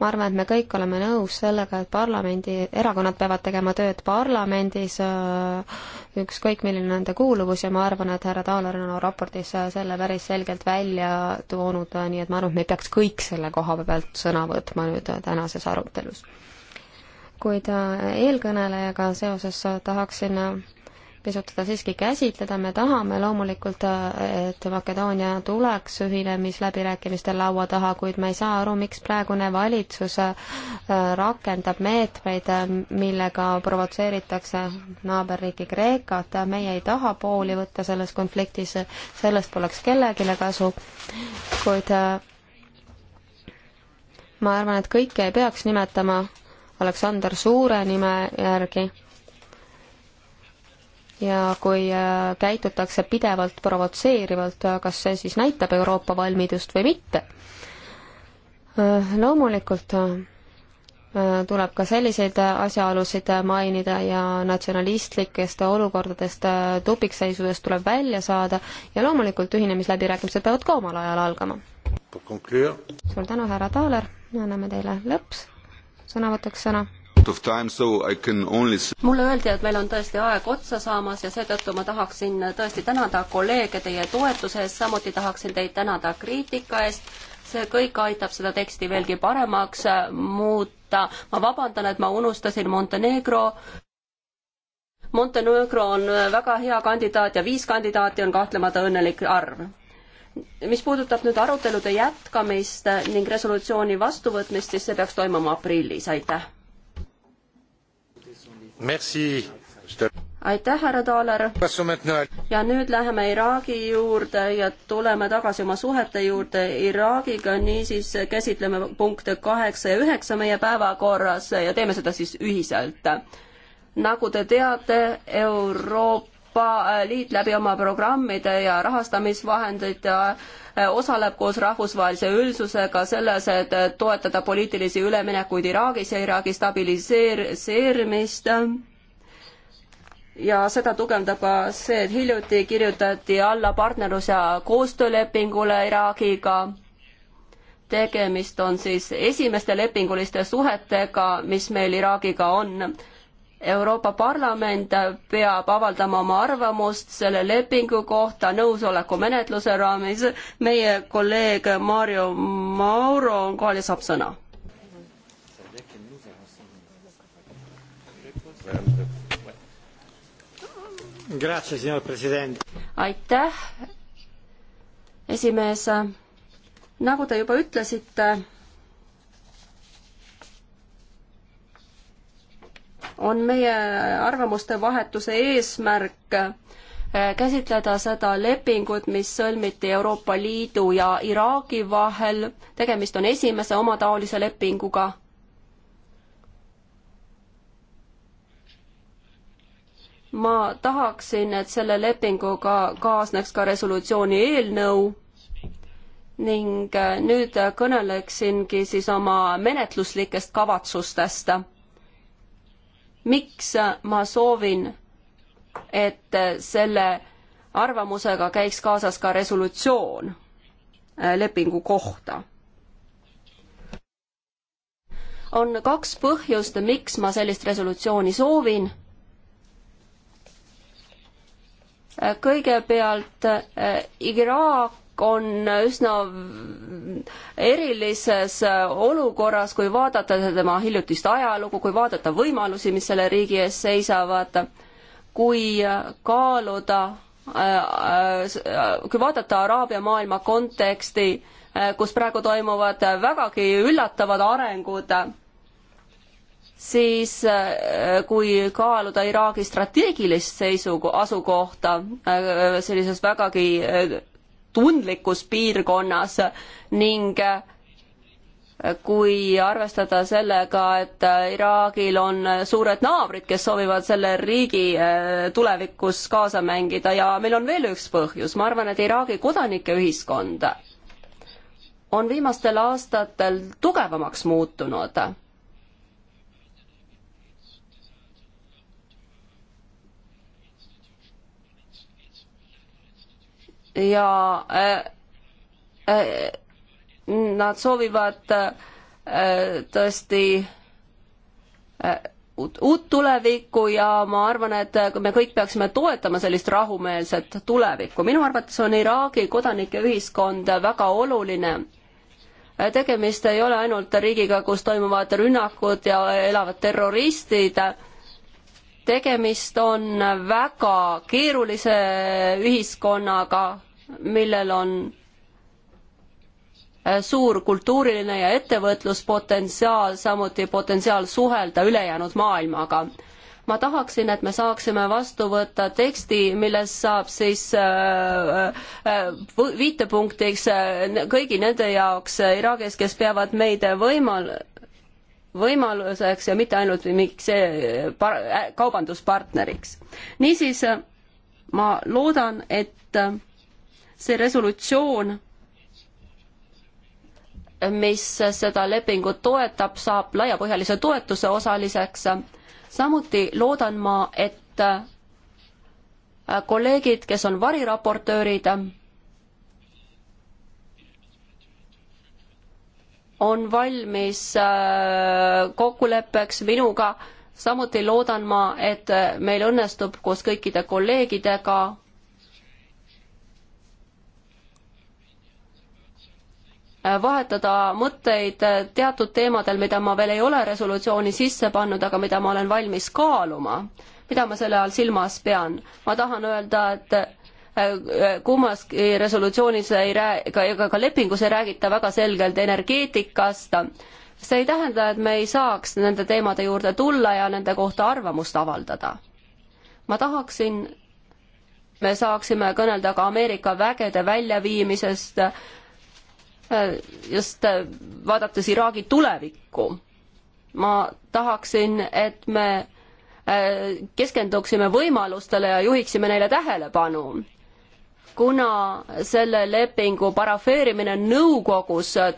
ma arvan, et me kõik oleme nõus sellega, et parlamendi, erakonnad peavad tegema tööd parlamendis, äh, ükskõik milline nende kuuluvus ja ma arvan, et härra Taaler on raportis äh, selle päris selgelt välja toonud, äh, nii et ma arvan, et me ei peaks kõik selle koha pealt sõna võtma nüüd tänases arutelus. kuid eelkõnelejaga seoses tahaksin pisut seda siiski käsitleda, me tahame loomulikult, äh, et Makedoonia tuleks ühinemisläbirääkimistel laua taha, kuid ma ei saa aru, miks praegune valitsus äh, rakendab meetmeid, äh, millega provotseeritakse naaberriiki Kreekat, meie ei taha pooli võtta selles konfliktis, sellest poleks kellelegi kasu, kuid ma arvan, et kõike ei peaks nimetama Aleksander Suure nime järgi ja kui äh, käitutakse pidevalt provotseerivalt, äh, kas see siis näitab Euroopa valmidust või mitte? Äh, loomulikult tuleb ka selliseid asjaolusid mainida ja natsionalistlikest olukordadest, tupikseisudest tuleb välja saada ja loomulikult ühinemisläbirääkimised peavad ka omal ajal algama. suur tänu, härra Taaler, anname teile lõpps sõnavõtuks sõna Only... mulle öeldi, et meil on tõesti aeg otsa saamas ja seetõttu ma tahaksin tõesti tänada kolleege teie toetuse eest, samuti tahaksin teid tänada kriitika eest. see kõik aitab seda teksti veelgi paremaks muuta. ma vabandan, et ma unustasin Montenegro. Montenegro on väga hea kandidaat ja viis kandidaati on kahtlemata õnnelik arv mis puudutab nüüd arutelude jätkamist ning resolutsiooni vastuvõtmist, siis see peaks toimuma aprillis, aitäh aitäh, härra Taaler! ja nüüd läheme Iraagi juurde ja tuleme tagasi oma suhete juurde Iraagiga, niisiis käsitleme punkte kaheksa ja üheksa meie päevakorras ja teeme seda siis ühiselt. nagu te teate, Euroopa Euroopa äh, Liit läbi oma programmide ja rahastamisvahendite äh, äh, osaleb koos rahvusvahelise üldsusega selles, et toetada poliitilisi üleminekuid Iraagis ja Iraagi stabiliseerimist ja seda tugevdab ka see, et hiljuti kirjutati alla partnerlus- ja koostöölepingule Iraagiga. tegemist on siis esimeste lepinguliste suhetega, mis meil Iraagiga on Euroopa Parlament peab avaldama oma arvamust selle lepingu kohta nõusoleku menetluse raames. meie kolleeg Mario Mauro on kohal ja saab sõna. aitäh, esimees. nagu te juba ütlesite on meie arvamuste vahetuse eesmärk eh, käsitleda seda lepingut, mis sõlmiti Euroopa Liidu ja Iraagi vahel. tegemist on esimese omataolise lepinguga. ma tahaksin, et selle lepinguga kaasneks ka resolutsiooni eelnõu ning eh, nüüd kõneleksingi siis oma menetluslikest kavatsustest miks ma soovin, et selle arvamusega käiks kaasas ka resolutsioon äh, lepingu kohta. on kaks põhjust, miks ma sellist resolutsiooni soovin. Äh, kõigepealt äh, Iraak on üsna erilises olukorras, kui vaadata tema hiljutist ajalugu, kui vaadata võimalusi, mis selle riigi ees seisavad, kui kaaluda, äh, äh, kui vaadata Araabia maailma konteksti, äh, kus praegu toimuvad vägagi üllatavad arengud, siis kui kaaluda Iraagi strateegilist seisu, asukohta sellises vägagi tundlikus piirkonnas ning eh, kui arvestada sellega, et eh, Iraagil on suured naabrid, kes soovivad selle riigi eh, tulevikus kaasa mängida ja meil on veel üks põhjus, ma arvan, et Iraagi kodanike ühiskond on viimastel aastatel tugevamaks muutunud ja äh, äh, nad soovivad äh, tõesti uut tulevikku ja ma arvan, et me kõik peaksime toetama sellist rahumeelset tulevikku. minu arvates on Iraagi kodanike ühiskond väga oluline. tegemist ei ole ainult riigiga, kus toimuvad rünnakud ja elavad terroristid tegemist on väga keerulise ühiskonnaga, millel on äh, suur kultuuriline ja ettevõtluspotentsiaal, samuti potentsiaal suhelda ülejäänud maailmaga. ma tahaksin, et me saaksime vastu võtta teksti, milles saab siis äh, äh, viitepunktiks äh, kõigi nende jaoks äh, Iraagis, kes peavad meid võimal-, võimaluseks ja mitte ainult mingiks kaubanduspartneriks. niisiis ma loodan, et see resolutsioon, mis seda lepingut toetab, saab laiapõhjalise toetuse osaliseks. samuti loodan ma, et kolleegid, kes on variraportöörid, on valmis äh, kokkuleppeks minuga. samuti loodan ma, et äh, meil õnnestub koos kõikide kolleegidega vahetada mõtteid teatud teemadel, mida ma veel ei ole resolutsiooni sisse pannud, aga mida ma olen valmis kaaluma. mida ma selle all silmas pean? ma tahan öelda, et kummaski resolutsioonis ei rää-, ega ka, ka lepingus ei räägita väga selgelt energeetikast. see ei tähenda, et me ei saaks nende teemade juurde tulla ja nende kohta arvamust avaldada. ma tahaksin, me saaksime kõnelda ka Ameerika vägede väljaviimisest, just vaadates Iraagi tulevikku. ma tahaksin, et me eh, keskenduksime võimalustele ja juhiksime neile tähelepanu kuna selle lepingu parafeerimine nõukogus äh,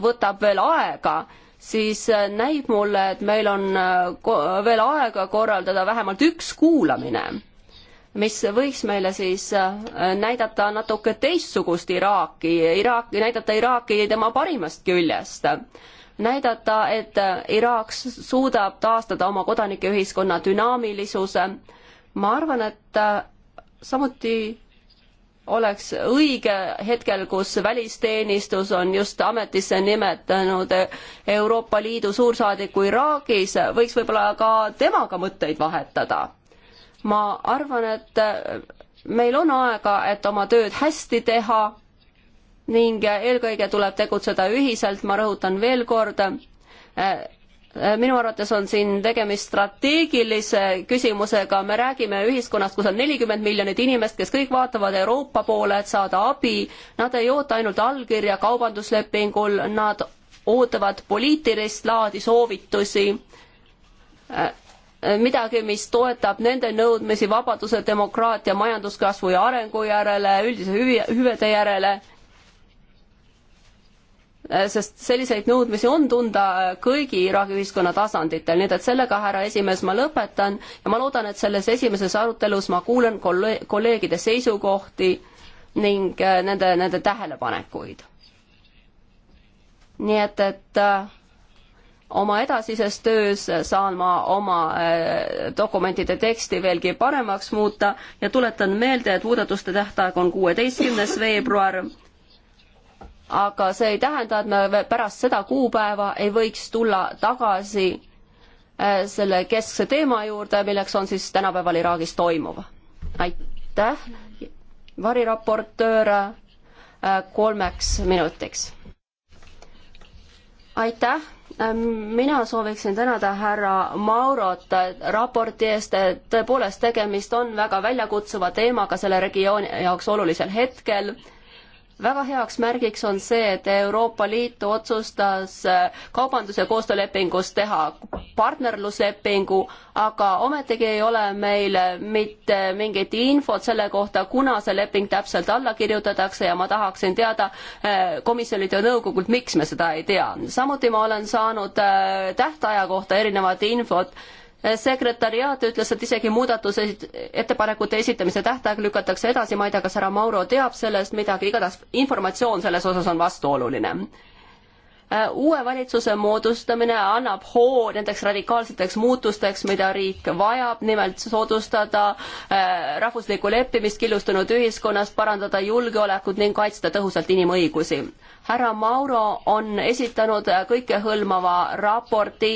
võtab veel aega, siis äh, näib mulle, et meil on äh, veel aega korraldada vähemalt üks kuulamine, mis võiks meile siis näidata natuke teistsugust Iraaki, Iraaki, näidata Iraaki tema parimast küljest näidata, et Iraak suudab taastada oma kodanikeühiskonna dünaamilisuse. ma arvan, et samuti oleks õige hetkel, kus välisteenistus on just ametisse nimetanud Euroopa Liidu suursaadiku Iraagis, võiks võib-olla ka temaga mõtteid vahetada. ma arvan, et meil on aega, et oma tööd hästi teha ning eelkõige tuleb tegutseda ühiselt, ma rõhutan veel kord, Äh, minu arvates on siin tegemist strateegilise küsimusega, me räägime ühiskonnast, kus on nelikümmend miljonit inimest, kes kõik vaatavad Euroopa poole, et saada abi, nad ei oota ainult allkirja kaubanduslepingul, nad ootavad poliitilist laadi soovitusi, äh, midagi, mis toetab nende nõudmisi vabaduse, demokraatia, majanduskasvu ja arengu järele, üldise hüve, hüvede järele Äh, sest selliseid nõudmisi on tunda äh, kõigi Iraagi ühiskonna tasanditel, nii et sellega, härra esimees, ma lõpetan ja ma loodan, et selles esimeses arutelus ma kuulen kolle-, kolleegide seisukohti ning äh, nende, nende tähelepanekuid. nii et, et oma edasises töös saan ma oma dokumentide teksti veelgi paremaks muuta ja tuletan meelde, et muudatuste tähtaeg on kuueteistkümnes veebruar aga see ei tähenda, et me pärast seda kuupäeva ei võiks tulla tagasi äh, selle keskse teema juurde, milleks on siis tänapäeval Iraagis toimuv. aitäh, variraportöör, äh, kolmeks minutiks. aitäh, ähm, mina sooviksin tänada härra Maurot äh, raporti eest, tõepoolest tegemist on väga väljakutsuva teemaga selle regiooni jaoks olulisel hetkel väga heaks märgiks on see, et Euroopa Liit otsustas äh, kaubanduse koostöölepingust teha partnerluslepingu, aga ometigi ei ole meil äh, mitte mingit infot selle kohta, kuna see leping täpselt alla kirjutatakse ja ma tahaksin teada äh, komisjonilt ja nõukogult, miks me seda ei tea. samuti ma olen saanud tähtaja kohta erinevat infot sekretariaat ütles, et isegi muudatuse ettepanekute esitamise tähtaeg lükatakse edasi, ma ei tea, kas härra Mauro teab sellest midagi, igatahes informatsioon selles osas on vastuoluline. Äh, uue valitsuse moodustamine annab hoo nendeks radikaalseteks muutusteks, mida riik vajab, nimelt soodustada äh, rahvuslikku leppimist killustunud ühiskonnast, parandada julgeolekut ning kaitsta tõhusalt inimõigusi. härra Mauro on esitanud kõikehõlmava raporti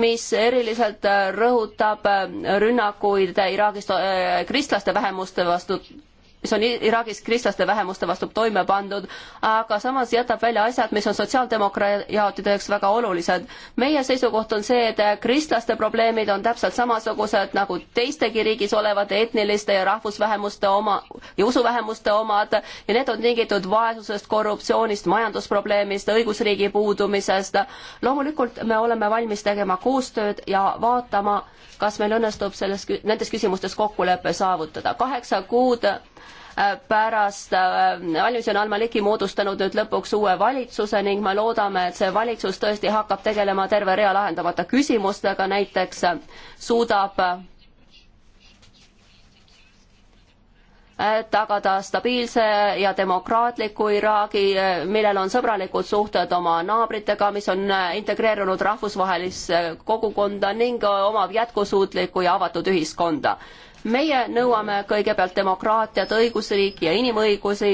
mis eriliselt äh, rõhutab äh, rünnakuid Iraagis äh, kristlaste vähemuste vastu mis on Iraagis kristlaste vähemuste vastu toime pandud, aga samas jätab välja asjad, mis on sotsiaaldemokraatide jaoks väga olulised. meie seisukoht on see, et kristlaste probleemid on täpselt samasugused nagu teistegi riigis olevate etniliste ja rahvusvähemuste oma ja usuvähemuste omad ja need on tingitud vaesusest, korruptsioonist, majandusprobleemist, õigusriigi puudumisest. loomulikult me oleme valmis tegema koostööd ja vaatama, kas meil õnnestub selles, nendes küsimustes kokkulepe saavutada. kaheksa kuud pärast valimisi äh, on Almaliki moodustanud nüüd lõpuks uue valitsuse ning me loodame, et see valitsus tõesti hakkab tegelema terve rea lahendamata küsimustega, näiteks suudab äh, tagada stabiilse ja demokraatliku Iraagi, äh, millel on sõbralikud suhted oma naabritega, mis on integreerunud rahvusvahelisse kogukonda ning omab jätkusuutlikku ja avatud ühiskonda meie nõuame kõigepealt demokraatiat, õigusriiki ja inimõigusi.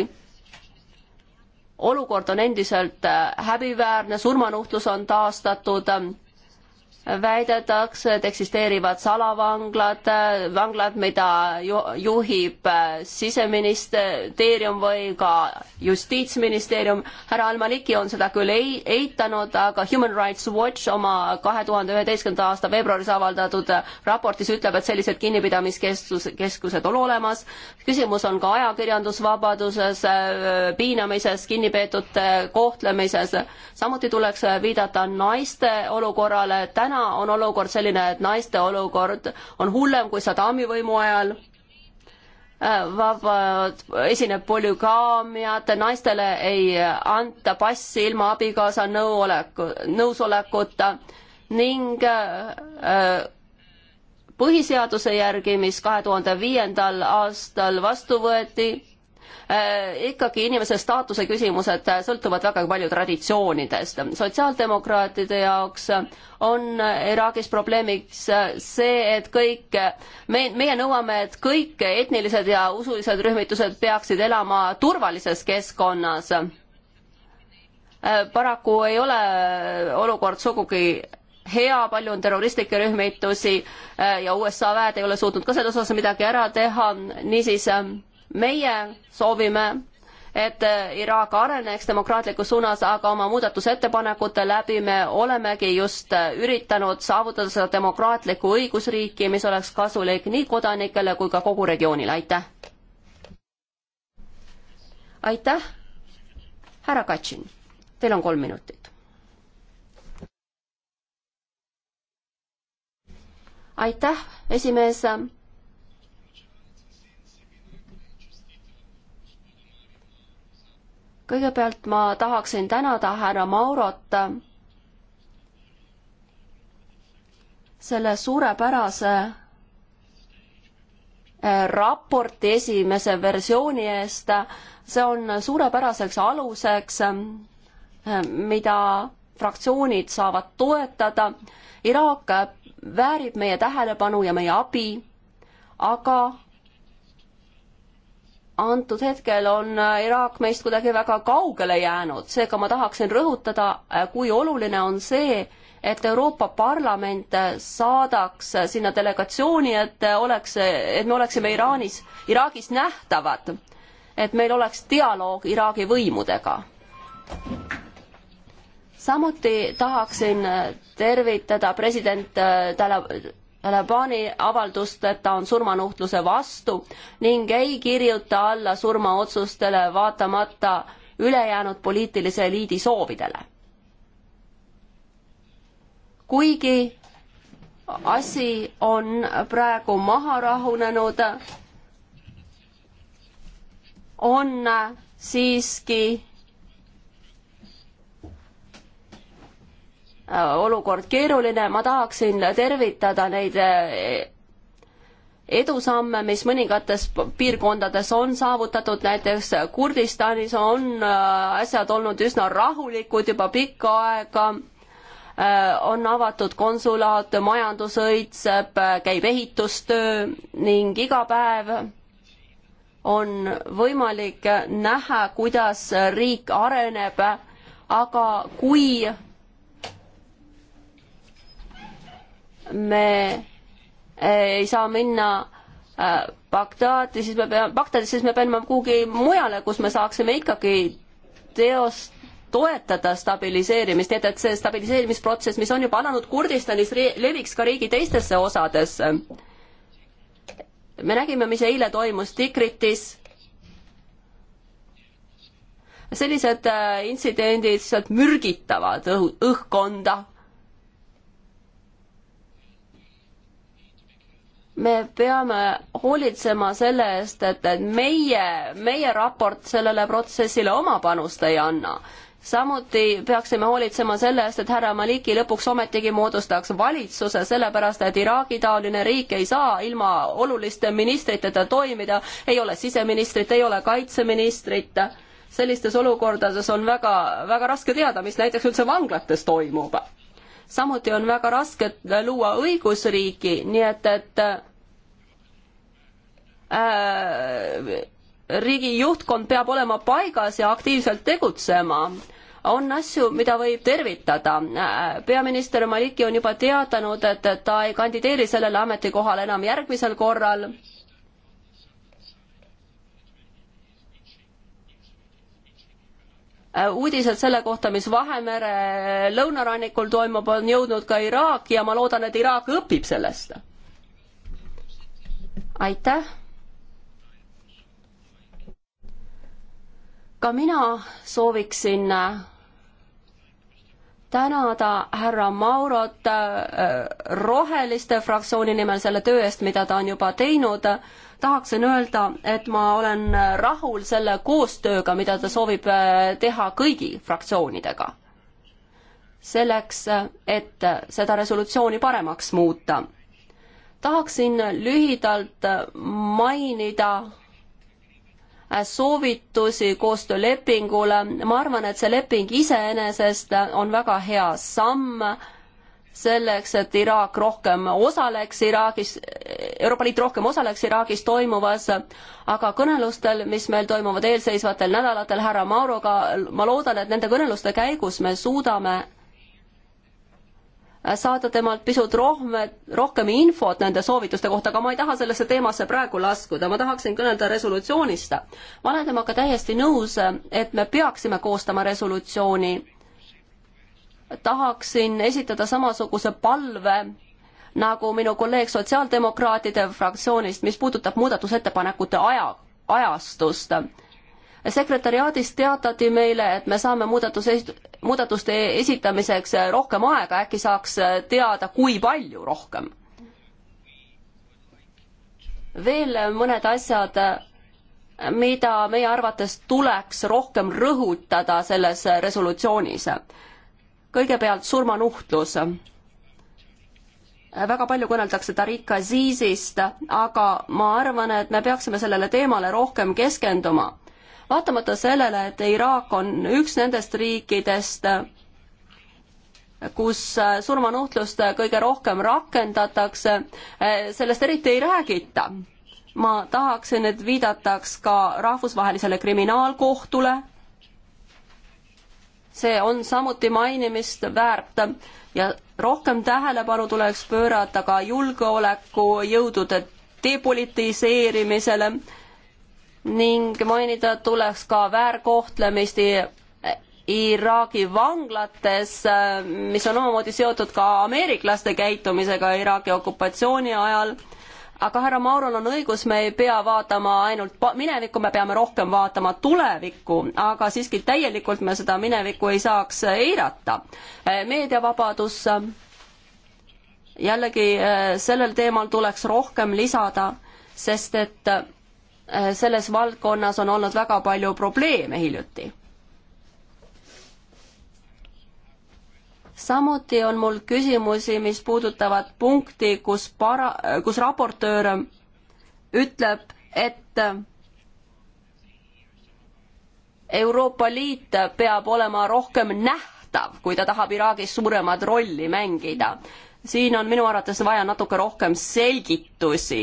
olukord on endiselt äh, häbiväärne, surmanuhtlus on taastatud väidetakse, et eksisteerivad salavanglad, vanglad, mida juhib äh, siseministeerium või ka justiitsministeerium. härra Al-Maliki on seda küll ei, eitanud, aga Human Rights Watch oma kahe tuhande üheteistkümnenda aasta veebruaris avaldatud raportis ütleb, et sellised kinnipidamiskeskus, keskused on olemas. küsimus on ka ajakirjandusvabaduses, äh, piinamises, kinnipeetute äh, kohtlemises. samuti tuleks viidata naiste olukorrale täna täna on olukord selline, et naiste olukord on hullem kui Saddami võimu ajal äh, vabad, esineb polügaamiat, naistele ei anta passi ilma abikaasa nõuoleku, nõusolekuta ning äh, äh, põhiseaduse järgi, mis kahe tuhande viiendal aastal vastu võeti, Äh, ikkagi inimese staatuse küsimused äh, sõltuvad väga palju traditsioonidest. sotsiaaldemokraatide jaoks on Iraagis probleemiks äh, see, et kõik, me, meie nõuame, et kõik etnilised ja usulised rühmitused peaksid elama turvalises keskkonnas. paraku ei ole olukord sugugi hea, palju on terroristlikke rühmitusi ja USA väed ei ole suutnud ka selles osas midagi ära teha, niisiis meie soovime, et Iraak areneks demokraatlikus suunas, aga oma muudatusettepanekute läbi me olemegi just üritanud saavutada seda demokraatlikku õigusriiki, mis oleks kasulik nii kodanikele kui ka kogu regioonile, aitäh! aitäh, härra Katšin, teil on kolm minutit. aitäh, esimees kõigepealt ma tahaksin tänada härra Maurot selle suurepärase eh, raporti esimese versiooni eest. see on suurepäraseks aluseks, eh, mida fraktsioonid saavad toetada. Iraak väärib meie tähelepanu ja meie abi, aga antud hetkel on äh, Iraak meist kuidagi väga kaugele jäänud, seega ma tahaksin rõhutada, äh, kui oluline on see, et Euroopa Parlament äh, saadaks sinna delegatsiooni, et oleks, et me oleksime Iraanis, Iraagis nähtavad, et meil oleks dialoog Iraagi võimudega. samuti tahaksin tervitada president Tal-, Äh, Labani avaldust, et ta on surmanuhtluse vastu ning ei kirjuta alla surmaotsustele vaatamata ülejäänud poliitilise eliidi soovidele. kuigi asi on praegu maha rahunenud, on siiski Äh, olukord keeruline, ma tahaksin tervitada neid äh, edusamme, mis mõningates piirkondades on saavutatud, näiteks Kurdistanis on äh, asjad olnud üsna rahulikud juba pikka aega, on avatud konsulaat, majandus õitseb, käib ehitustöö ning iga päev on võimalik näha, kuidas riik areneb, aga kui me eh, ei saa minna eh, Bagdaadi, siis me peame, Bagdaadi, siis me peame kuhugi mujale, kus me saaksime ikkagi teost, toetada stabiliseerimist, nii et, et see stabiliseerimisprotsess, mis on juba alanud Kurdistanis, leviks ka riigi teistesse osadesse. me nägime, mis eile toimus Tikritis. sellised eh, intsidendid lihtsalt mürgitavad õhu, õhkkonda me peame hoolitsema selle eest, et meie, meie raport sellele protsessile oma panust ei anna. samuti peaksime hoolitsema selle eest, et härra Maliki lõpuks ometigi moodustaks valitsuse, sellepärast et Iraagi-taoline riik ei saa ilma oluliste ministriteta toimida, ei ole siseministrit, ei ole kaitseministrit, sellistes olukordades on väga, väga raske teada, mis näiteks üldse vanglates toimub samuti on väga raske luua õigusriiki, nii et, et äh, riigi juhtkond peab olema paigas ja aktiivselt tegutsema on asju, mida võib tervitada. Äh, peaminister Maliki on juba teatanud, et ta ei kandideeri sellele ametikohale enam järgmisel korral Äh, uudised selle kohta, mis Vahemere lõunarannikul toimub, on jõudnud ka Iraaki ja ma loodan, et Iraak õpib sellest. aitäh. ka mina sooviksin äh, tänada härra Maurot äh, roheliste fraktsiooni nimel selle töö eest, mida ta on juba teinud tahaksin öelda, et ma olen rahul selle koostööga, mida ta soovib äh, teha kõigi fraktsioonidega. selleks, et seda resolutsiooni paremaks muuta. tahaksin lühidalt mainida äh, soovitusi koostöölepingule, ma arvan, et see leping iseenesest on väga hea samm selleks, et Iraak rohkem osaleks Iraagis, Euroopa Liit rohkem osaleks Iraagis toimuvas, aga kõnelustel, mis meil toimuvad eelseisvatel nädalatel härra Mauroga, ma loodan, et nende kõneluste käigus me suudame saada temalt pisut rohme, rohkem infot nende soovituste kohta, aga ma ei taha sellesse teemasse praegu laskuda, ma tahaksin kõnelda resolutsioonist. ma olen temaga täiesti nõus, et me peaksime koostama resolutsiooni tahaksin esitada samasuguse palve nagu minu kolleeg Sotsiaaldemokraatide fraktsioonist, mis puudutab muudatusettepanekute aja, ajastust. sekretäriaadist teatati meile, et me saame muudatuse, muudatuste esitamiseks rohkem aega, äkki saaks teada, kui palju rohkem. veel mõned asjad, mida meie arvates tuleks rohkem rõhutada selles resolutsioonis kõigepealt surmanuhtlus. väga palju kõneldakse Tariq Azizist, aga ma arvan, et me peaksime sellele teemale rohkem keskenduma. vaatamata sellele, et Iraak on üks nendest riikidest, kus surmanuhtlust kõige rohkem rakendatakse, sellest eriti ei räägita. ma tahaksin, et viidataks ka rahvusvahelisele kriminaalkohtule see on samuti mainimist väärt ja rohkem tähelepanu tuleks pöörata ka julgeolekujõudude depolitiseerimisele ning mainida tuleks ka väärkohtlemist Iraagi vanglates, mis on omamoodi seotud ka ameeriklaste käitumisega Iraagi okupatsiooni ajal aga härra Maurol on õigus, me ei pea vaatama ainult minevikku, me peame rohkem vaatama tulevikku, aga siiski täielikult me seda minevikku ei saaks eirata. Eh, meediavabadus, eh, jällegi eh, sellel teemal tuleks rohkem lisada, sest et selles valdkonnas on olnud väga palju probleeme hiljuti samuti on mul küsimusi, mis puudutavad punkti, kus para-, kus raportöör ütleb, et Euroopa Liit peab olema rohkem nähtav, kui ta tahab Iraagis suuremat rolli mängida. siin on minu arvates vaja natuke rohkem selgitusi,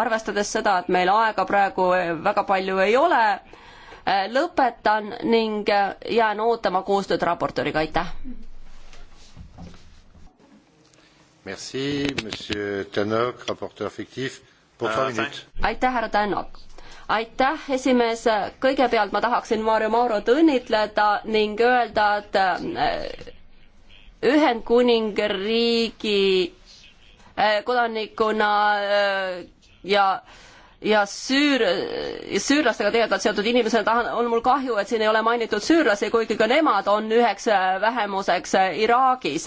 arvestades seda, et meil aega praegu väga palju ei ole, lõpetan ning jään ootama koostööd raportööriga, aitäh! Merci, monsieur Tänok, raportöör fiktiiv. aitäh, härra Tänok aitäh, esimees, kõigepealt ma tahaksin Maarja Maurot õnnitleda ning öelda, et äh, Ühendkuningriigi äh, kodanikuna äh, ja ja süür, süürlastega tegelikult seotud inimesena tahan, on mul kahju, et siin ei ole mainitud süürlasi, kuigi ka nemad on üheks vähemuseks Iraagis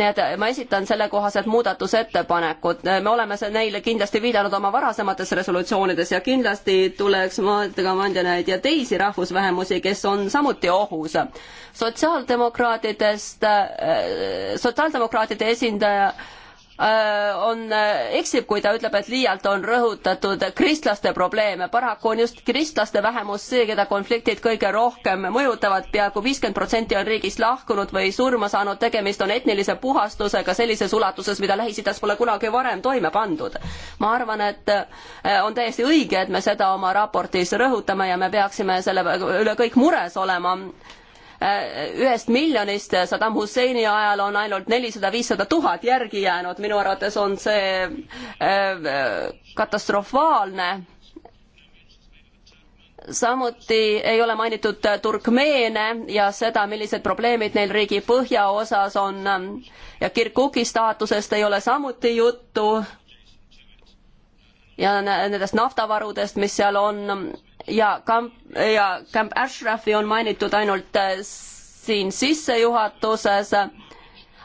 nii et ma esitan sellekohased muudatusettepanekud, me oleme neile kindlasti viidanud oma varasemates resolutsioonides ja kindlasti tuleks mõelda ka mandjanaid ja teisi rahvusvähemusi, kes on samuti ohus. sotsiaaldemokraatidest, äh, sotsiaaldemokraatide esindaja Äh, on, äh, eksib, kui ta ütleb, et liialt on rõhutatud kristlaste probleeme. paraku on just kristlaste vähemus see, keda konfliktid kõige rohkem mõjutavad. peaaegu viiskümmend protsenti on riigist lahkunud või surma saanud. tegemist on etnilise puhastusega sellises ulatuses, mida Lähis-Idas pole kunagi varem toime pandud. ma arvan, et äh, on täiesti õige, et me seda oma raportis rõhutame ja me peaksime selle üle kõik mures olema Äh, ühest miljonist Saddam Husseini ajal on ainult nelisada, viissada tuhat järgi jäänud, minu arvates on see äh, katastrofaalne. samuti ei ole mainitud Turkmeene ja seda, millised probleemid neil riigi põhjaosas on ja Kirkuki staatusest ei ole samuti juttu ja nendest naftavarudest, mis seal on ja Camp, ja Camp Ashrafi on mainitud ainult äh, siin sissejuhatuses,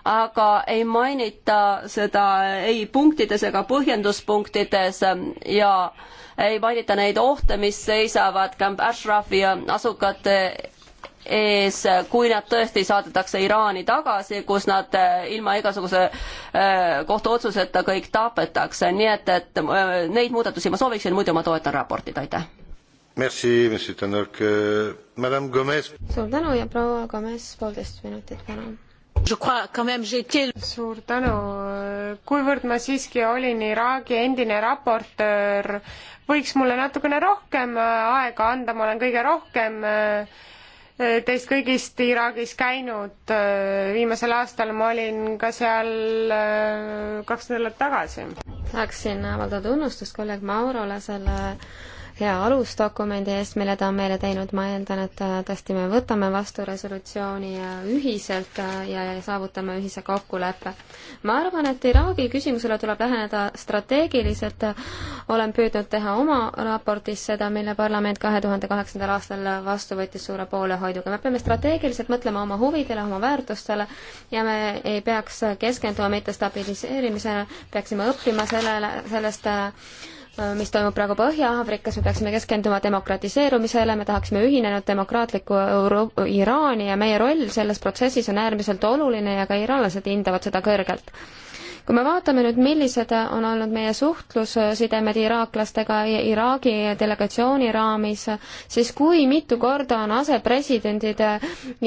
aga ei mainita seda ei punktides ega põhjenduspunktides ja ei mainita neid ohte, mis seisavad Camp Ashrafi asukate ees, kui nad tõesti saadetakse Iraani tagasi, kus nad äh, ilma igasuguse äh, kohtuotsuseta kõik tapetakse, nii et, et neid muudatusi ma sooviksin, muidu ma toetan raportit, aitäh Merci, monsieur Tanok. Euh, Madame Gomez. suur tänu ja proua Gomez, poolteist minutit, palun suur tänu kuivõrd ma siiski olin iraagi endine raportöör võiks mulle natukene rohkem äh, aega anda ma olen kõige rohkem äh, äh, teist kõigist iraagis käinud viimasel aastal ma olin ka seal kaks nädalat tagasi tahaksin avaldada tunnustust kolleeg Maurole selle hea alusdokumendi eest, mille ta on meile teinud, ma eeldan, et äh, tõesti me võtame vastu resolutsiooni ühiselt äh, ja saavutame ühise kokkuleppe. ma arvan, et Iraagi küsimusele tuleb läheneda strateegiliselt, olen püüdnud teha oma raportis seda, mille parlament kahe tuhande kaheksandal aastal vastu võttis suure poolehoiduga. me peame strateegiliselt mõtlema oma huvidele, oma väärtustele ja me ei peaks keskenduma mitte stabiliseerimisele, peaksime õppima sellele, sellest äh, mis toimub praegu Põhja-Aafrikas, me peaksime keskenduma demokratiseerumisele, me tahaksime ühinenud demokraatlikku Euro-, Iraani ja meie roll selles protsessis on äärmiselt oluline ja ka iraanlased hindavad seda kõrgelt. kui me vaatame nüüd, millised on olnud meie suhtlussidemed iraaklastega Iraagi delegatsiooni raamis, siis kui mitu korda on asepresidendid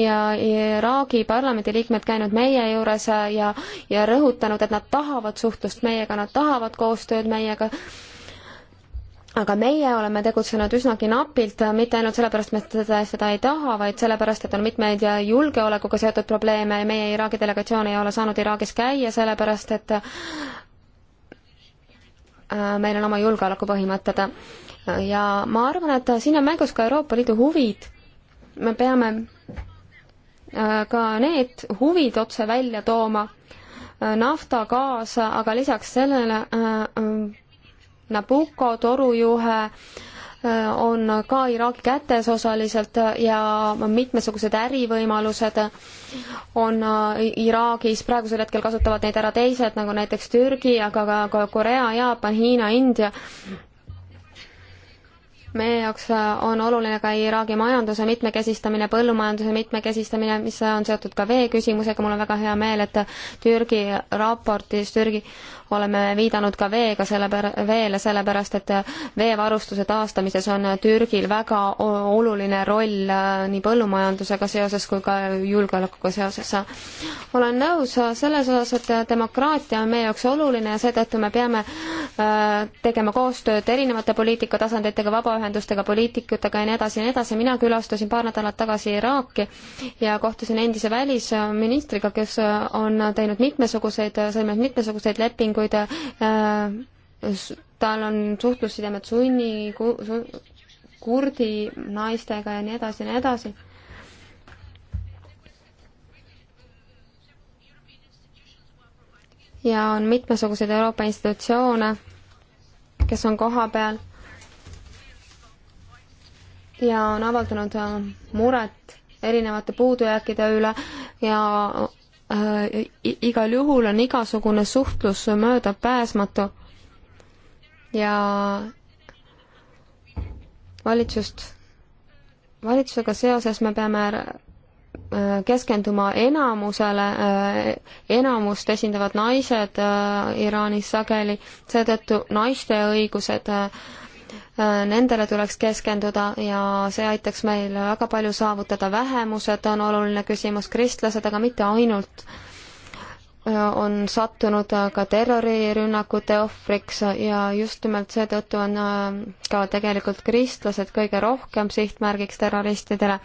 ja Iraagi parlamendiliikmed käinud meie juures ja, ja rõhutanud, et nad tahavad suhtlust meiega, nad tahavad koostööd meiega, aga meie oleme tegutsenud üsnagi napilt, mitte ainult sellepärast, et me seda, seda ei taha, vaid sellepärast, et on mitmeid julgeolekuga seotud probleeme ja meie Iraagi delegatsioon ei ole saanud Iraagis käia, sellepärast et äh, meil on oma julgeolekupõhimõtted. ja ma arvan, et siin on mängus ka Euroopa Liidu huvid. me peame äh, ka need huvid otse välja tooma, äh, nafta, gaas, aga lisaks sellele Nabucco torujuhe äh, on ka Iraagi kätes osaliselt ja mitmesugused ärivõimalused on äh, Iraagis, praegusel hetkel kasutavad neid ära teised, nagu näiteks Türgi, aga ka, ka Korea, Jaapan, Hiina, India. meie jaoks äh, on oluline ka Iraagi majanduse mitmekesistamine, põllumajanduse mitmekesistamine, mis on seotud ka veeküsimusega, mul on väga hea meel, et Türgi raportis, Türgi oleme viidanud ka veega selle pär-, veele, sellepärast et veevarustuse taastamises on Türgil väga oluline roll äh, nii põllumajandusega seoses kui ka julgeolekuga seoses. olen nõus selles osas, et demokraatia on meie jaoks oluline ja seetõttu me peame äh, tegema koostööd erinevate poliitikatasanditega, vabaühendustega, poliitikutega ja nii edasi ja nii edasi, mina külastasin paar nädalat tagasi Iraaki ja kohtusin endise välisministriga, kes on teinud mitmesuguseid, sõlminud mitmesuguseid lepinguid, lepinguid, äh, tal on suhtlussidemed sunni, kurdi naistega ja nii edasi ja nii edasi ja on mitmesuguseid Euroopa institutsioone, kes on kohapeal ja on avaldanud äh, muret erinevate puudujääkide üle ja Äh, igal juhul on igasugune suhtlus möödapääsmatu ja valitsust, valitsusega seoses me peame äh, keskenduma enamusele, äh, enamust esindavad naised Iraanis sageli, seetõttu naiste õigused äh, nendele tuleks keskenduda ja see aitaks meil väga palju saavutada. vähemused on oluline küsimus, kristlased, aga mitte ainult, on sattunud ka terrorirünnakute ohvriks ja just nimelt seetõttu on ka tegelikult kristlased kõige rohkem sihtmärgiks terroristidele.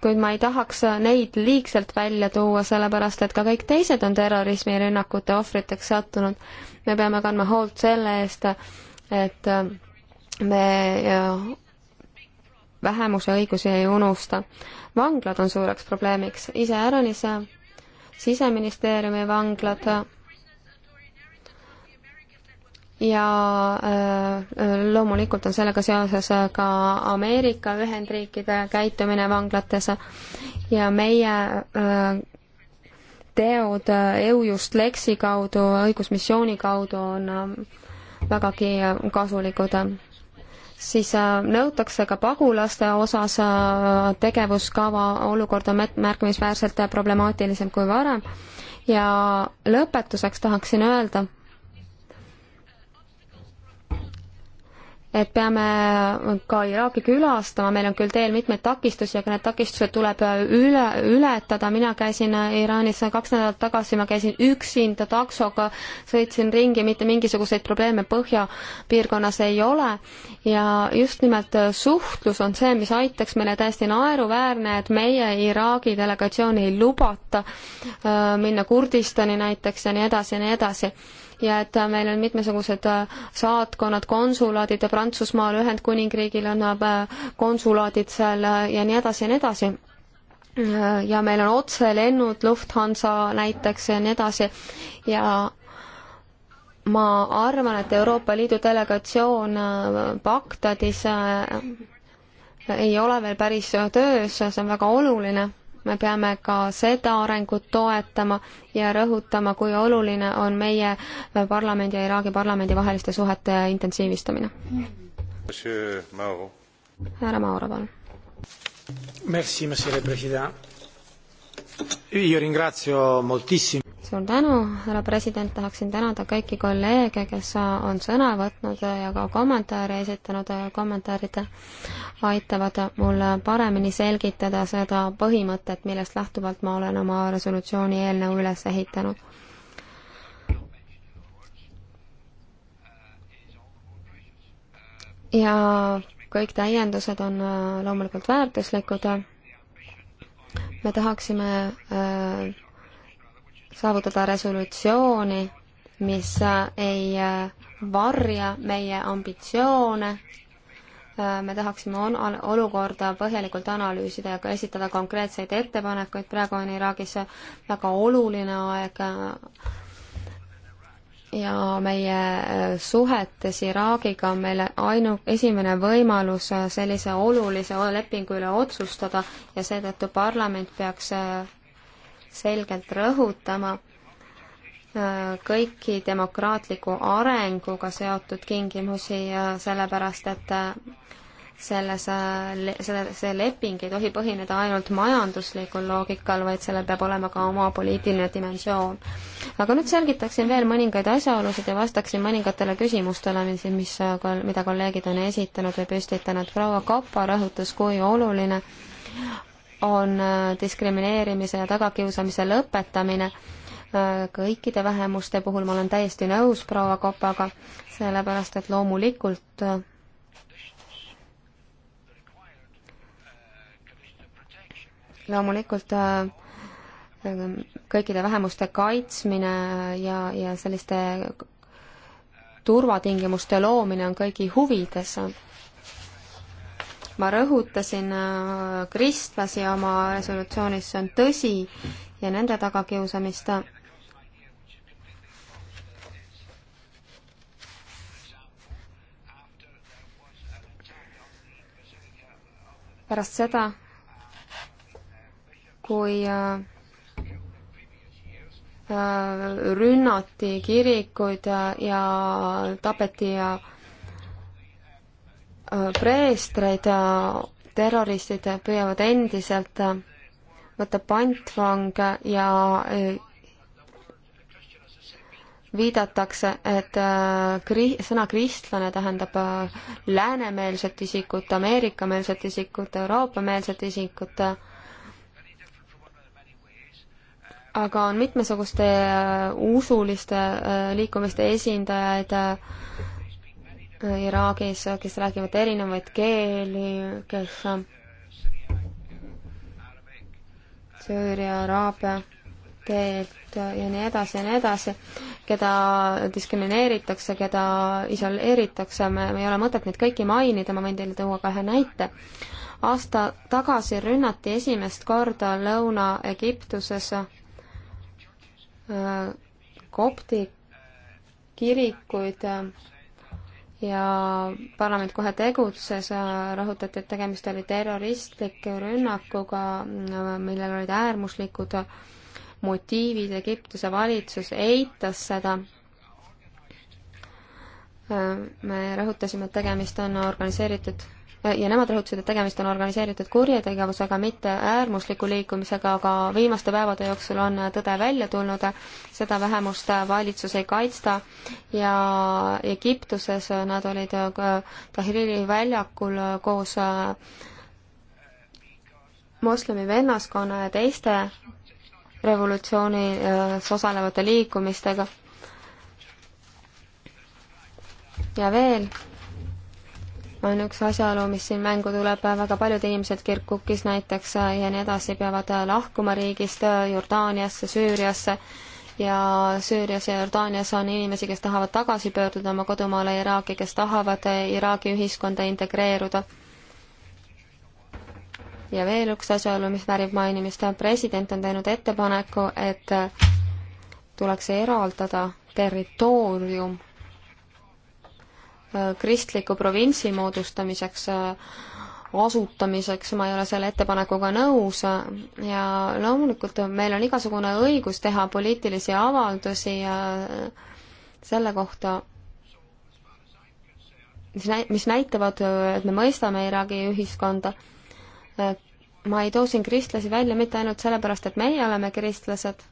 kuid ma ei tahaks neid liigselt välja tuua, sellepärast et ka kõik teised on terrorismirünnakute ohvriteks sattunud. me peame kandma hoolt selle eest, et me vähemuse õigusi ei unusta. vanglad on suureks probleemiks, iseäranis siseministeeriumi vanglad ja äh, loomulikult on sellega seoses ka Ameerika Ühendriikide käitumine vanglates ja meie äh, teod äh, EUJust Lexi kaudu, õigusmissiooni kaudu on vägagi kasulikud siis äh, nõutakse ka pagulaste osas äh, tegevuskava, olukord on märkimisväärselt problemaatilisem kui varem ja lõpetuseks tahaksin öelda, et peame ka Iraaki külastama, meil on küll teel mitmeid takistusi, aga need takistused tuleb üle, ületada, mina käisin Iraanis kaks nädalat tagasi, ma käisin üksinda taksoga, sõitsin ringi, mitte mingisuguseid probleeme põhjapiirkonnas ei ole ja just nimelt suhtlus on see, mis aitaks meile täiesti naeruväärne, et meie Iraagi delegatsiooni ei lubata äh, minna Kurdistani näiteks ja nii edasi ja nii edasi ja et meil on mitmesugused äh, saatkonnad, konsulaadid ja Prantsusmaal, Ühendkuningriigil on äh, konsulaadid seal äh, ja nii edasi ja nii edasi. ja meil on otselennud Lufthansa näiteks ja nii edasi ja ma arvan, et Euroopa Liidu delegatsioon Bagdadis ei ole veel päris töös, see on väga oluline me peame ka seda arengut toetama ja rõhutama, kui oluline on meie parlamendi ja Iraagi parlamendi vaheliste suhete intensiivistamine. härra Mauro, palun suur tänu, härra president, tahaksin tänada kõiki kolleege, kes on sõna võtnud ja ka kommentaare esitanud, kommentaarid aitavad mul paremini selgitada seda põhimõtet, millest lähtuvalt ma olen oma resolutsiooni eelnõu üles ehitanud ja kõik täiendused on loomulikult väärtuslikud me tahaksime äh, saavutada resolutsiooni, mis äh, ei äh, varja meie ambitsioone, me tahaksime on-, olukorda põhjalikult analüüsida ja ka esitada konkreetseid ettepanekuid, praegu on Iraagis väga oluline aeg ja meie äh, suhetes Iraagiga on meile ainu-, esimene võimalus äh, sellise olulise lepingu üle otsustada ja seetõttu parlament peaks äh, selgelt rõhutama kõiki demokraatliku arenguga seotud tingimusi, sellepärast et selles, selle, see leping ei tohi põhineda ainult majanduslikul loogikal, vaid sellel peab olema ka oma poliitiline dimensioon. aga nüüd selgitaksin veel mõningaid asjaolusid ja vastaksin mõningatele küsimustele, mis, mis, mida kolleegid on esitanud või püstitanud. proua Kapa rõhutas, kui oluline on äh, diskrimineerimise ja tagakiusamise lõpetamine äh, kõikide vähemuste puhul ma olen täiesti nõus proua Kopaga, sellepärast et loomulikult äh, loomulikult äh, kõikide vähemuste kaitsmine ja, ja selliste turvatingimuste loomine on kõigi huvides. ma rõhutasin äh, kristlasi oma resolutsioonis, see on tõsi, ja nende tagakiusamist äh, pärast seda, kui äh, äh, rünnati kirikuid äh, ja tapeti preestreid, terroristid püüavad endiselt võtta pantvange ja viidatakse, et kri-, sõna kristlane tähendab läänemeelset isikut, ameerikameelset isikut, euroopameelset isikut aga on mitmesuguste äh, usuliste äh, liikumiste esindajaid äh, Iraagis, kes räägivad erinevaid keeli, kes Süüria, araabia keelt ja nii edasi ja nii edasi, keda diskrimineeritakse, keda isoleeritakse, me, me ei ole mõtet neid kõiki mainida, ma võin teile tuua ka ühe näite aasta tagasi rünnati esimest korda Lõuna-Egiptuses kopti kirikuid äh, ja parlament kohe tegutses, äh, rõhutati, et tegemist oli terroristliku rünnakuga, äh, millel olid äärmuslikud motiivid, Egiptuse valitsus eitas seda. me rõhutasime, et tegemist on organiseeritud ja nemad rõhutasid, et tegemist on organiseeritud kurjategevusega, mitte äärmusliku liikumisega, aga viimaste päevade jooksul on tõde välja tulnud, seda vähemust valitsus ei kaitsta ja Egiptuses nad olid Tahiriri väljakul koos äh, moslemi vennaskonna ja teiste revolutsioonis osalevate liikumistega. ja veel on üks asjaolu, mis siin mängu tuleb, väga paljud inimesed Kirkukis näiteks ja nii edasi peavad lahkuma riigist Jordaaniasse, Süüriasse ja Süürias ja Jordaanias on inimesi, kes tahavad tagasi pöörduda oma kodumaale Iraaki, kes tahavad Iraagi ühiskonda integreeruda. ja veel üks asjaolu, mis väärib mainimist, president on teinud ettepaneku, et tuleks eraldada territoorium Äh, kristliku provintsi moodustamiseks äh, asutamiseks, ma ei ole selle ettepanekuga nõus ja loomulikult meil on igasugune õigus teha poliitilisi avaldusi ja äh, selle kohta, mis näi-, mis näitavad, et me mõistame Iraagi ühiskonda. ma ei too siin kristlasi välja mitte ainult sellepärast, et meie oleme kristlased,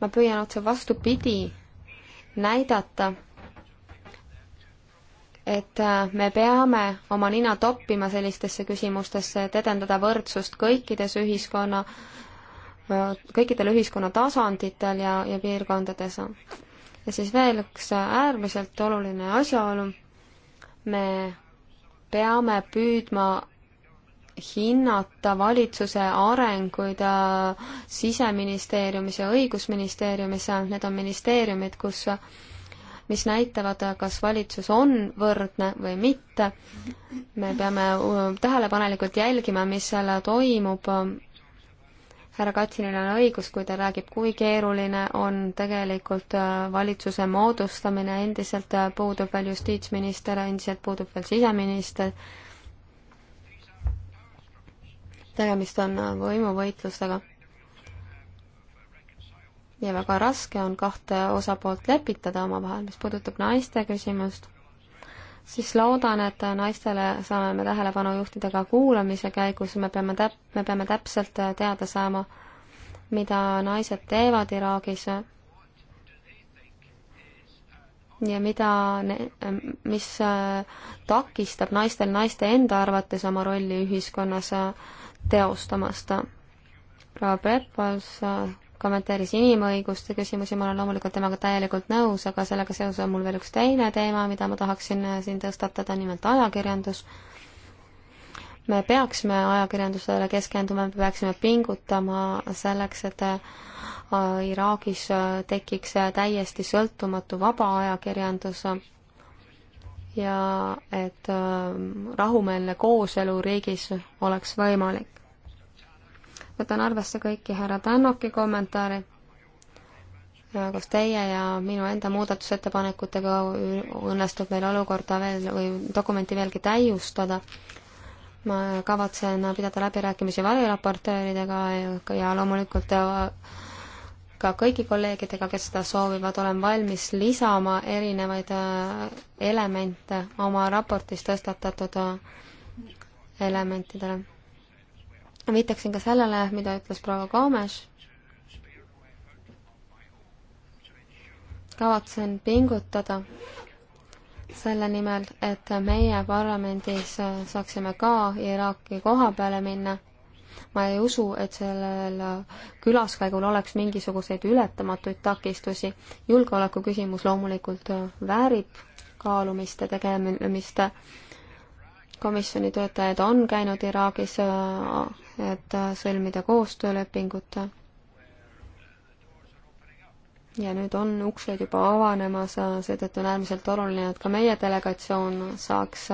ma püüan otse vastupidi näidata, et äh, me peame oma nina toppima sellistesse küsimustesse, et edendada võrdsust kõikides ühiskonna, kõikidel ühiskonna tasanditel ja, ja piirkondades. ja siis veel üks äärmiselt oluline asjaolu, me peame püüdma hinnata valitsuse arenguid äh, siseministeeriumis ja õigusministeeriumis, need on ministeeriumid, kus mis näitavad, kas valitsus on võrdne või mitte. me peame tähelepanelikult jälgima, mis seal toimub. härra Katsinil on õigus, kui ta räägib, kui keeruline on tegelikult äh, valitsuse moodustamine, endiselt äh, puudub veel justiitsminister, endiselt puudub veel siseminister tegemist on äh, võimuvõitlustega ja väga raske on kahte osapoolt lepitada omavahel, mis puudutab naiste küsimust, siis loodan, et naistele saame me tähelepanu juhtida ka kuulamise käigus, me peame täp-, me peame täpselt teada saama, mida naised teevad Iraagis ja mida, mis äh, takistab naistel naiste enda arvates oma rolli ühiskonnas äh, teostamast. proua Preppals äh, kommenteeris inimõiguste küsimusi, ma olen loomulikult temaga täielikult nõus, aga sellega seoses on mul veel üks teine teema, mida ma tahaksin äh, siin tõstatada, nimelt ajakirjandus. me peaksime ajakirjandusele keskenduma, me peaksime pingutama selleks, et äh, Iraagis äh, tekiks täiesti sõltumatu vaba ajakirjandus ja et rahumeelne kooselu riigis oleks võimalik võtan arvesse kõiki härra Tannoki kommentaare, koos teie ja minu enda muudatusettepanekutega õnnestub meil olukorda veel või dokumenti veelgi täiustada. ma kavatsen pidada läbirääkimisi variraportööridega ja, ja loomulikult ka kõigi kolleegidega, kes seda soovivad, olen valmis lisama erinevaid äh, elemente oma raportis tõstatatud äh, elementidele viitaksin ka sellele, mida ütles proua Koomes. kavatsen pingutada selle nimel, et meie parlamendis saaksime ka Iraaki koha peale minna. ma ei usu, et sellel külaskäigul oleks mingisuguseid ületamatuid takistusi. julgeoleku küsimus loomulikult väärib kaalumist ja tegemist. komisjoni töötajad on käinud Iraagis et sõlmida koostöölepingut. ja nüüd on uksed juba avanemas, seetõttu on äärmiselt oluline, et ka meie delegatsioon saaks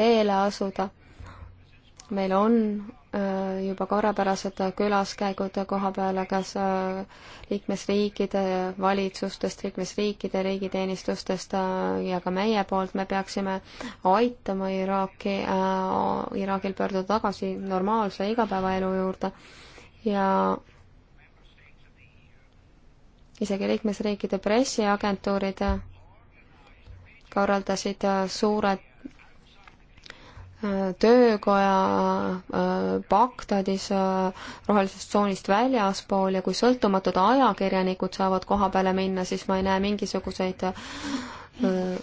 teele asuda. meil on Äh, juba korrapärased külaskäigud koha peale, kas äh, liikmesriikide valitsustest, liikmesriikide riigiteenistustest äh, ja ka meie poolt, me peaksime aitama Iraaki, Iraagil pöörduda tagasi normaalse igapäevaelu juurde ja isegi liikmesriikide pressiagentuurid korraldasid suured töökoja äh, Bagdadis äh, rohelisest tsoonist väljaspool ja kui sõltumatud ajakirjanikud saavad koha peale minna, siis ma ei näe mingisuguseid äh,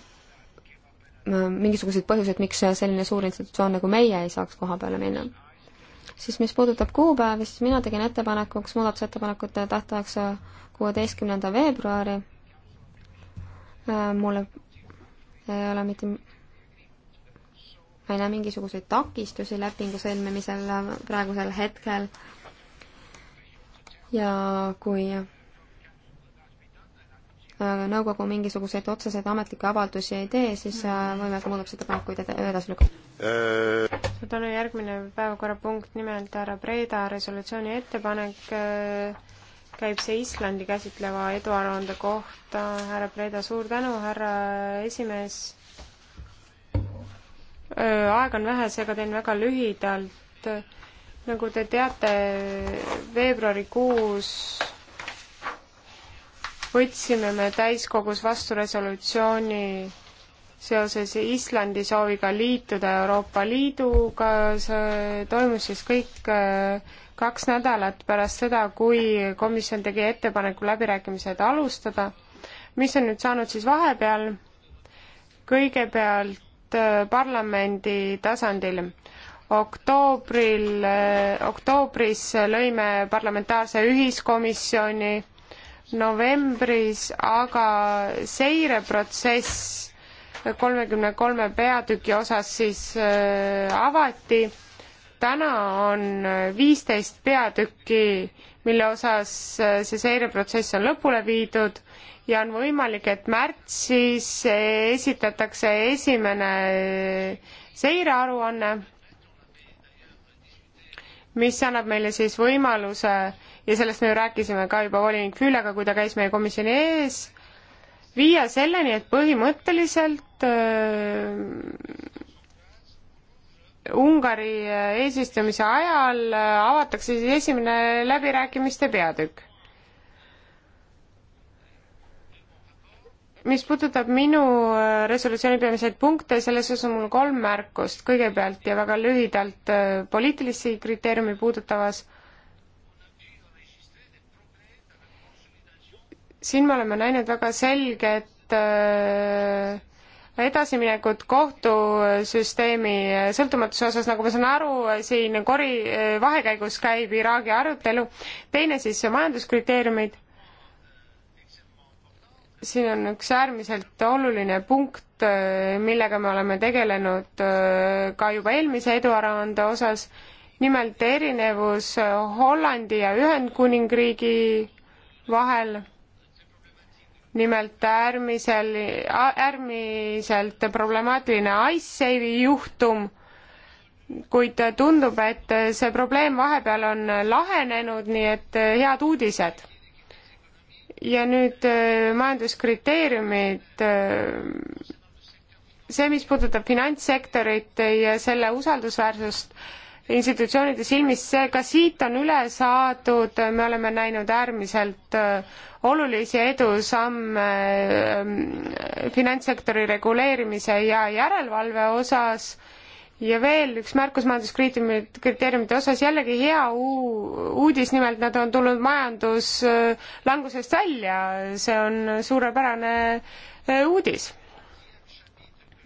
mingisuguseid põhjuseid, miks selline suur institutsioon nagu meie ei saaks koha peale minna. siis mis puudutab kuupäevi, siis mina tegin ettepanekuks muudatusettepanekute tähtajaks kuueteistkümnenda veebruari. mulle ei ole mitte ma ei näe mingisuguseid takistusi lepingu sõlmimisel praegusel hetkel. ja kui äh, nõukogu mingisuguseid otseseid ametlikke avaldusi ei tee, siis äh, võime ka muudatusettepanekuid edasi lükata. suur tänu, järgmine päevakorrapunkt, nimelt härra Breda resolutsiooni ettepanek äh, käib see Islandi käsitleva eduaruande kohta. härra Breda, suur tänu, härra esimees aega on vähe, seega teen väga lühidalt. nagu te teate, veebruarikuus võtsime me täiskogus vastu resolutsiooni seoses Islandi sooviga liituda Euroopa Liiduga, see toimus siis kõik kaks nädalat pärast seda, kui komisjon tegi ettepaneku läbirääkimised alustada. mis on nüüd saanud siis vahepeal? kõigepealt Äh, parlamendi tasandil. oktoobril, äh, oktoobris lõime parlamentaarse ühiskomisjoni, novembris aga seireprotsess kolmekümne kolme peatüki osas siis äh, avati. täna on viisteist peatükki mille osas äh, see seireprotsess on lõpule viidud ja on võimalik, et märtsis esitatakse esimene äh, seirearuanne, mis annab meile siis võimaluse ja sellest me ju rääkisime ka juba volinik Füülega, kui ta käis meie komisjoni ees, viia selleni, et põhimõtteliselt öö, äh, Ungari eesistumise ajal avatakse siis esimene läbirääkimiste peatükk. mis puudutab minu äh, resolutsiooni peamiseid punkte, selles osas on mul kolm märkust. kõigepealt ja väga lühidalt äh, poliitilisi kriteeriumi puudutavas. siin me oleme näinud väga selget äh, edasiminekut kohtusüsteemi sõltumatuse osas, nagu ma saan aru, siin kori vahekäigus käib Iraagi arutelu, teine siis majanduskriteeriumid. siin on üks äärmiselt oluline punkt, millega me oleme tegelenud äh, ka juba eelmise eduaruande osas, nimelt erinevus Hollandi ja Ühendkuningriigi vahel nimelt äärmisel, äärmiselt problemaatiline Icesave'i juhtum, kuid tundub, et see probleem vahepeal on lahenenud, nii et head uudised. ja nüüd äh, majanduskriteeriumid, äh, see, mis puudutab finantssektorit ja selle usaldusväärsust, institutsioonide silmis, ka siit on üle saadud, me oleme näinud äärmiselt äh, olulisi edusamme ähm, finantssektori reguleerimise ja järelevalve osas ja veel üks märkus majanduskriteeriumite osas, jällegi hea uudis, nimelt nad on tulnud majanduslangusest äh, välja, see on suurepärane äh, uudis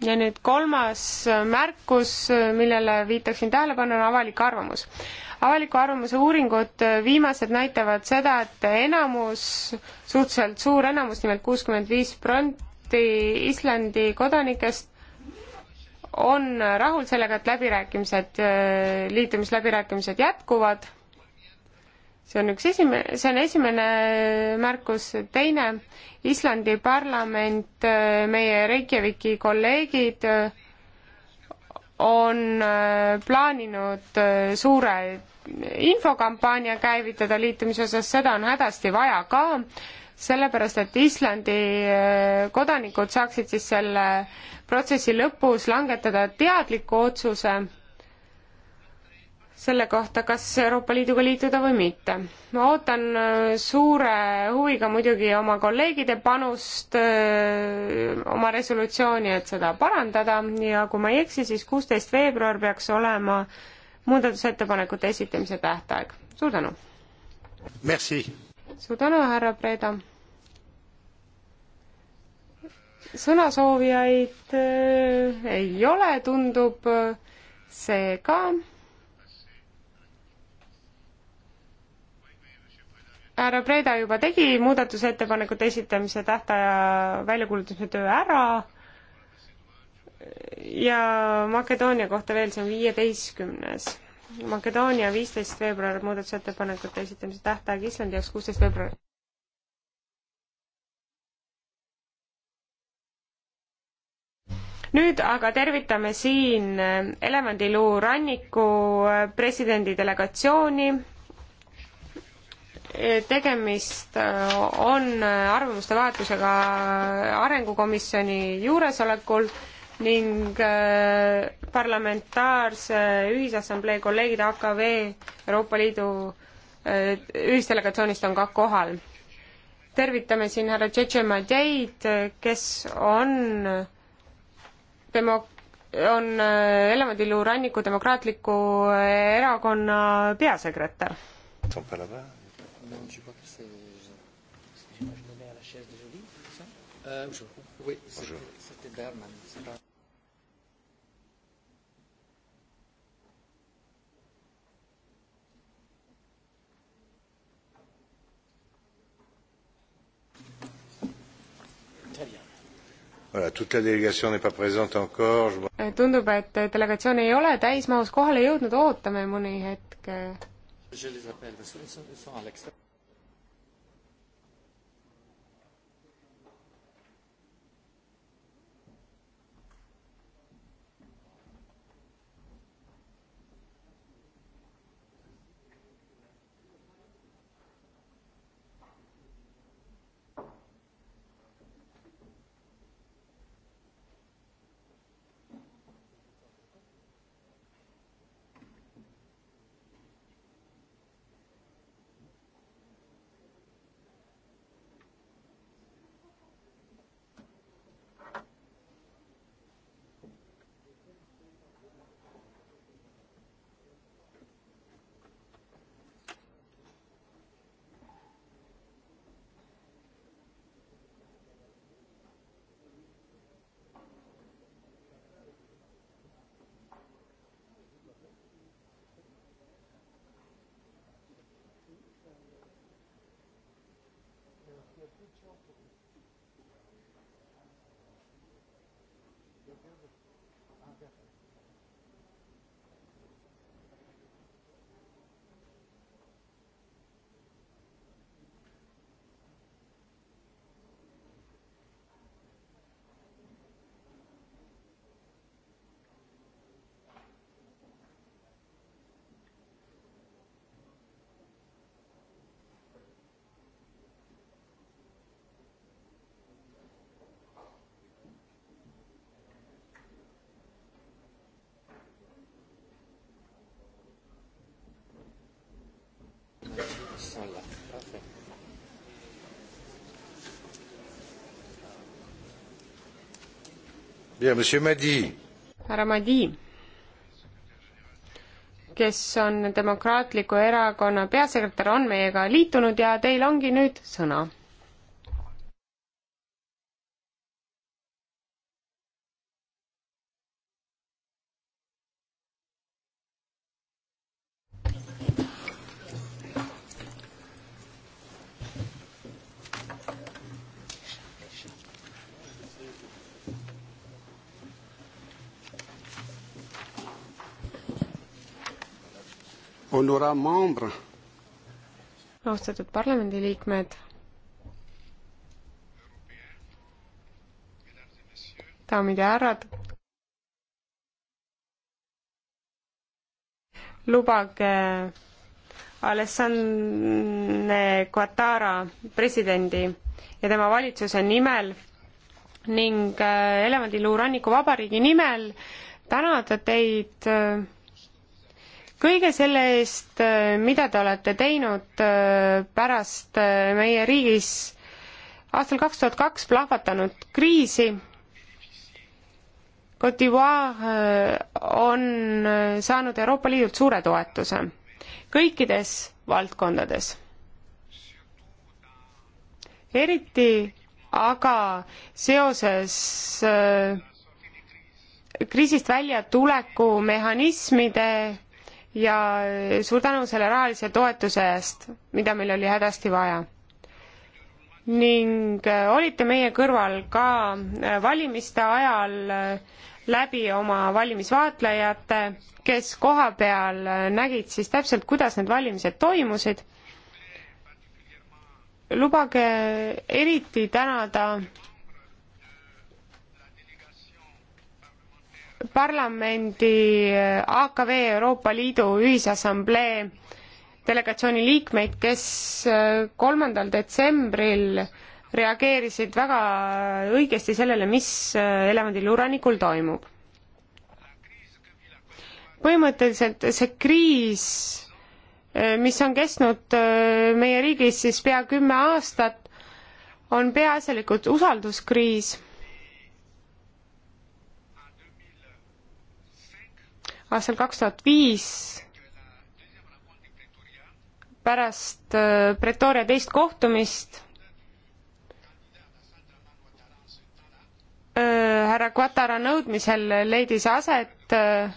ja nüüd kolmas märkus, millele viitaksin tähelepanu, on avalik arvamus. avaliku arvamuse uuringud, viimased näitavad seda, et enamus, suhteliselt suur enamus, nimelt kuuskümmend viis pronti Islandi kodanikest on rahul sellega, et läbirääkimised, liitumisläbirääkimised jätkuvad see on üks esimene, see on esimene märkus, teine, Islandi parlament, meie Reykjaviki kolleegid on äh, plaaninud äh, suure infokampaania käivitada liitumise osas, seda on hädasti vaja ka, sellepärast et Islandi äh, kodanikud saaksid siis selle protsessi lõpus langetada teadliku otsuse selle kohta, kas Euroopa Liiduga liituda või mitte. ma ootan äh, suure huviga muidugi oma kolleegide panust öö, äh, oma resolutsiooni, et seda parandada ja kui ma ei eksi, siis kuusteist veebruar peaks olema muudatusettepanekute esitamise tähtaeg. suur tänu! suur tänu, härra Preda! sõnasoovijaid äh, ei ole, tundub seega härra Preda juba tegi muudatusettepanekute esitamise tähtaja väljakuulutamise töö ära ja Makedoonia kohta veel, see on viieteistkümnes. Makedoonia viisteist veebruar muudatusettepanekute esitamise tähtaeg Islandi jaoks kuusteist veebruar. nüüd aga tervitame siin elevandiluu ranniku presidendi delegatsiooni tegemist äh, on äh, arvamuste vahetusega Arengukomisjoni juuresolekul ning äh, parlamentaarse ühisassamblee kolleegid AKV Euroopa Liidu ühisdelegatsioonist on ka kohal. tervitame siin härra Tšetšemadeid, kes on demo-, on Elevandilu ranniku demokraatliku erakonna peasekretär. Non, je crois que c'est. Excusez-moi, je me mets à la chaise de Jolie, c'est ça euh, je... Oui, c'était Berman. C'est pas... tundub, et delegatsioon ei ole täismahus kohale jõudnud, ootame mõni hetk. Je les appelle parce qu'ils sont à l'extérieur. Gracias. härra Madi, kes on Demokraatliku Erakonna peasekretär, on meiega liitunud ja teil ongi nüüd sõna on aura membre. austatud parlamendiliikmed. daamid ja härrad. lubage Alessandre Guattara presidendi ja tema valitsuse nimel ning äh, Elevandiluu rannikuvabariigi nimel tänada teid äh, kõige selle eest, mida te olete teinud äh, pärast äh, meie riigis aastal kaks tuhat kaks plahvatanud kriisi. Cote d'Ivoire äh, on saanud Euroopa Liidult suure toetuse kõikides valdkondades. eriti aga seoses kriisist väljatuleku mehhanismide ja suur tänu selle rahalise toetuse eest, mida meil oli hädasti vaja. ning äh, olite meie kõrval ka äh, valimiste ajal äh, läbi oma valimisvaatlejate, kes koha peal nägid siis täpselt, kuidas need valimised toimusid. lubage eriti tänada parlamendi AKV Euroopa Liidu ühisassamblee delegatsiooni liikmeid, kes äh, kolmandal detsembril reageerisid väga õigesti sellele, mis äh, elevandiluurannikul toimub. põhimõtteliselt see kriis, äh, mis on kestnud meie riigis siis pea kümme aastat, on peaasjalikult usalduskriis aastal kaks tuhat viis pärast äh, Pretoria teist kohtumist äh, härra Quatara nõudmisel leidis aset äh,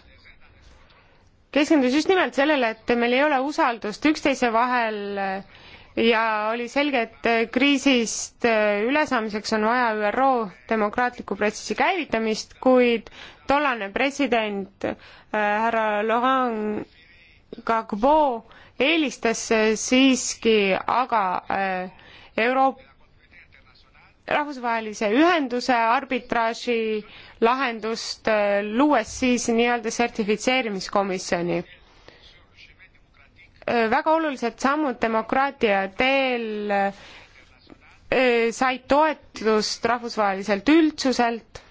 keskendus just nimelt sellele, et meil ei ole usaldust üksteise vahel ja oli selge, et kriisist ülesaamiseks on vaja ÜRO demokraatliku protsessi käivitamist, kuid tollane president äh, härra Laurent Gbagbo eelistas siiski aga äh, Euroopa rahvusvahelise ühenduse arbitraaži lahendust, äh, luues siis nii-öelda sertifitseerimiskomisjoni. väga olulised sammud demokraatia teel said toetust rahvusvaheliselt üldsuselt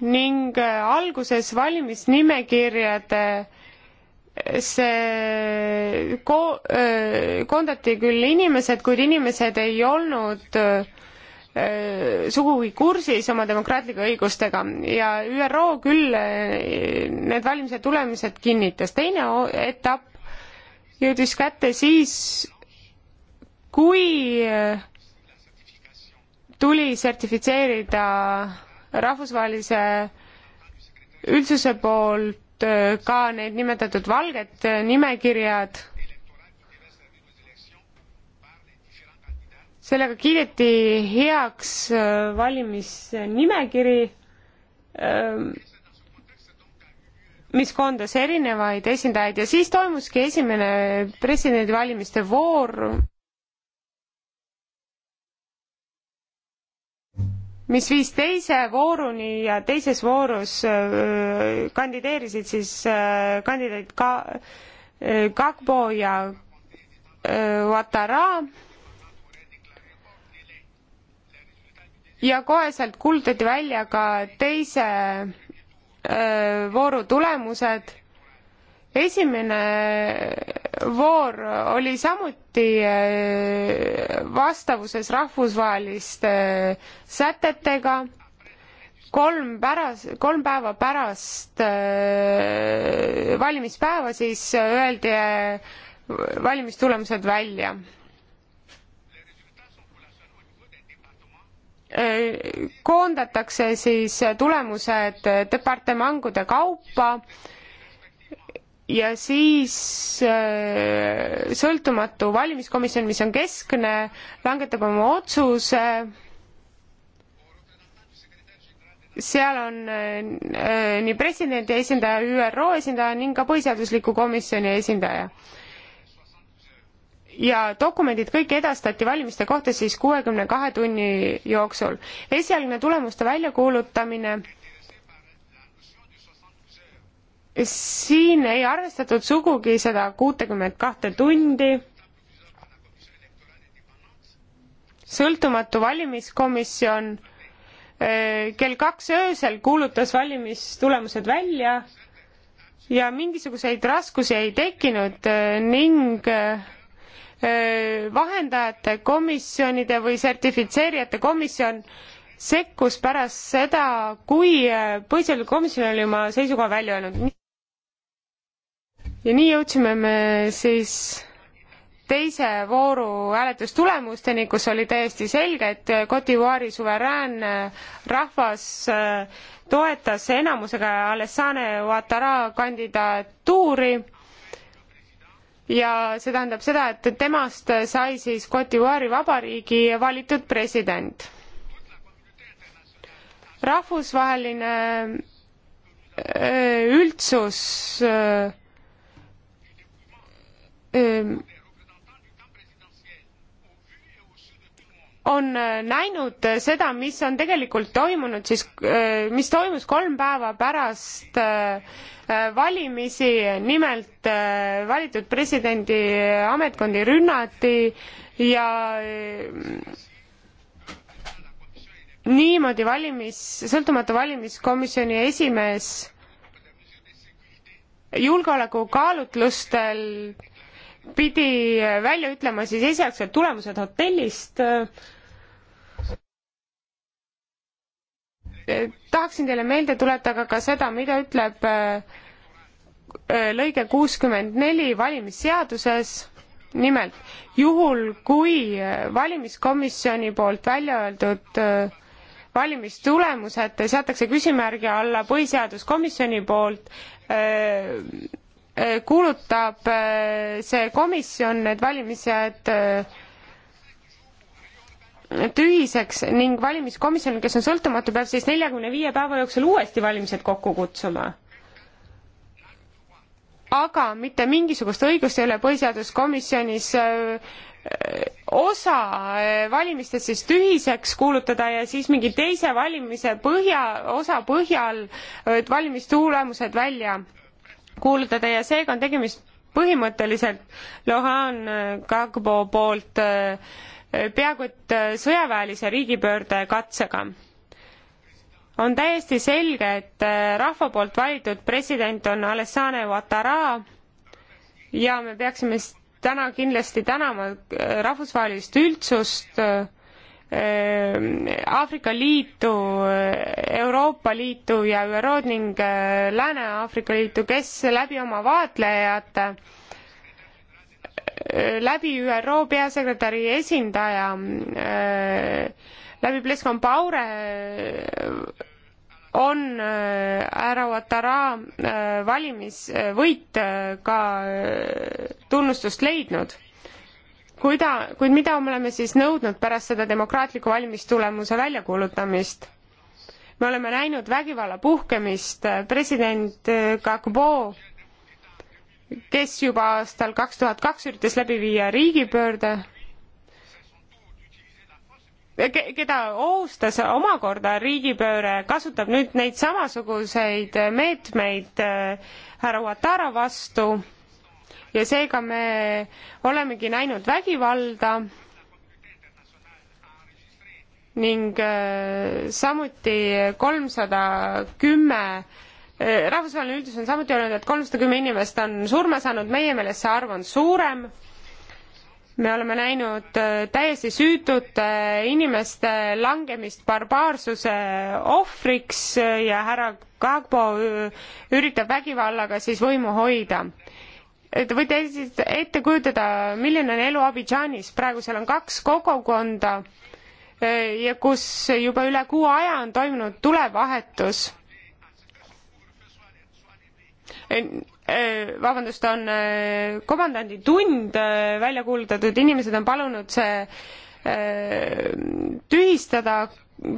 ning äh, alguses valimisnimekirjade äh, see ko-, äh, koondati küll inimesed, kuid inimesed ei olnud sugugi kursis oma demokraatlike õigustega ja ÜRO küll need valimise tulemused kinnitas. teine etapp jõudis kätte siis, kui tuli sertifitseerida rahvusvahelise üldsuse poolt äh, ka need nimetatud valged äh, nimekirjad. sellega kiideti heaks äh, valimisnimekiri, ähm, mis koondas erinevaid esindajaid ja siis toimuski esimene presidendivalimiste voor mis viis teise vooruni ja teises voorus äh, kandideerisid siis äh, kandidaadid ka-, äh, Gagbo ja Ouattara ja koheselt kuulutati välja ka teise vooru tulemused esimene voor oli samuti äh, vastavuses rahvusvaheliste äh, sätetega, kolm päras-, kolm päeva pärast äh, valimispäeva siis öeldi valimistulemused välja. koondatakse siis tulemused departamangude kaupa ja siis äh, sõltumatu valimiskomisjon, mis on keskne, langetab oma otsuse. seal on äh, nii presidendi esindaja, ÜRO esindaja ning ka põhiseadusliku komisjoni esindaja. ja dokumendid kõik edastati valimiste kohta siis kuuekümne kahe tunni jooksul. esialgne tulemuste väljakuulutamine siin ei arvestatud sugugi seda kuutekümmet kahte tundi. sõltumatu valimiskomisjon eh, kell kaks öösel kuulutas valimistulemused välja ja mingisuguseid raskusi ei tekkinud eh, ning eh, vahendajate komisjonide või sertifitseerijate komisjon sekkus pärast seda, kui põhiseaduskomisjon oli oma seisukoha välja öelnud ja nii jõudsime me siis teise vooru hääletustulemusteni, kus oli täiesti selge, et Cote d'Ivoire'i suveräänne äh, rahvas äh, toetas enamusega Alessane Ouattara kandidatuuri ja see tähendab seda, et temast sai siis Cote d'Ivoire'i vabariigi valitud president. rahvusvaheline äh, üldsus on äh, näinud äh, seda, mis on tegelikult toimunud siis, äh, mis toimus kolm päeva pärast valimisi, nimelt valitud presidendi ametkondi rünnati ja niimoodi valimis, sõltumatu valimiskomisjoni esimees julgeolekukaalutlustel pidi välja ütlema siis esialgsed tulemused hotellist. tahaksin teile meelde tuletada ka seda, mida ütleb äh, lõige kuuskümmend neli valimisseaduses. nimelt, juhul kui valimiskomisjoni poolt välja öeldud äh, valimistulemused seatakse küsimärgi alla põhiseaduskomisjoni poolt öö, äh, kuulutab äh, see komisjon need valimised äh, tühiseks ning valimiskomisjon, kes on sõltumatu, peab siis neljakümne viie päeva jooksul uuesti valimised kokku kutsuma. aga mitte mingisugust õigust ei ole põhiseaduskomisjonis äh, osa valimistest siis tühiseks kuulutada ja siis mingi teise valimise põhja, osa põhjal valimistulemused välja kuulutada ja seega on tegemist põhimõtteliselt Lohan äh, Gagbo poolt äh, peaaegu et äh, sõjaväelise riigipöörde katsega. on täiesti selge, et rahva poolt valitud president on Alessane Ouattara ja me peaksime täna kindlasti tänama rahvusvahelist üldsust Ehm, Aafrika Liitu, Euroopa Liitu ja ÜRO-d ning äh, Lääne-Aafrika Liitu, kes läbi oma vaatlejate äh, läbi ÜRO peasekretäri esindaja, äh, läbi Pleskon Paure on härra Ouattara valimisvõit ka tunnustust leidnud kuida-, kuid mida me oleme siis nõudnud pärast seda demokraatliku valimistulemuse väljakuulutamist? me oleme näinud vägivalla puhkemist, äh, president äh, Gbagbo, kes juba aastal kaks tuhat kaks üritas läbi viia riigipöörde, keda ohustas omakorda riigipööre, kasutab nüüd neid samasuguseid meetmeid äh, härra Ouattara vastu ja seega me olemegi näinud vägivalda ning äh, samuti kolmsada kümme äh, rahvusvaheline üldsus on samuti öelnud, et kolmsada kümme inimest on surma saanud, meie meelest see arv on suurem. me oleme näinud äh, täiesti süütute inimeste langemist barbaarsuse ohvriks ja härra Kagbo üritab vägivallaga siis võimu hoida te võite ette kujutada, milline on elu Abidžaanis, praegu seal on kaks kogukonda e, ja kus juba üle kuu aja on toimunud tulevahetus. E, e, vabandust, on komandanditund välja kuulutatud, inimesed on palunud see tühistada,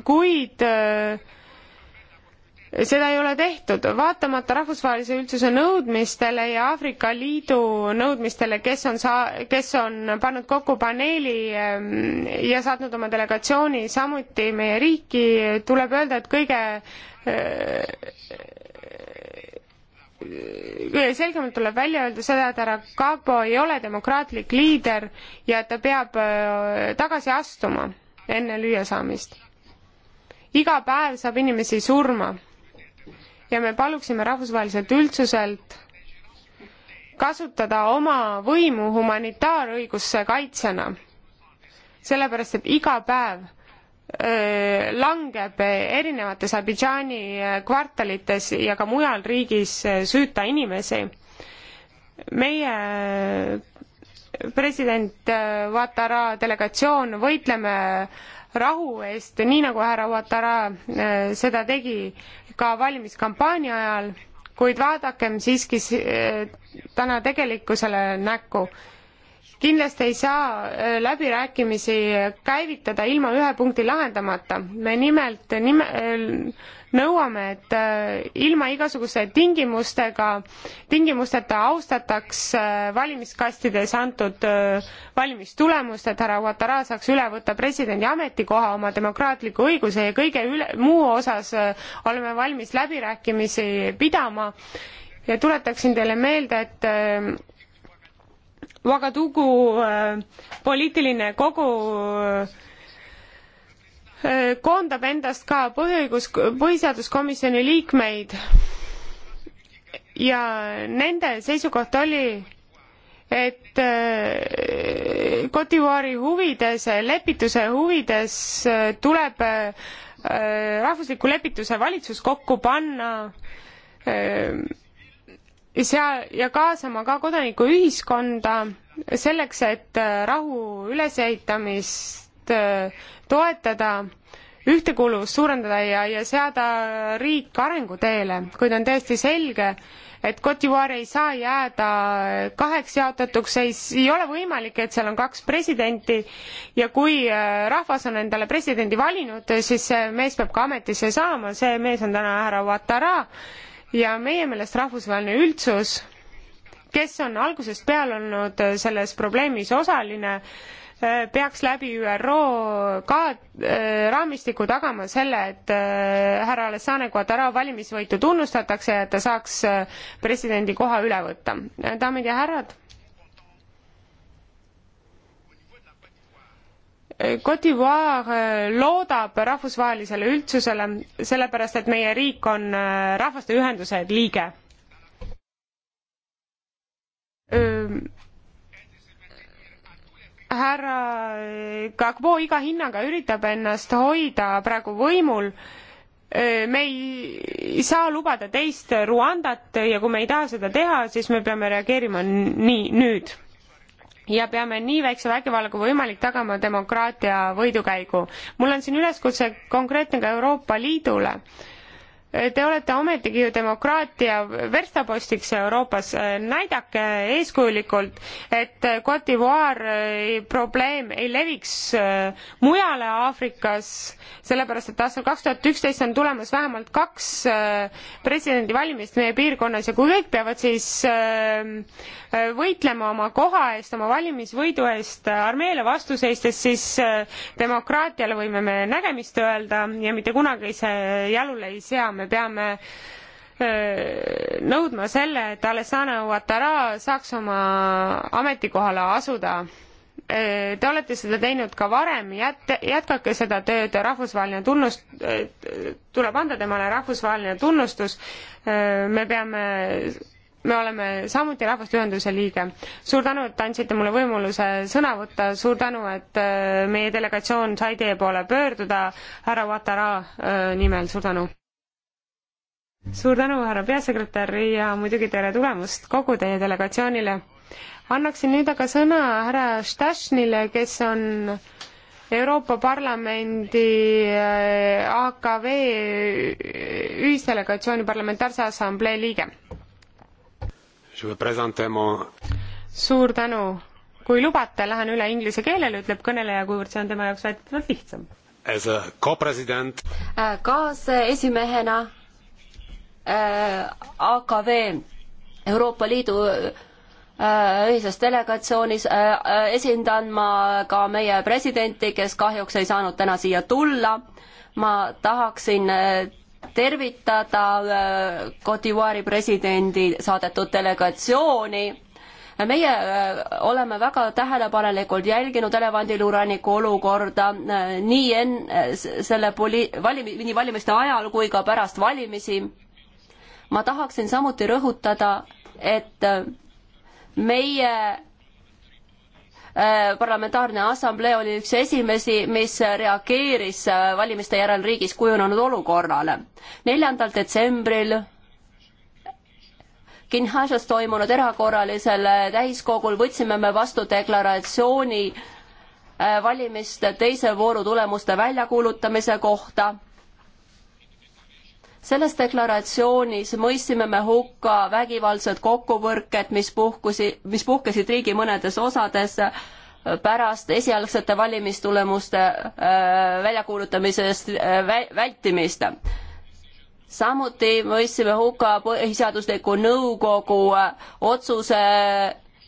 kuid äh, seda ei ole tehtud, vaatamata rahvusvahelise üldsuse nõudmistele ja Aafrika Liidu nõudmistele, kes on saa-, kes on pannud kokku paneeli ehm, ja saatnud oma delegatsiooni samuti meie riiki, tuleb öelda, et kõige eh, selgemalt tuleb välja öelda seda, et härra Kabo ei ole demokraatlik liider ja ta peab eh, tagasi astuma enne lüüasaamist. iga päev saab inimesi surma ja me paluksime rahvusvaheliselt üldsuselt kasutada oma võimu humanitaarõiguse kaitsjana. sellepärast, et iga päev öö, langeb erinevates Abidžaani kvartalites ja ka mujal riigis süüta inimesi. meie president Vatara delegatsioon võitleme rahu eest, nii nagu härra Ouattara äh, seda tegi ka valimiskampaania ajal, kuid vaadakem siiski äh, täna tegelikkusele näkku. kindlasti ei saa äh, läbirääkimisi käivitada ilma ühe punkti lahendamata. me nimelt nime, nõuame, et äh, ilma igasuguste tingimustega, tingimusteta austataks äh, valimiskastides antud äh, valimistulemust, et härra Ouattara saaks üle võtta presidendi ametikoha oma demokraatliku õiguse ja kõige üle, muu osas oleme valmis läbirääkimisi pidama ja tuletaksin teile meelde, et Ouagadougou poliitiline kogu äh, koondab endast ka põhiõigus, põhiseaduskomisjoni liikmeid ja nende seisukoht oli, et äh, Cotivari huvides, lepituse huvides äh, tuleb äh, rahvusliku lepituse valitsus kokku panna seal ja kaasama ka kodanikuühiskonda selleks, et rahu ülesehitamist Äh, toetada ühtekuuluvust suurendada ja, ja seada riik arenguteele, kuid on täiesti selge, et Cote d'Ivoire ei saa jääda kaheks jaotatuks, ei, ei ole võimalik, et seal on kaks presidenti ja kui äh, rahvas on endale presidendi valinud, siis see mees peab ka ametisse saama, see mees on täna härra Ouattara ja meie meelest rahvusvaheline üldsus, kes on algusest peale olnud selles probleemis osaline, Äh, peaks läbi ÜRO ka äh, raamistiku tagama selle, et äh, härra Alessane Guatara valimisvõitu tunnustatakse ja et ta saaks presidendi koha üle võtta. daamid ja härrad. Cote d'Ivoire loodab rahvusvahelisele üldsusele, sellepärast et meie riik on Rahvaste Ühenduse liige härra Gagbo iga hinnaga üritab ennast hoida praegu võimul. me ei saa lubada teist Ruandat ja kui me ei taha seda teha, siis me peame reageerima nii nüüd ja peame nii väikse vägivalla kui võimalik tagama demokraatia võidukäigu. mul on siin üleskutse konkreetne ka Euroopa Liidule äh, Te olete ometigi ju demokraatia verstapostiks Euroopas, näidake eeskujulikult, et Cote d'Ivoire'i eh, probleem ei leviks eh, mujale Aafrikas, sellepärast et aastal kaks tuhat üksteist on tulemas vähemalt kaks eh, presidendivalimist meie piirkonnas ja kui kõik peavad siis võitlema oma koha eest, oma valimisvõidu eest armeele vastu seistes, siis demokraatiale võime me nägemist öelda ja mitte kunagi see jalule ei sea me me peame nõudma selle, et Alessandro Ouattara saaks oma ametikohale asuda. Te olete seda teinud ka varem, jät-, jätkake seda tööd, rahvusvaheline tunnus-, tuleb anda temale rahvusvaheline tunnustus, me peame me oleme samuti Rahvasteühenduse liige. suur tänu, et andsite mulle võimaluse sõna võtta, suur tänu, et meie delegatsioon sai teie poole pöörduda härra Ouattara nimel, suur tänu! suur tänu, härra peasekretär ja muidugi tere tulemast kogu teie delegatsioonile. annaksin nüüd aga sõna härra Štašnile, kes on Euroopa Parlamendi äh, AKV ühisdelegatsiooni parlamentaarse assamblee liige. suur tänu. kui lubate, lähen üle inglise keelele, ütleb kõneleja, kuivõrd see on tema jaoks väidetavalt lihtsam. Äh, kaasesisimehena Äh, AKV Euroopa Liidu äh, ühises delegatsioonis äh, esindan ma ka meie presidenti, kes kahjuks ei saanud täna siia tulla. ma tahaksin tervitada Cote d'Ivoire'i presidendi saadetud delegatsiooni. meie oleme väga tähelepanelikult jälginud elevandiluuraniku olukorda nii enne selle poli-, valimi-, nii valimiste ajal kui ka pärast valimisi ma tahaksin samuti rõhutada, et äh, meie äh, parlamentaarne assamblee oli üks esimesi, mis reageeris äh, valimiste järel riigis kujunenud olukorrale. neljandal detsembril Kinshasas toimunud erakorralisel täiskogul võtsime me vastu deklaratsiooni valimiste teise vooru tulemuste väljakuulutamise kohta selles deklaratsioonis mõistsime me hukka vägivaldsed kokkupõrked, mis puhkusi, mis puhkesid riigi mõnedes osades pärast esialgsete valimistulemuste äh, väljakuulutamisest äh, vältimist. samuti mõistsime hukka põhiseadusliku nõukogu äh, otsuse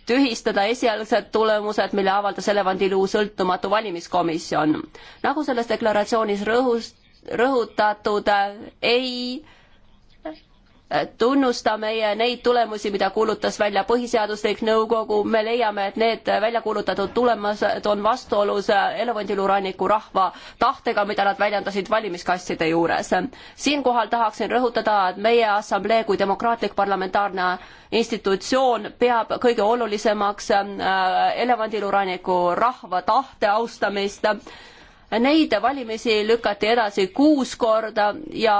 tühistada esialgsed tulemused, mille avaldas Elevandi Luu sõltumatu valimiskomisjon. nagu selles deklaratsioonis rõhust-, rõhutatud, ei tunnusta meie neid tulemusi, mida kuulutas välja Põhiseaduslik Nõukogu, me leiame, et need välja kuulutatud tulemused on vastuolus elevandiluuranniku rahva tahtega, mida nad väljendasid valimiskastide juures. siinkohal tahaksin rõhutada, et meie assamblee kui demokraatlik parlamentaarne institutsioon peab kõige olulisemaks äh, elevandiluuranniku rahva tahte austamist Neid valimisi lükati edasi kuus korda ja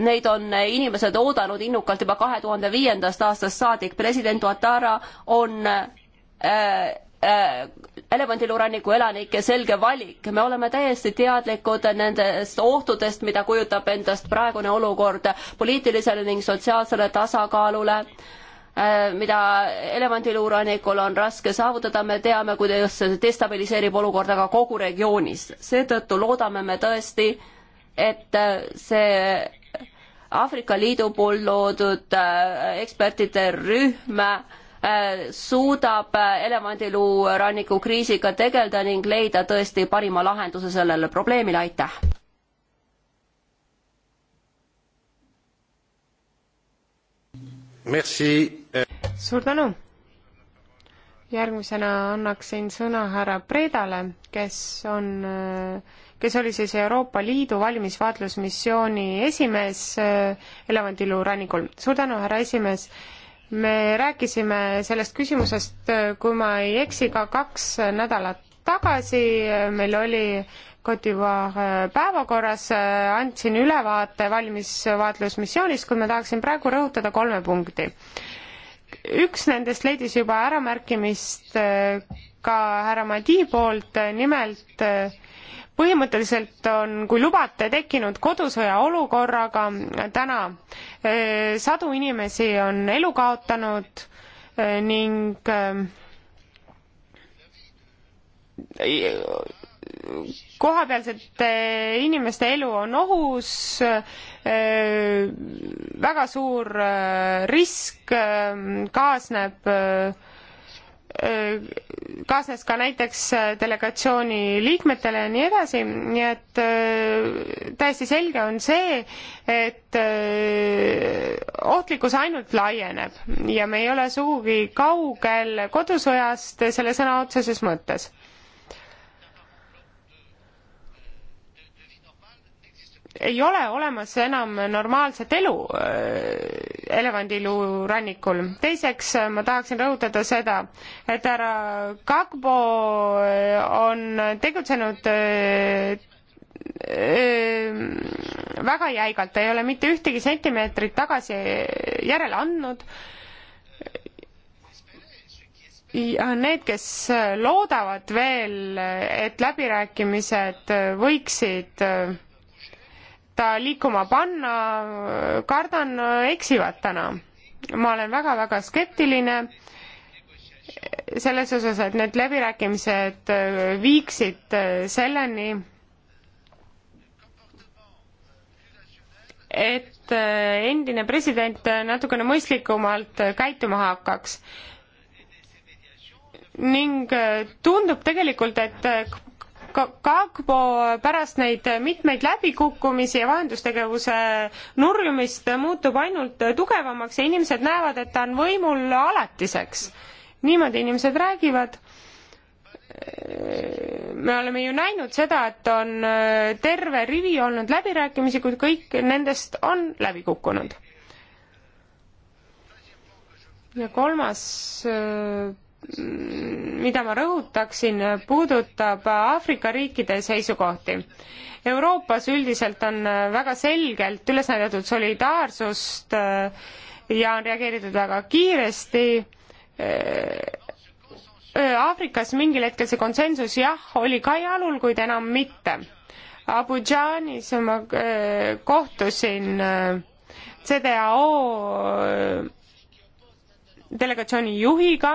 neid on inimesed oodanud innukalt juba kahe tuhande viiendast aastast saadik. president Ouattara on äh, äh, elevandiluuranniku elanike selge valik. me oleme täiesti teadlikud nendest ohtudest, mida kujutab endast praegune olukord poliitilisele ning sotsiaalsele tasakaalule äh, Äh, mida elevandiluuranikul on raske saavutada, me teame, kuidas see destabiliseerib olukorda ka kogu regioonis. seetõttu loodame me tõesti, et äh, see Aafrika Liidu poolt loodud äh, ekspertide rühm suudab elevandiluu ranniku kriisiga tegeleda ning leida tõesti parima lahenduse sellele probleemile, aitäh! Merci suur tänu! järgmisena annaksin sõna härra Predale, kes on, kes oli siis Euroopa Liidu valmisvaatlusmissiooni esimees eh, Elevandiluu rannikul. suur tänu, härra esimees! me rääkisime sellest küsimusest, eh, kui ma ei eksi, ka kaks nädalat tagasi meil oli Cote d'Ivoire eh, päevakorras, andsin ülevaate valmisvaatlusmissioonist, kuid ma tahaksin praegu rõhutada kolme punkti üks nendest leidis juba äramärkimist äh, ka härra Madi poolt, äh, nimelt äh, põhimõtteliselt on, kui lubate, tekkinud kodusõja olukorraga täna. sadu inimesi on elu kaotanud ning kohapealsete inimeste elu on ohus, äh, väga suur äh, risk äh, kaasneb kaasnes ka näiteks delegatsiooni liikmetele ja nii edasi, nii et täiesti selge on see, et ohtlikkus ainult laieneb ja me ei ole sugugi kaugel kodusõjast selle sõna otseses mõttes. ei ole olemas enam normaalset elu äh, elevandiluu rannikul. teiseks äh, ma tahaksin rõhutada seda, et härra Kagbo äh, on tegutsenud väga jäigalt, ta ei ole mitte ühtegi sentimeetrit tagasi järele andnud ja need, kes loodavad veel, et läbirääkimised võiksid ta liikuma panna, kardan eksivat täna. ma olen väga-väga skeptiline selles osas, et need läbirääkimised viiksid selleni, et endine president natukene mõistlikumalt käituma hakkaks. ning tundub tegelikult, et Kagbo pärast neid mitmeid läbikukkumisi ja vahendustegevuse nurjumist muutub ainult tugevamaks ja inimesed näevad, et ta on võimul alatiseks. niimoodi inimesed räägivad. me oleme ju näinud seda, et on terve rivi olnud läbirääkimisi, kuid kõik nendest on läbi kukkunud. ja kolmas mida ma rõhutaksin, puudutab Aafrika riikide seisukohti. Euroopas üldiselt on väga selgelt üles näidatud solidaarsust äh, ja on reageeritud väga kiiresti. Äh, äh, Aafrikas mingil hetkel see konsensus jah, oli ka jalul, kuid enam mitte. Abudžaanis ma kohtusin CDAO delegatsiooni juhiga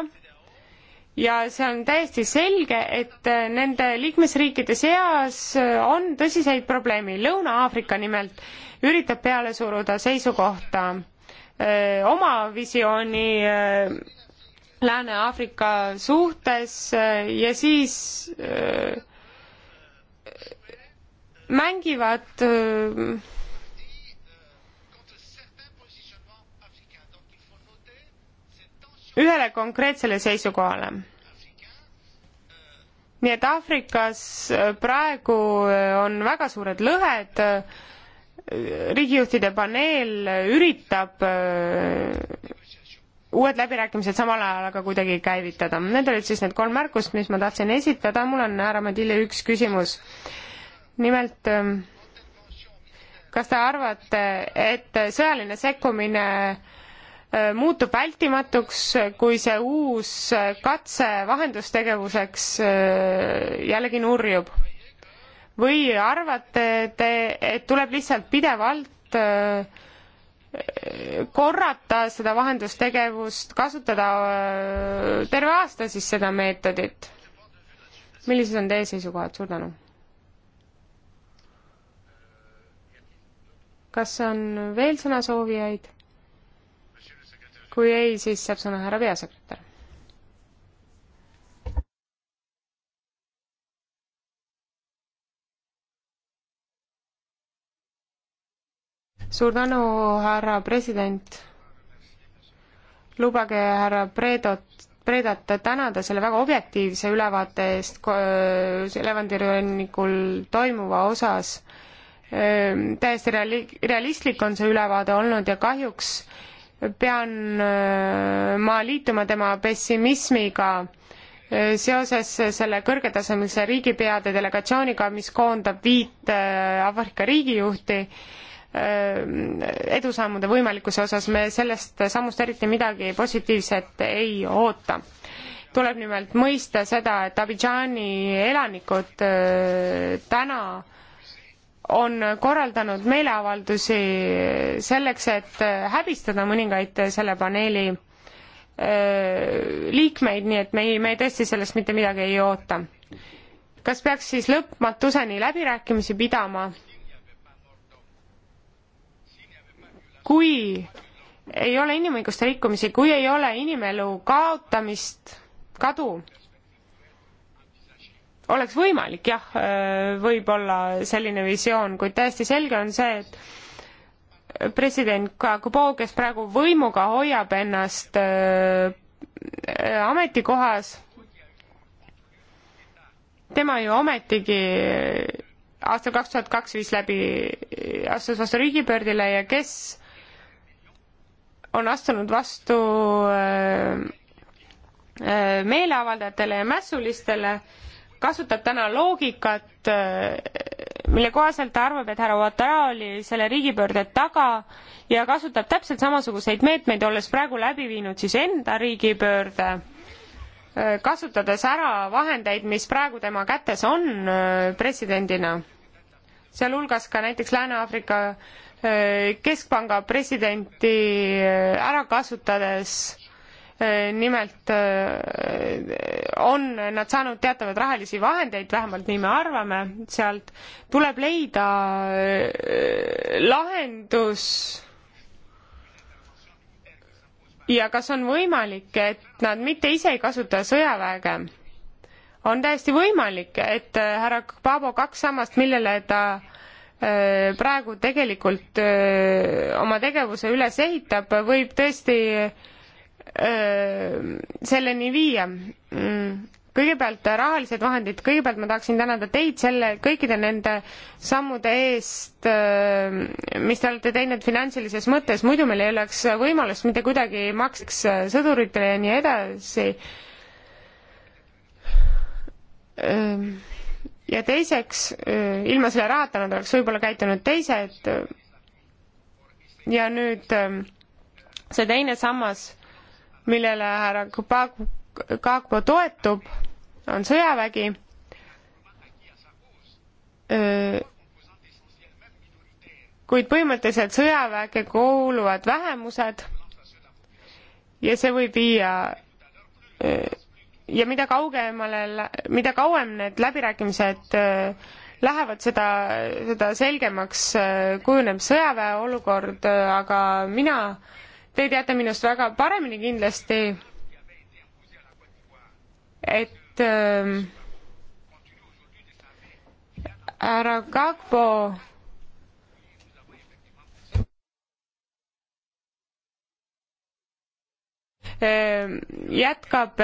ja see on täiesti selge, et äh, nende liikmesriikide seas äh, on tõsiseid probleeme. Lõuna-Aafrika nimelt üritab peale suruda seisukohta öö, äh, oma visiooni Lääne-Aafrika suhtes öö, ja siis öö, mängivad öö, ühele konkreetsele seisukohale. nii et Aafrikas praegu on väga suured lõhed, riigijuhtide paneel üritab äh, uued läbirääkimised samal ajal aga kuidagi käivitada. Need olid siis need kolm märkust, mis ma tahtsin esitada, mul on härra Madile üks küsimus. nimelt äh, kas te arvate, et sõjaline sekkumine äh, Äh, muutub vältimatuks, kui see uus äh, katse vahendustegevuseks äh, jällegi nurjub? või arvate te, et tuleb lihtsalt pidevalt korrata seda vahendustegevust, kasutada terve aasta siis seda meetodit? millised on teie seisukohad, suur tänu! kas on veel sõnasoovijaid? kui ei, siis saab sõna härra peasekretär. suur tänu, härra president. lubage härra Predot, Predat tänada selle väga objektiivse ülevaate eest elevandirünnikul äh, toimuva osas. Äh, täiesti reali-, realistlik on see ülevaade olnud ja kahjuks äh, pean äh, ma liituma tema pessimismiga äh, seoses selle kõrgetasemelise riigipeade delegatsiooniga, mis koondab viit äh, Aafrika riigijuhti edusammude võimalikkuse osas, me sellest sammust eriti midagi positiivset ei oota. tuleb nimelt mõista seda, et Abidžaani elanikud täna äh, on korraldanud meeleavaldusi selleks, et häbistada mõningaid selle paneeli äh, liikmeid, nii et me ei, me tõesti sellest mitte midagi ei oota. kas peaks siis lõpmatuseni läbirääkimisi pidama? kui ei ole inimõiguste rikkumisi, kui ei ole inimelu kaotamist, kadu, oleks võimalik jah, võib-olla selline visioon, kuid täiesti selge on see, et president Kagubo, kes praegu võimuga hoiab ennast äh, ametikohas, tema ju ometigi aastal kaks tuhat kaks viis läbi, astus vastu riigipöördile ja kes on astunud vastu äh, äh, meeleavaldajatele ja mässulistele äh, kasutab täna loogikat, äh, mille kohaselt ta arvab, et härra Ouattara oli selle riigipöörde taga ja kasutab täpselt samasuguseid meetmeid, olles praegu läbi viinud siis enda riigipöörde, äh, kasutades ära vahendeid, mis praegu tema kätes on äh, presidendina, sealhulgas ka näiteks Lääne-Aafrika Keskpanga presidenti ära kasutades Äh, nimelt äh, on nad saanud teatavaid rahalisi vahendeid, vähemalt nii me arvame, sealt tuleb leida äh, lahendus ja kas on võimalik, et nad mitte ise ei kasuta sõjaväge? on täiesti võimalik, et härra Paavo kaks sammast, millele ta praegu tegelikult oma tegevuse üles ehitab, võib tõesti selleni viia. Mm, kõigepealt rahalised vahendid, kõigepealt ma tahaksin tänada teid selle, kõikide nende sammude eest, mis te olete teinud finantsilises mõttes, muidu meil ei oleks võimalust mitte kuidagi makseks sõduritele ja nii edasi. ja teiseks, ilma selle rahata nad oleks võib-olla käitunud teised. ja nüüd see teine sammas millele härra Kagbo toetub, on sõjavägi. kuid põhimõtteliselt sõjaväge kuuluvad vähemused ja see võib viia ja mida kaugemale, mida kauem need läbirääkimised lähevad, seda, seda selgemaks kujuneb sõjaväe olukord, aga mina äh, Te teate minust väga paremini kindlasti, et ähm, härra ähm, äh, Gagbo jätkab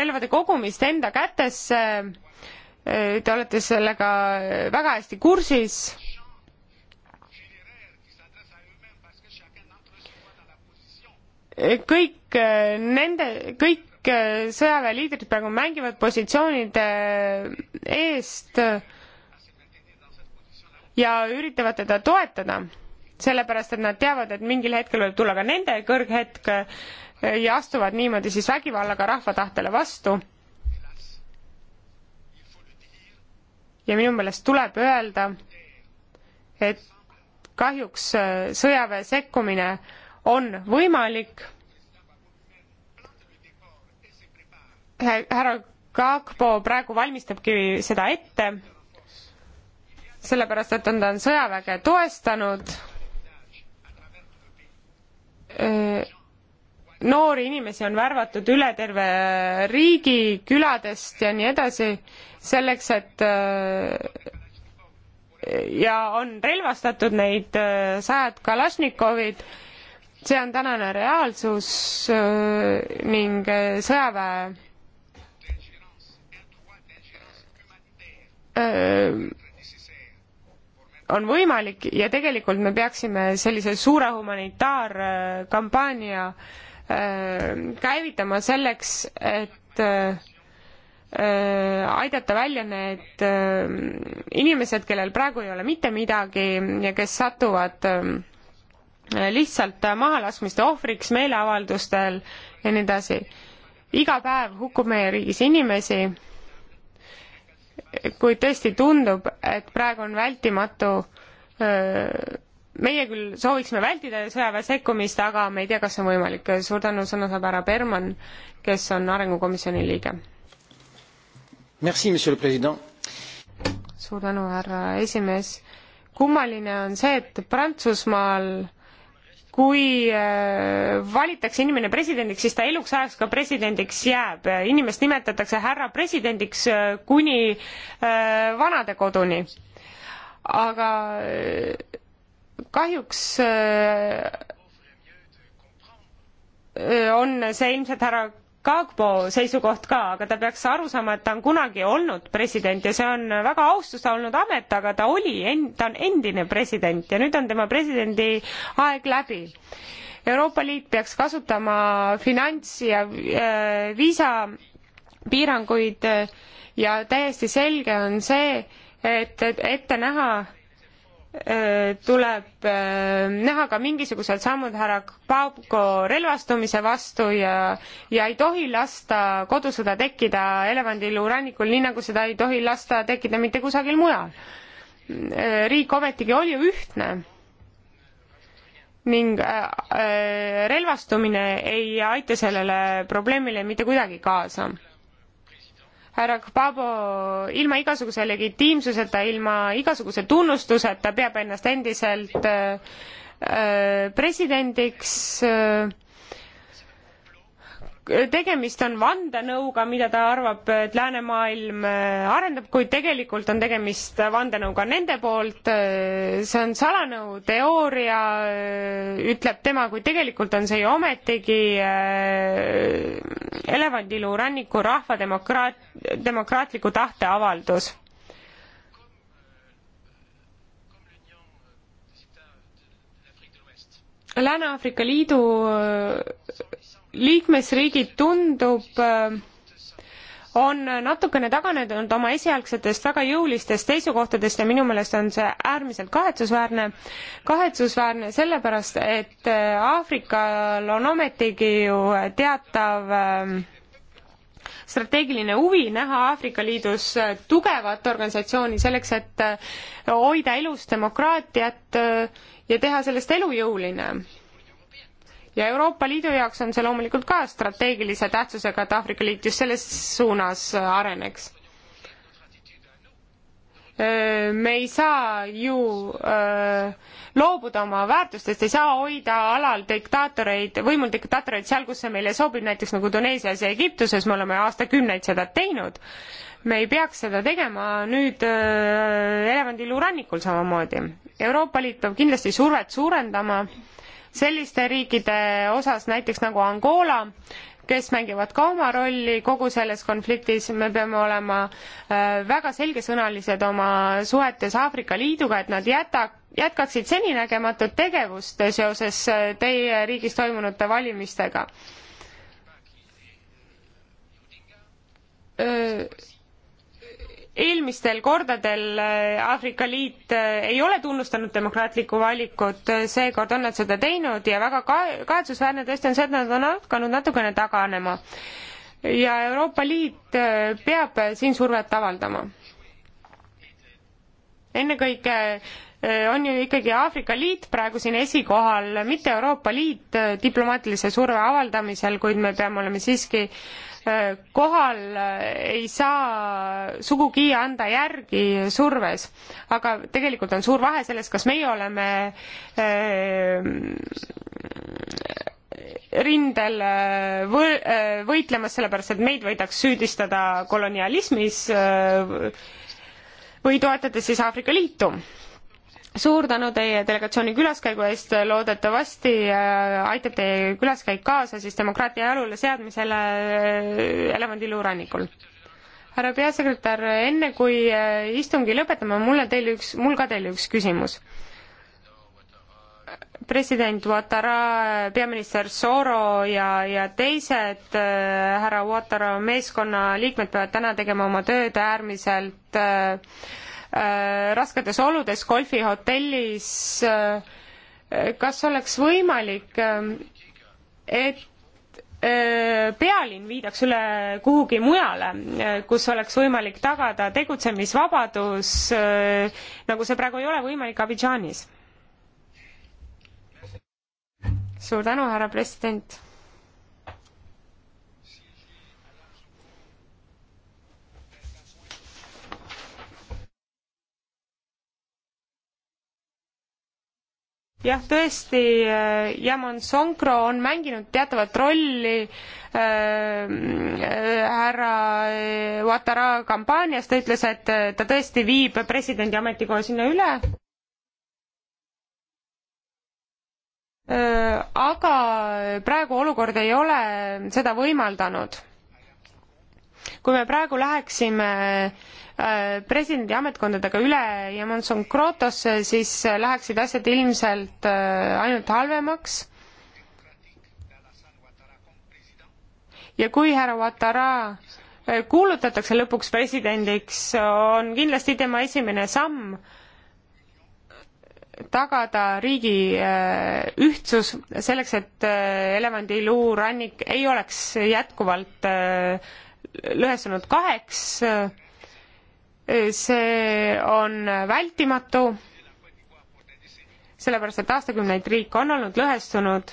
relvade kogumist enda kätesse. Äh, te olete sellega väga hästi kursis kõik äh, nende, kõik äh, sõjaväeliidrid praegu mängivad positsioonide äh, eest ja üritavad teda toetada, sellepärast et nad teavad, et mingil hetkel võib tulla ka nende kõrghetk ja astuvad niimoodi siis vägivallaga rahva tahtele vastu. ja minu meelest tuleb öelda, et kahjuks sõjaväe sekkumine on võimalik. härra Gagbo praegu valmistabki seda ette, sellepärast et on, ta on sõjaväge toestanud noori inimesi on värvatud üle terve riigi, küladest ja nii edasi, selleks et ja on relvastatud neid sajad Kalašnikovid see on tänane reaalsus äh, ning äh, sõjaväe äh, on võimalik ja tegelikult me peaksime sellise suure humanitaarkampaania käivitama selleks, et aidata välja need inimesed, kellel praegu ei ole mitte midagi ja kes satuvad lihtsalt mahalaskmiste ohvriks meeleavaldustel ja nii edasi. iga päev hukkub meie riigis inimesi, kuid tõesti tundub, et praegu on vältimatu meie küll sooviksime vältida sõjaväe sekkumist, aga me ei tea, kas see on võimalik. suur tänu, sõna saab härra Berman, kes on Arengukomisjoni liige. suur tänu, härra esimees. kummaline on see, et Prantsusmaal kui äh, valitakse inimene presidendiks, siis ta eluks ajaks ka presidendiks jääb. inimest nimetatakse härra presidendiks äh, kuni äh, vanadekoduni. aga kahjuks on see ilmselt härra Gbagbo seisukoht ka, aga ta peaks aru saama, et ta on kunagi olnud president ja see on väga austusta olnud amet, aga ta oli, ta on endine president ja nüüd on tema presidendi aeg läbi. Euroopa Liit peaks kasutama finants- ja äh, viisapiiranguid äh, ja täiesti selge on see, et, et ette näha Äh, tuleb äh, näha ka mingisugused sammud härra Pauko relvastumise vastu ja, ja ei tohi lasta kodusõda tekkida elevandiluu rannikul, nii nagu seda ei tohi lasta tekkida mitte kusagil mujal. Äh, riik ometigi oli ühtne ning relvastumine ei aita sellele probleemile mitte kuidagi kaasa härra Gbabo ilma igasuguse legitiimsuseta, ilma igasuguse tunnustuseta peab ennast endiselt äh, äh, presidendiks äh, tegemist on vandenõuga, mida ta arvab, et läänemaailm äh, arendab, kuid tegelikult on tegemist vandenõuga nende poolt. Äh, see on salanõuteooria, äh, ütleb tema, kuid tegelikult on see ju ometigi elevandilu ranniku rahva demokraat, demokraatliku tahte avaldus Lääne-Aafrika Liidu liikmesriigid tundub äh, on natukene taganenud oma esialgsetest väga jõulistest seisukohtadest ja minu meelest on see äärmiselt kahetsusväärne. kahetsusväärne sellepärast, et äh, Aafrikal on ometigi ju teatav äh, strateegiline huvi näha Aafrika Liidus tugevat organisatsiooni selleks, et hoida elus demokraatiat ja teha sellest elujõuline ja Euroopa Liidu jaoks on see loomulikult ka strateegilise tähtsusega, et Aafrika Liit just selles suunas äh, areneks. Äh, me ei saa ju öö, äh, loobuda oma väärtustest, ei saa hoida alal diktaatoreid, võimul diktaatoreid seal, kus see meile sobib, näiteks nagu Tuneesias ja Egiptuses, me oleme aastakümneid seda teinud. me ei peaks seda tegema nüüd äh, elevandiluu rannikul samamoodi. Euroopa Liit peab kindlasti survet suurendama äh, selliste riikide osas näiteks nagu Angola, kes mängivad ka oma rolli kogu selles konfliktis, me peame olema äh, väga selgesõnalised oma suhetes Aafrika Liiduga, et nad jäta, jätkaksid seninägematut tegevust seoses äh, teie riigis toimunute valimistega. Äh, eelmistel kordadel äh, Aafrika Liit äh, ei ole tunnustanud demokraatlikku valikut, äh, seekord on nad seda teinud ja väga ka-, kahetsusväärne tõesti on see, et nad on hakanud natukene taganema. ja Euroopa Liit peab siin survet avaldama. ennekõike on ju ikkagi Aafrika Liit praegu siin esikohal, mitte Euroopa Liit diplomaatilise surve avaldamisel, kuid me peame olema siiski äh, kohal ei saa sugugi anda järgi surves, aga tegelikult on suur vahe selles, kas meie oleme äh, rindel äh, äh, võitlemas, sellepärast et meid võidaks süüdistada kolonialismis või toetades siis Aafrika Liitu suur tänu teie delegatsiooni külaskäigu eest, loodetavasti äh, aitab teie külaskäik kaasa siis demokraatia jalule seadmisele äh, elevandiluurannikul. härra peasekretär, enne kui äh, istungi lõpetame, mul on teile üks, mul ka teile üks küsimus president Ouattara, peaminister Soro ja, ja teised härra Ouattara meeskonna liikmed peavad täna tegema oma tööd äärmiselt äh, Äh, rasketes oludes golfihotellis. Äh, kas oleks võimalik, äh, et pealinn viidaks üle kuhugi mujale, kus oleks võimalik tagada tegutsemisvabadus, nagu see praegu ei ole võimalik Abidžaanis? suur tänu, härra president jah, tõesti, Jamon äh, Songro on mänginud teatavat rolli äh, äh, härra äh, Ouattara kampaanias, ta ütles, et ta tõesti viib presidendi ametikoha sinna üle. aga praegu olukord ei ole seda võimaldanud kui me praegu läheksime äh, presidendi ametkondadega üle Jemonson Krotosse, siis läheksid asjad ilmselt äh, ainult halvemaks. ja kui härra Ouattara äh, kuulutatakse lõpuks presidendiks, on kindlasti tema esimene samm tagada riigi ühtsus selleks, et elevandiluurannik ei oleks jätkuvalt lõhestunud kaheks. see on vältimatu, sellepärast et aastakümneid riik on olnud lõhestunud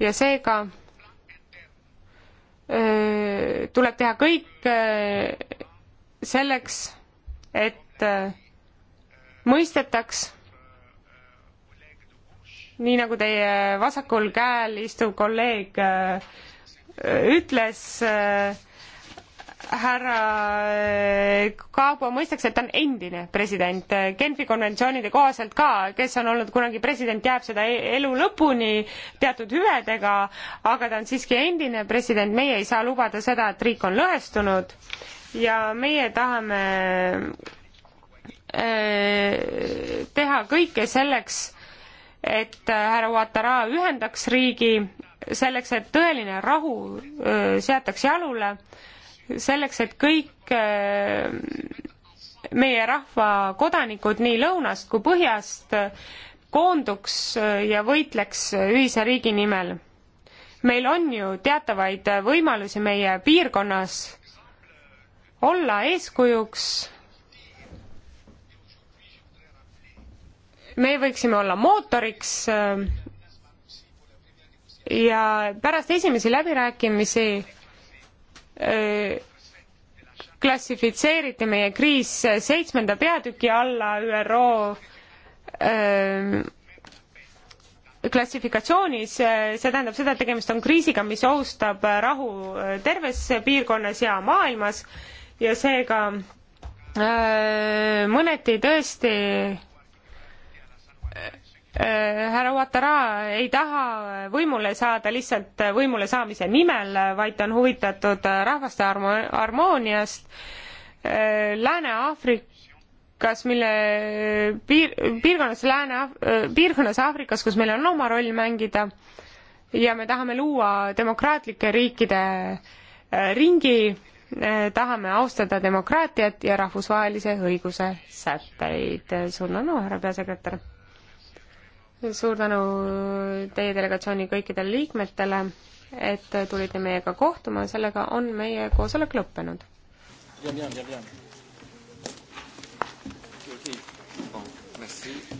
ja seega tuleb teha kõik selleks, et mõistetaks, nii nagu teie vasakul käel istuv kolleeg äh, ütles äh, härra Kaabo äh, mõistaks, et ta on endine president, Genfi konventsioonide kohaselt ka, kes on olnud kunagi president, jääb seda e-, elu lõpuni teatud hüvedega, aga ta on siiski endine president, meie ei saa lubada seda, et riik on lõhestunud ja meie tahame äh, teha kõike selleks, et härra Ouattara ühendaks riigi selleks, et tõeline rahu seataks jalule, selleks, et kõik meie rahva kodanikud nii lõunast kui põhjast koonduks ja võitleks ühise riigi nimel. meil on ju teatavaid võimalusi meie piirkonnas olla eeskujuks. me võiksime olla mootoriks ja pärast esimesi läbirääkimisi öö, äh, klassifitseeriti meie kriis seitsmenda peatüki alla ÜRO öö, äh, klassifikatsioonis, see tähendab seda, et tegemist on kriisiga, mis ohustab rahu terves piirkonnas ja maailmas ja seega öö, äh, mõneti tõesti Äh, härra Ouattara ei taha võimule saada lihtsalt võimule saamise nimel, vaid ta on huvitatud äh, rahvaste harmooniast. Äh, Lääne-Aafrikas, mille piir, piirkonnas Lääne, piirkonnas Aafrikas, kus meil on oma roll mängida ja me tahame luua demokraatlike riikide ringi, tahame austada demokraatiat ja rahvusvahelise õiguse sätteid. suur tänu, härra peasekretär suur tänu teie delegatsiooni kõikidele liikmetele, et tulite meiega kohtuma, sellega on meie koosolek lõppenud. Bien, bien, bien, bien. Okay. Bon, merci.